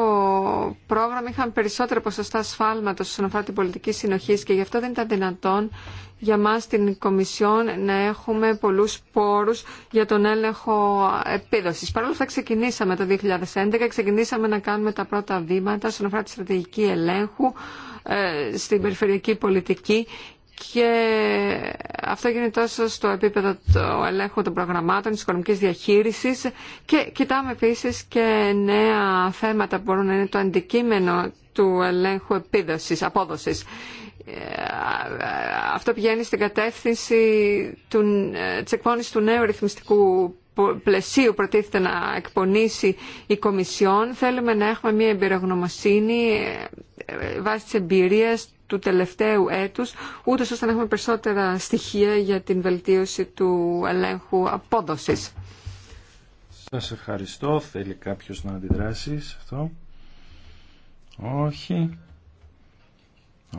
πρόγραμμα είχαν περισσότερα ποσοστά σφάλματο όσον αφορά την πολιτική συνοχή και γι' αυτό δεν ήταν δυνατόν για μα την Κομισιόν να έχουμε πολλούς πόρου για τον έλεγχο επίδοση. Παρ' όλα αυτά ξεκινήσαμε το 2011, ξεκινήσαμε να κάνουμε τα πρώτα βήματα στον αφορά τη στρατηγική ελέγχου ε, στην περιφερειακή πολιτική και αυτό γίνεται τόσο στο επίπεδο του ελέγχου των προγραμμάτων, της οικονομικής διαχείρισης και κοιτάμε επίσης και νέα θέματα που μπορούν να είναι το αντικείμενο του ελέγχου επίδοσης, απόδοσης. Ε, αυτό πηγαίνει στην κατεύθυνση του, ε, της του νέου ρυθμιστικού πλαισίου προτίθεται να εκπονήσει η Κομισιόν. Θέλουμε να έχουμε μια εμπειρογνωμοσύνη ε, βάσει της εμπειρία του τελευταίου έτους, ούτε ώστε να έχουμε περισσότερα στοιχεία για την βελτίωση του ελέγχου απόδοσης. Σας ευχαριστώ. Θέλει κάποιος να αντιδράσει σε αυτό. Όχι.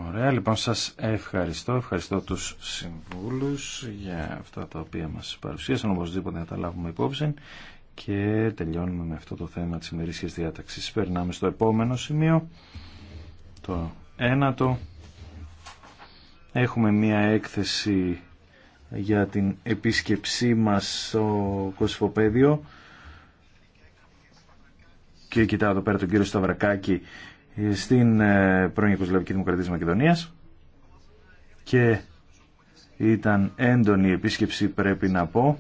Ωραία, λοιπόν σας ευχαριστώ. Ευχαριστώ τους συμβούλους για αυτά τα οποία μας παρουσίασαν. Οπωσδήποτε να τα λάβουμε υπόψη. Και τελειώνουμε με αυτό το θέμα της ημερήσιας διάταξης. Περνάμε στο επόμενο σημείο, το ένατο Έχουμε μία έκθεση για την επίσκεψή μας στο Κοσφοπέδιο και κοιτάω εδώ πέρα τον κύριο Σταυρακάκη στην ε, πρώην Οικοσλαβική Δημοκρατία της Μακεδονίας και ήταν έντονη η επίσκεψη πρέπει να πω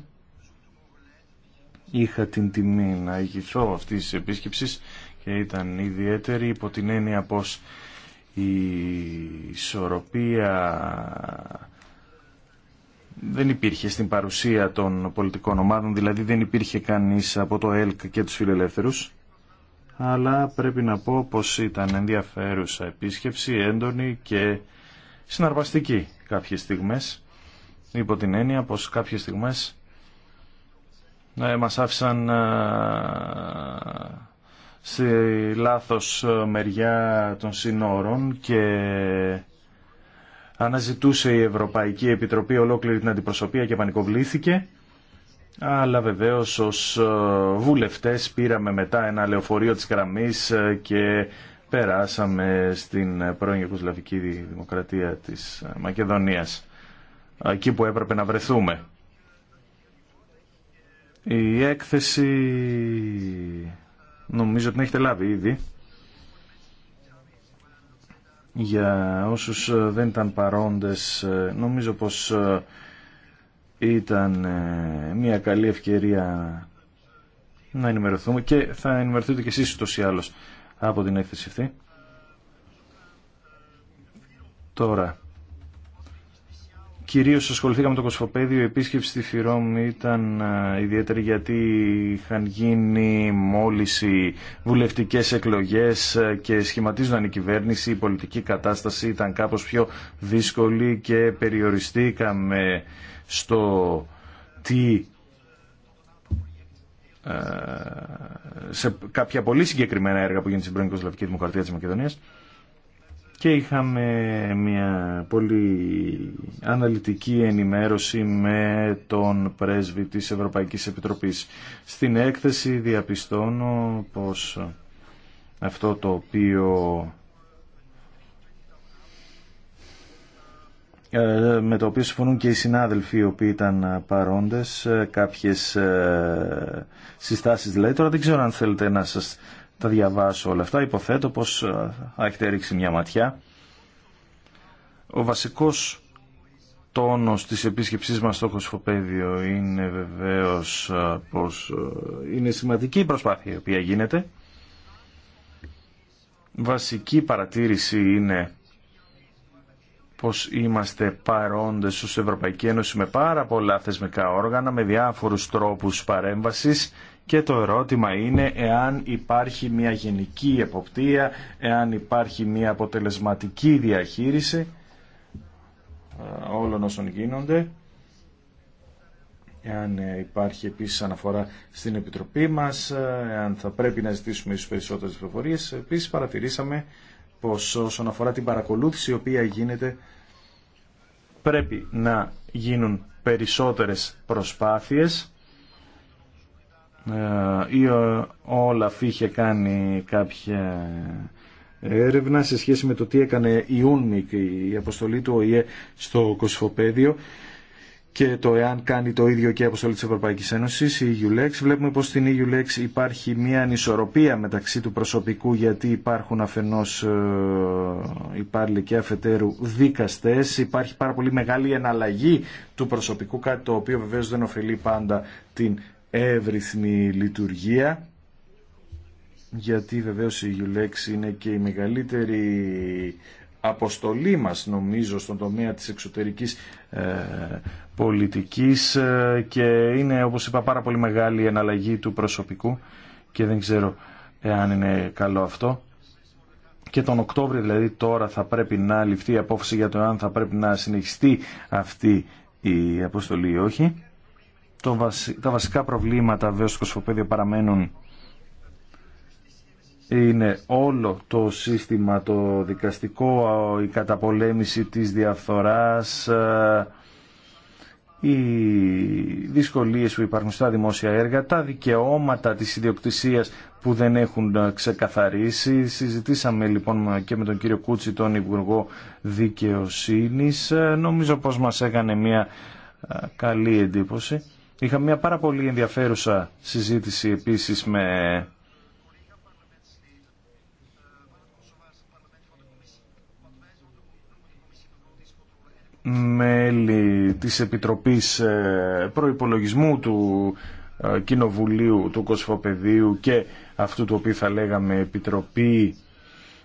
είχα την τιμή να ηγηθώ αυτής της επίσκεψης και ήταν ιδιαίτερη υπό την έννοια πως η ισορροπία δεν υπήρχε στην παρουσία των πολιτικών ομάδων, δηλαδή δεν υπήρχε κανείς από το ΕΛΚ και τους φιλελεύθερους, αλλά πρέπει να πω πως ήταν ενδιαφέρουσα επίσκεψη, έντονη και συναρπαστική κάποιες στιγμές, υπό την έννοια πως κάποιες στιγμές ε, μας άφησαν ε, σε λάθος ε, μεριά των συνόρων και αναζητούσε η Ευρωπαϊκή Επιτροπή ολόκληρη την αντιπροσωπεία και πανικοβλήθηκε. Αλλά βεβαίως ως ε, βουλευτές πήραμε μετά ένα λεωφορείο της γραμμής ε, και περάσαμε στην πρώην Ιεκοσλαβική Δημοκρατία της Μακεδονίας, εκεί που έπρεπε να βρεθούμε. Η έκθεση νομίζω ότι την έχετε λάβει ήδη. Για όσους ε, δεν ήταν παρόντες, ε, νομίζω πως ε, ήταν μια καλή ευκαιρία να ενημερωθούμε και θα ενημερωθείτε και εσείς ούτως ή άλλως από την έκθεση αυτή. Τώρα, Κυρίως ασχοληθήκαμε με το Κοσφοπέδιο, η επίσκεψη στη Φιρόμ ήταν ε, ιδιαίτερη γιατί είχαν γίνει μόλις οι βουλευτικές εκλογές ε, και σχηματίζονταν η κυβέρνηση, η πολιτική κατάσταση ήταν κάπως πιο δύσκολη και περιοριστήκαμε στο τι ε, σε κάποια πολύ συγκεκριμένα έργα που γίνεται στην πρώην Κοσλαβική Δημοκρατία της Μακεδονίας και είχαμε μια πολύ αναλυτική ενημέρωση με τον πρέσβη της Ευρωπαϊκής Επιτροπής. Στην έκθεση διαπιστώνω πως αυτό το οποίο ε, με το οποίο συμφωνούν και οι συνάδελφοι οι οποίοι ήταν παρόντες ε, κάποιες ε, συστάσεις λέει τώρα δεν ξέρω αν θέλετε να σας τα διαβάσω όλα αυτά. Υποθέτω πως ε, θα έχετε ρίξει μια ματιά. Ο βασικός τόνος της επίσκεψής μας στο Κοσφοπέδιο είναι βεβαίως ε, πως ε, είναι σημαντική η προσπάθεια η οποία γίνεται. Βασική παρατήρηση είναι πως είμαστε παρόντες ως Ευρωπαϊκή Ένωση με πάρα πολλά θεσμικά όργανα, με διάφορους τρόπους παρέμβασης και το ερώτημα είναι εάν υπάρχει μια γενική εποπτεία, εάν υπάρχει μια αποτελεσματική διαχείριση ε, όλων όσων γίνονται, εάν ε, υπάρχει επίσης αναφορά στην Επιτροπή μας, ε, εάν θα πρέπει να ζητήσουμε ίσως περισσότερες πληροφορίες. Επίσης παρατηρήσαμε πως όσον αφορά την παρακολούθηση η οποία γίνεται πρέπει να γίνουν περισσότερες προσπάθειες η ε, Όλαφ είχε κάνει κάποια έρευνα σε σχέση με το τι έκανε η Ούνικ, η αποστολή του ΟΗΕ στο Κοσφοπέδιο και το εάν κάνει το ίδιο και η αποστολή της Ευρωπαϊκής Ένωσης, η EULEX. Βλέπουμε πως στην EULEX υπάρχει μια ανισορροπία μεταξύ του προσωπικού γιατί υπάρχουν αφενός ε, υπάλληλοι και αφετέρου δίκαστες. Υπάρχει πάρα πολύ μεγάλη εναλλαγή του προσωπικού, κάτι το οποίο βεβαίως δεν ωφελεί πάντα την εύρυθμη λειτουργία γιατί βεβαίως η Γιουλέξη είναι και η μεγαλύτερη αποστολή μας νομίζω στον τομέα της εξωτερικής ε, πολιτικής ε, και είναι όπως είπα πάρα πολύ μεγάλη η εναλλαγή του προσωπικού και δεν ξέρω εάν είναι καλό αυτό και τον Οκτώβριο δηλαδή τώρα θα πρέπει να ληφθεί η απόφαση για το αν θα πρέπει να συνεχιστεί αυτή η αποστολή ή όχι το τα βασικά προβλήματα βέβαια στο κοσμοπέδιο παραμένουν είναι όλο το σύστημα το δικαστικό, η καταπολέμηση της διαφθοράς, ε, οι δυσκολίες που υπάρχουν στα δημόσια έργα, τα δικαιώματα της ιδιοκτησίας που δεν έχουν ε, ξεκαθαρίσει. Συζητήσαμε λοιπόν και με τον κύριο Κούτσι, τον Υπουργό Δικαιοσύνης. Ε, νομίζω πως μας έκανε μια καλή εντύπωση. Είχαμε μια πάρα πολύ ενδιαφέρουσα συζήτηση επίσης με μέλη της Επιτροπής ε, Προϋπολογισμού του ε, Κοινοβουλίου του Κοσφοπεδίου και αυτού του οποίου θα λέγαμε Επιτροπή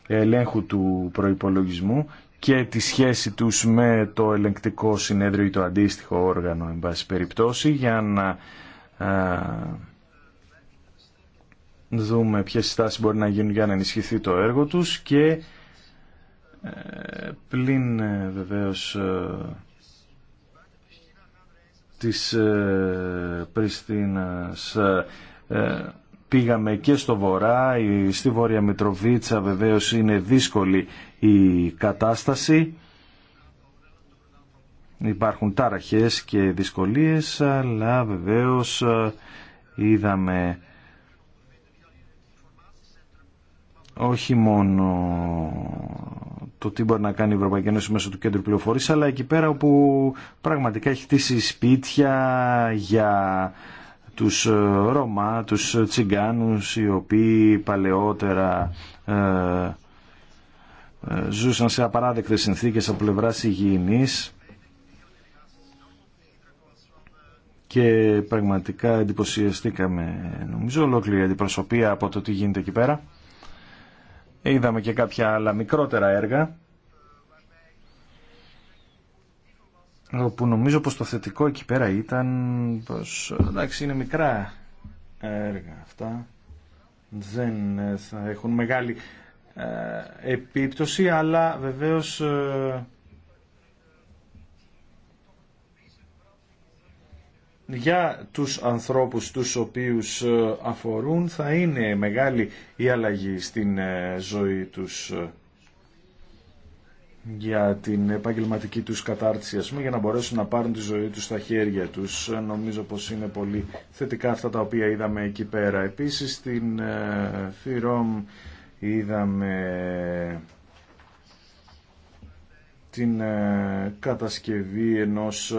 Ελέγχου του Προϋπολογισμού και τη σχέση τους με το ελεγκτικό συνέδριο ή το αντίστοιχο όργανο, εν περιπτώσει, για να δούμε ποιες στάσεις μπορεί να γίνουν για να ενισχυθεί το έργο τους και ε, πλην ε, βεβαίως ε, της Πριστίνας πήγαμε και στο βορρά, στη Βόρεια Μητροβίτσα βεβαίως είναι δύσκολη η κατάσταση. Υπάρχουν τάραχες και δυσκολίες, αλλά βεβαίως ε, είδαμε όχι μόνο το τι μπορεί να κάνει η Ευρωπαϊκή Ένωση μέσω του κέντρου πληροφορίας, αλλά εκεί πέρα όπου πραγματικά έχει χτίσει σπίτια για τους ε, Ρώμα, τους Τσιγκάνους, οι οποίοι παλαιότερα ε, ζούσαν σε απαράδεκτες συνθήκες από πλευρά υγιεινής και πραγματικά εντυπωσιαστήκαμε νομίζω ολόκληρη αντιπροσωπεία από το τι γίνεται εκεί πέρα. Είδαμε και κάποια άλλα μικρότερα έργα όπου νομίζω πως το θετικό εκεί πέρα ήταν πως εντάξει είναι μικρά έργα αυτά δεν θα έχουν μεγάλη ε, επίπτωση, αλλά βεβαίως ε, για τους ανθρώπους τους οποίους ε, αφορούν θα είναι μεγάλη η αλλαγή στην ζωή τους για την επαγγελματική τους κατάρτιση ας πούμε, για να μπορέσουν να πάρουν τη ζωή τους στα χέρια τους. Νομίζω πως είναι πολύ θετικά αυτά τα οποία είδαμε εκεί πέρα. Επίσης στην ΦΥΡΟΜ είδαμε την ε, κατασκευή ενός ε,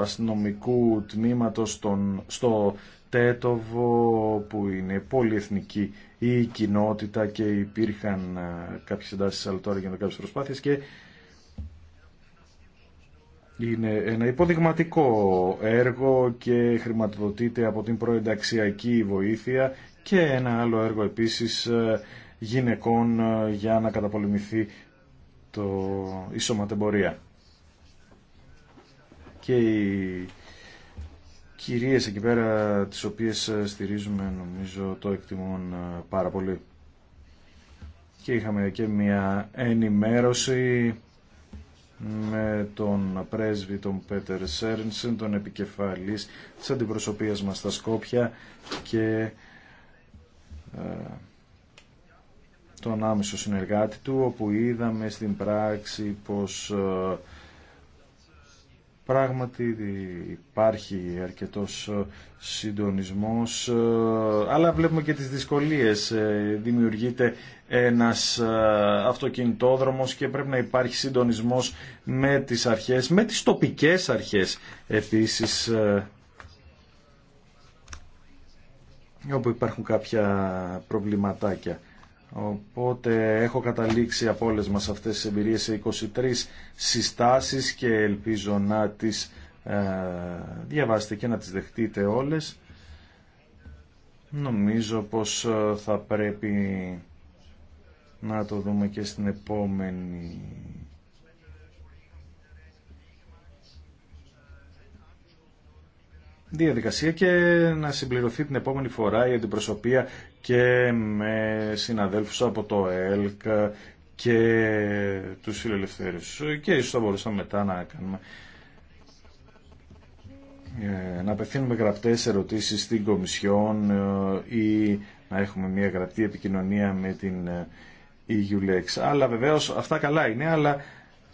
αστυνομικού τμήματος στον, στο Τέτοβο που είναι πολυεθνική η κοινότητα και υπήρχαν ε, κάποιες εντάσεις αλλά τώρα γίνονται κάποιες προσπάθειες και είναι ένα υποδειγματικό έργο και χρηματοδοτείται από την προενταξιακή βοήθεια και ένα άλλο έργο επίσης γυναικών ε, για να καταπολεμηθεί το... η σωματεμπορία. Και οι κυρίες εκεί πέρα τις οποίες ε, στηρίζουμε νομίζω το εκτιμούν ε, πάρα πολύ. Και είχαμε και μια ενημέρωση με τον πρέσβη τον Πέτερ Σέρνσεν, τον επικεφαλής της αντιπροσωπείας μας στα Σκόπια και τον άμεσο συνεργάτη του, όπου είδαμε στην πράξη πως ε, πράγματι υπάρχει αρκετός ε, συντονισμός, ε, αλλά βλέπουμε και τις δυσκολίες. Δημιουργείται ένας αυτοκινητόδρομος και πρέπει να υπάρχει συντονισμός με τις αρχές, με τις τοπικές αρχές επίσης, όπου υπάρχουν κάποια προβληματάκια. Οπότε έχω καταλήξει από όλες μας αυτές τις εμπειρίες σε 23 συστάσεις και ελπίζω να τις ε, διαβάσετε και να τις δεχτείτε όλες. Νομίζω πως ε, θα πρέπει να το δούμε και στην επόμενη διαδικασία και να συμπληρωθεί την επόμενη φορά η αντιπροσωπεία και με συναδέλφους από το ΕΛΚ και τους φιλελευθέρους και ίσως θα μπορούσαμε μετά να κάνουμε ε, να απευθύνουμε γραπτές ερωτήσεις στην Κομισιόν ε, ή να έχουμε μια γραπτή επικοινωνία με την EULEX. Ε, αλλά βεβαίως αυτά καλά είναι, αλλά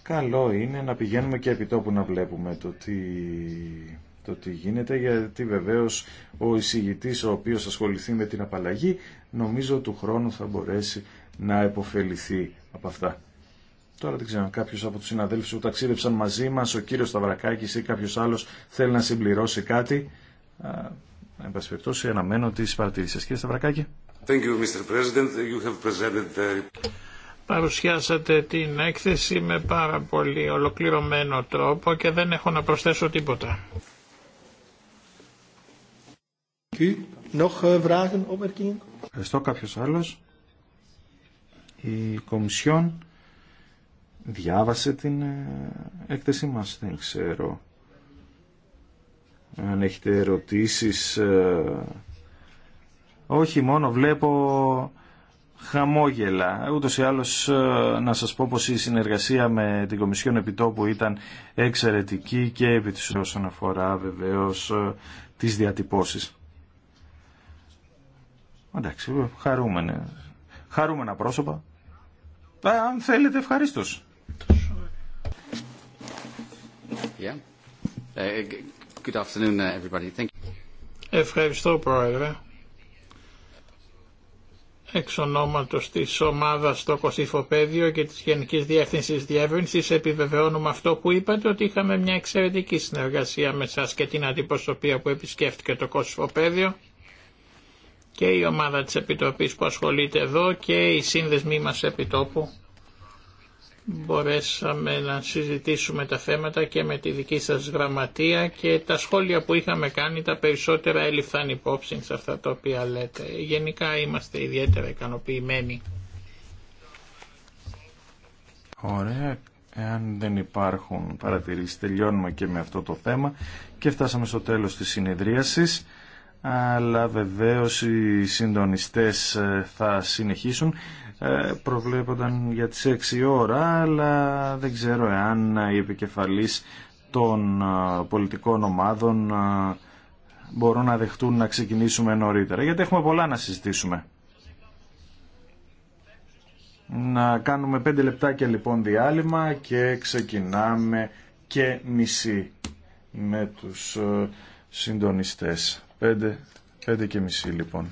καλό είναι να πηγαίνουμε και επί τόπου να βλέπουμε το τι το τι γίνεται, γιατί βεβαίως ο εισηγητής ο οποίος ασχοληθεί με την απαλλαγή, νομίζω του χρόνου θα μπορέσει να επωφεληθεί από αυτά. Τώρα δεν ξέρω αν κάποιος από τους συναδέλφους που ταξίδεψαν μαζί μας, ο κύριος Σταυρακάκης ή κάποιος άλλος θέλει να συμπληρώσει κάτι. Εν πάση περιπτώσει, αναμένω τις σα. Κύριε Σταυρακάκη. Thank you, Mr. President. You have presented the... Παρουσιάσατε την έκθεση με πάρα πολύ ολοκληρωμένο τρόπο και δεν έχω να προσθέσω τίποτα. Eh, Ευχαριστώ. Κάποιος άλλος. Η Κομισιόν διάβασε την ε, έκθεσή μας. Δεν ξέρω αν έχετε ερωτήσεις. Ε. Όχι, μόνο βλέπω χαμόγελα. Ούτως ή άλλως ε, να σας πω πως η συνεργασία με την Κομισιόν Επιτόπου ήταν εξαιρετική και επί της όσον αφορά βεβαίως τις διατυπώσεις. Εντάξει, χαρούμενα. Χαρούμενα πρόσωπα. Ε, αν θέλετε, ευχαρίστω. Yeah. Ε, ε, uh, Ευχαριστώ, Πρόεδρε. Εξ ονόματος της ομάδας στο Πέδιο και της Γενικής Διεύθυνσης Διεύρυνσης επιβεβαιώνουμε αυτό που είπατε ότι είχαμε μια εξαιρετική συνεργασία με σας και την αντιπροσωπεία που επισκέφτηκε το Πέδιο και η ομάδα της Επιτροπής που ασχολείται εδώ και οι σύνδεσμοί μας επιτόπου μπορέσαμε να συζητήσουμε τα θέματα και με τη δική σας γραμματεία και τα σχόλια που είχαμε κάνει τα περισσότερα έλειφθαν υπόψη σε αυτά τα οποία λέτε. Γενικά είμαστε ιδιαίτερα ικανοποιημένοι. Ωραία. Εάν δεν υπάρχουν παρατηρήσεις τελειώνουμε και με αυτό το θέμα και φτάσαμε στο τέλος της συνεδρίασης αλλά βεβαίως οι συντονιστές ε, θα συνεχίσουν. Ε, προβλέπονταν για τις 6 ώρα, αλλά δεν ξέρω εάν οι επικεφαλής των ε, πολιτικών ομάδων μπορούν να δεχτούν να ξεκινήσουμε νωρίτερα, γιατί έχουμε πολλά να συζητήσουμε. Να κάνουμε 5 λεπτάκια λοιπόν διάλειμμα και ξεκινάμε και μισή με τους συντονιστές. 5, 5 και μισή λοιπόν.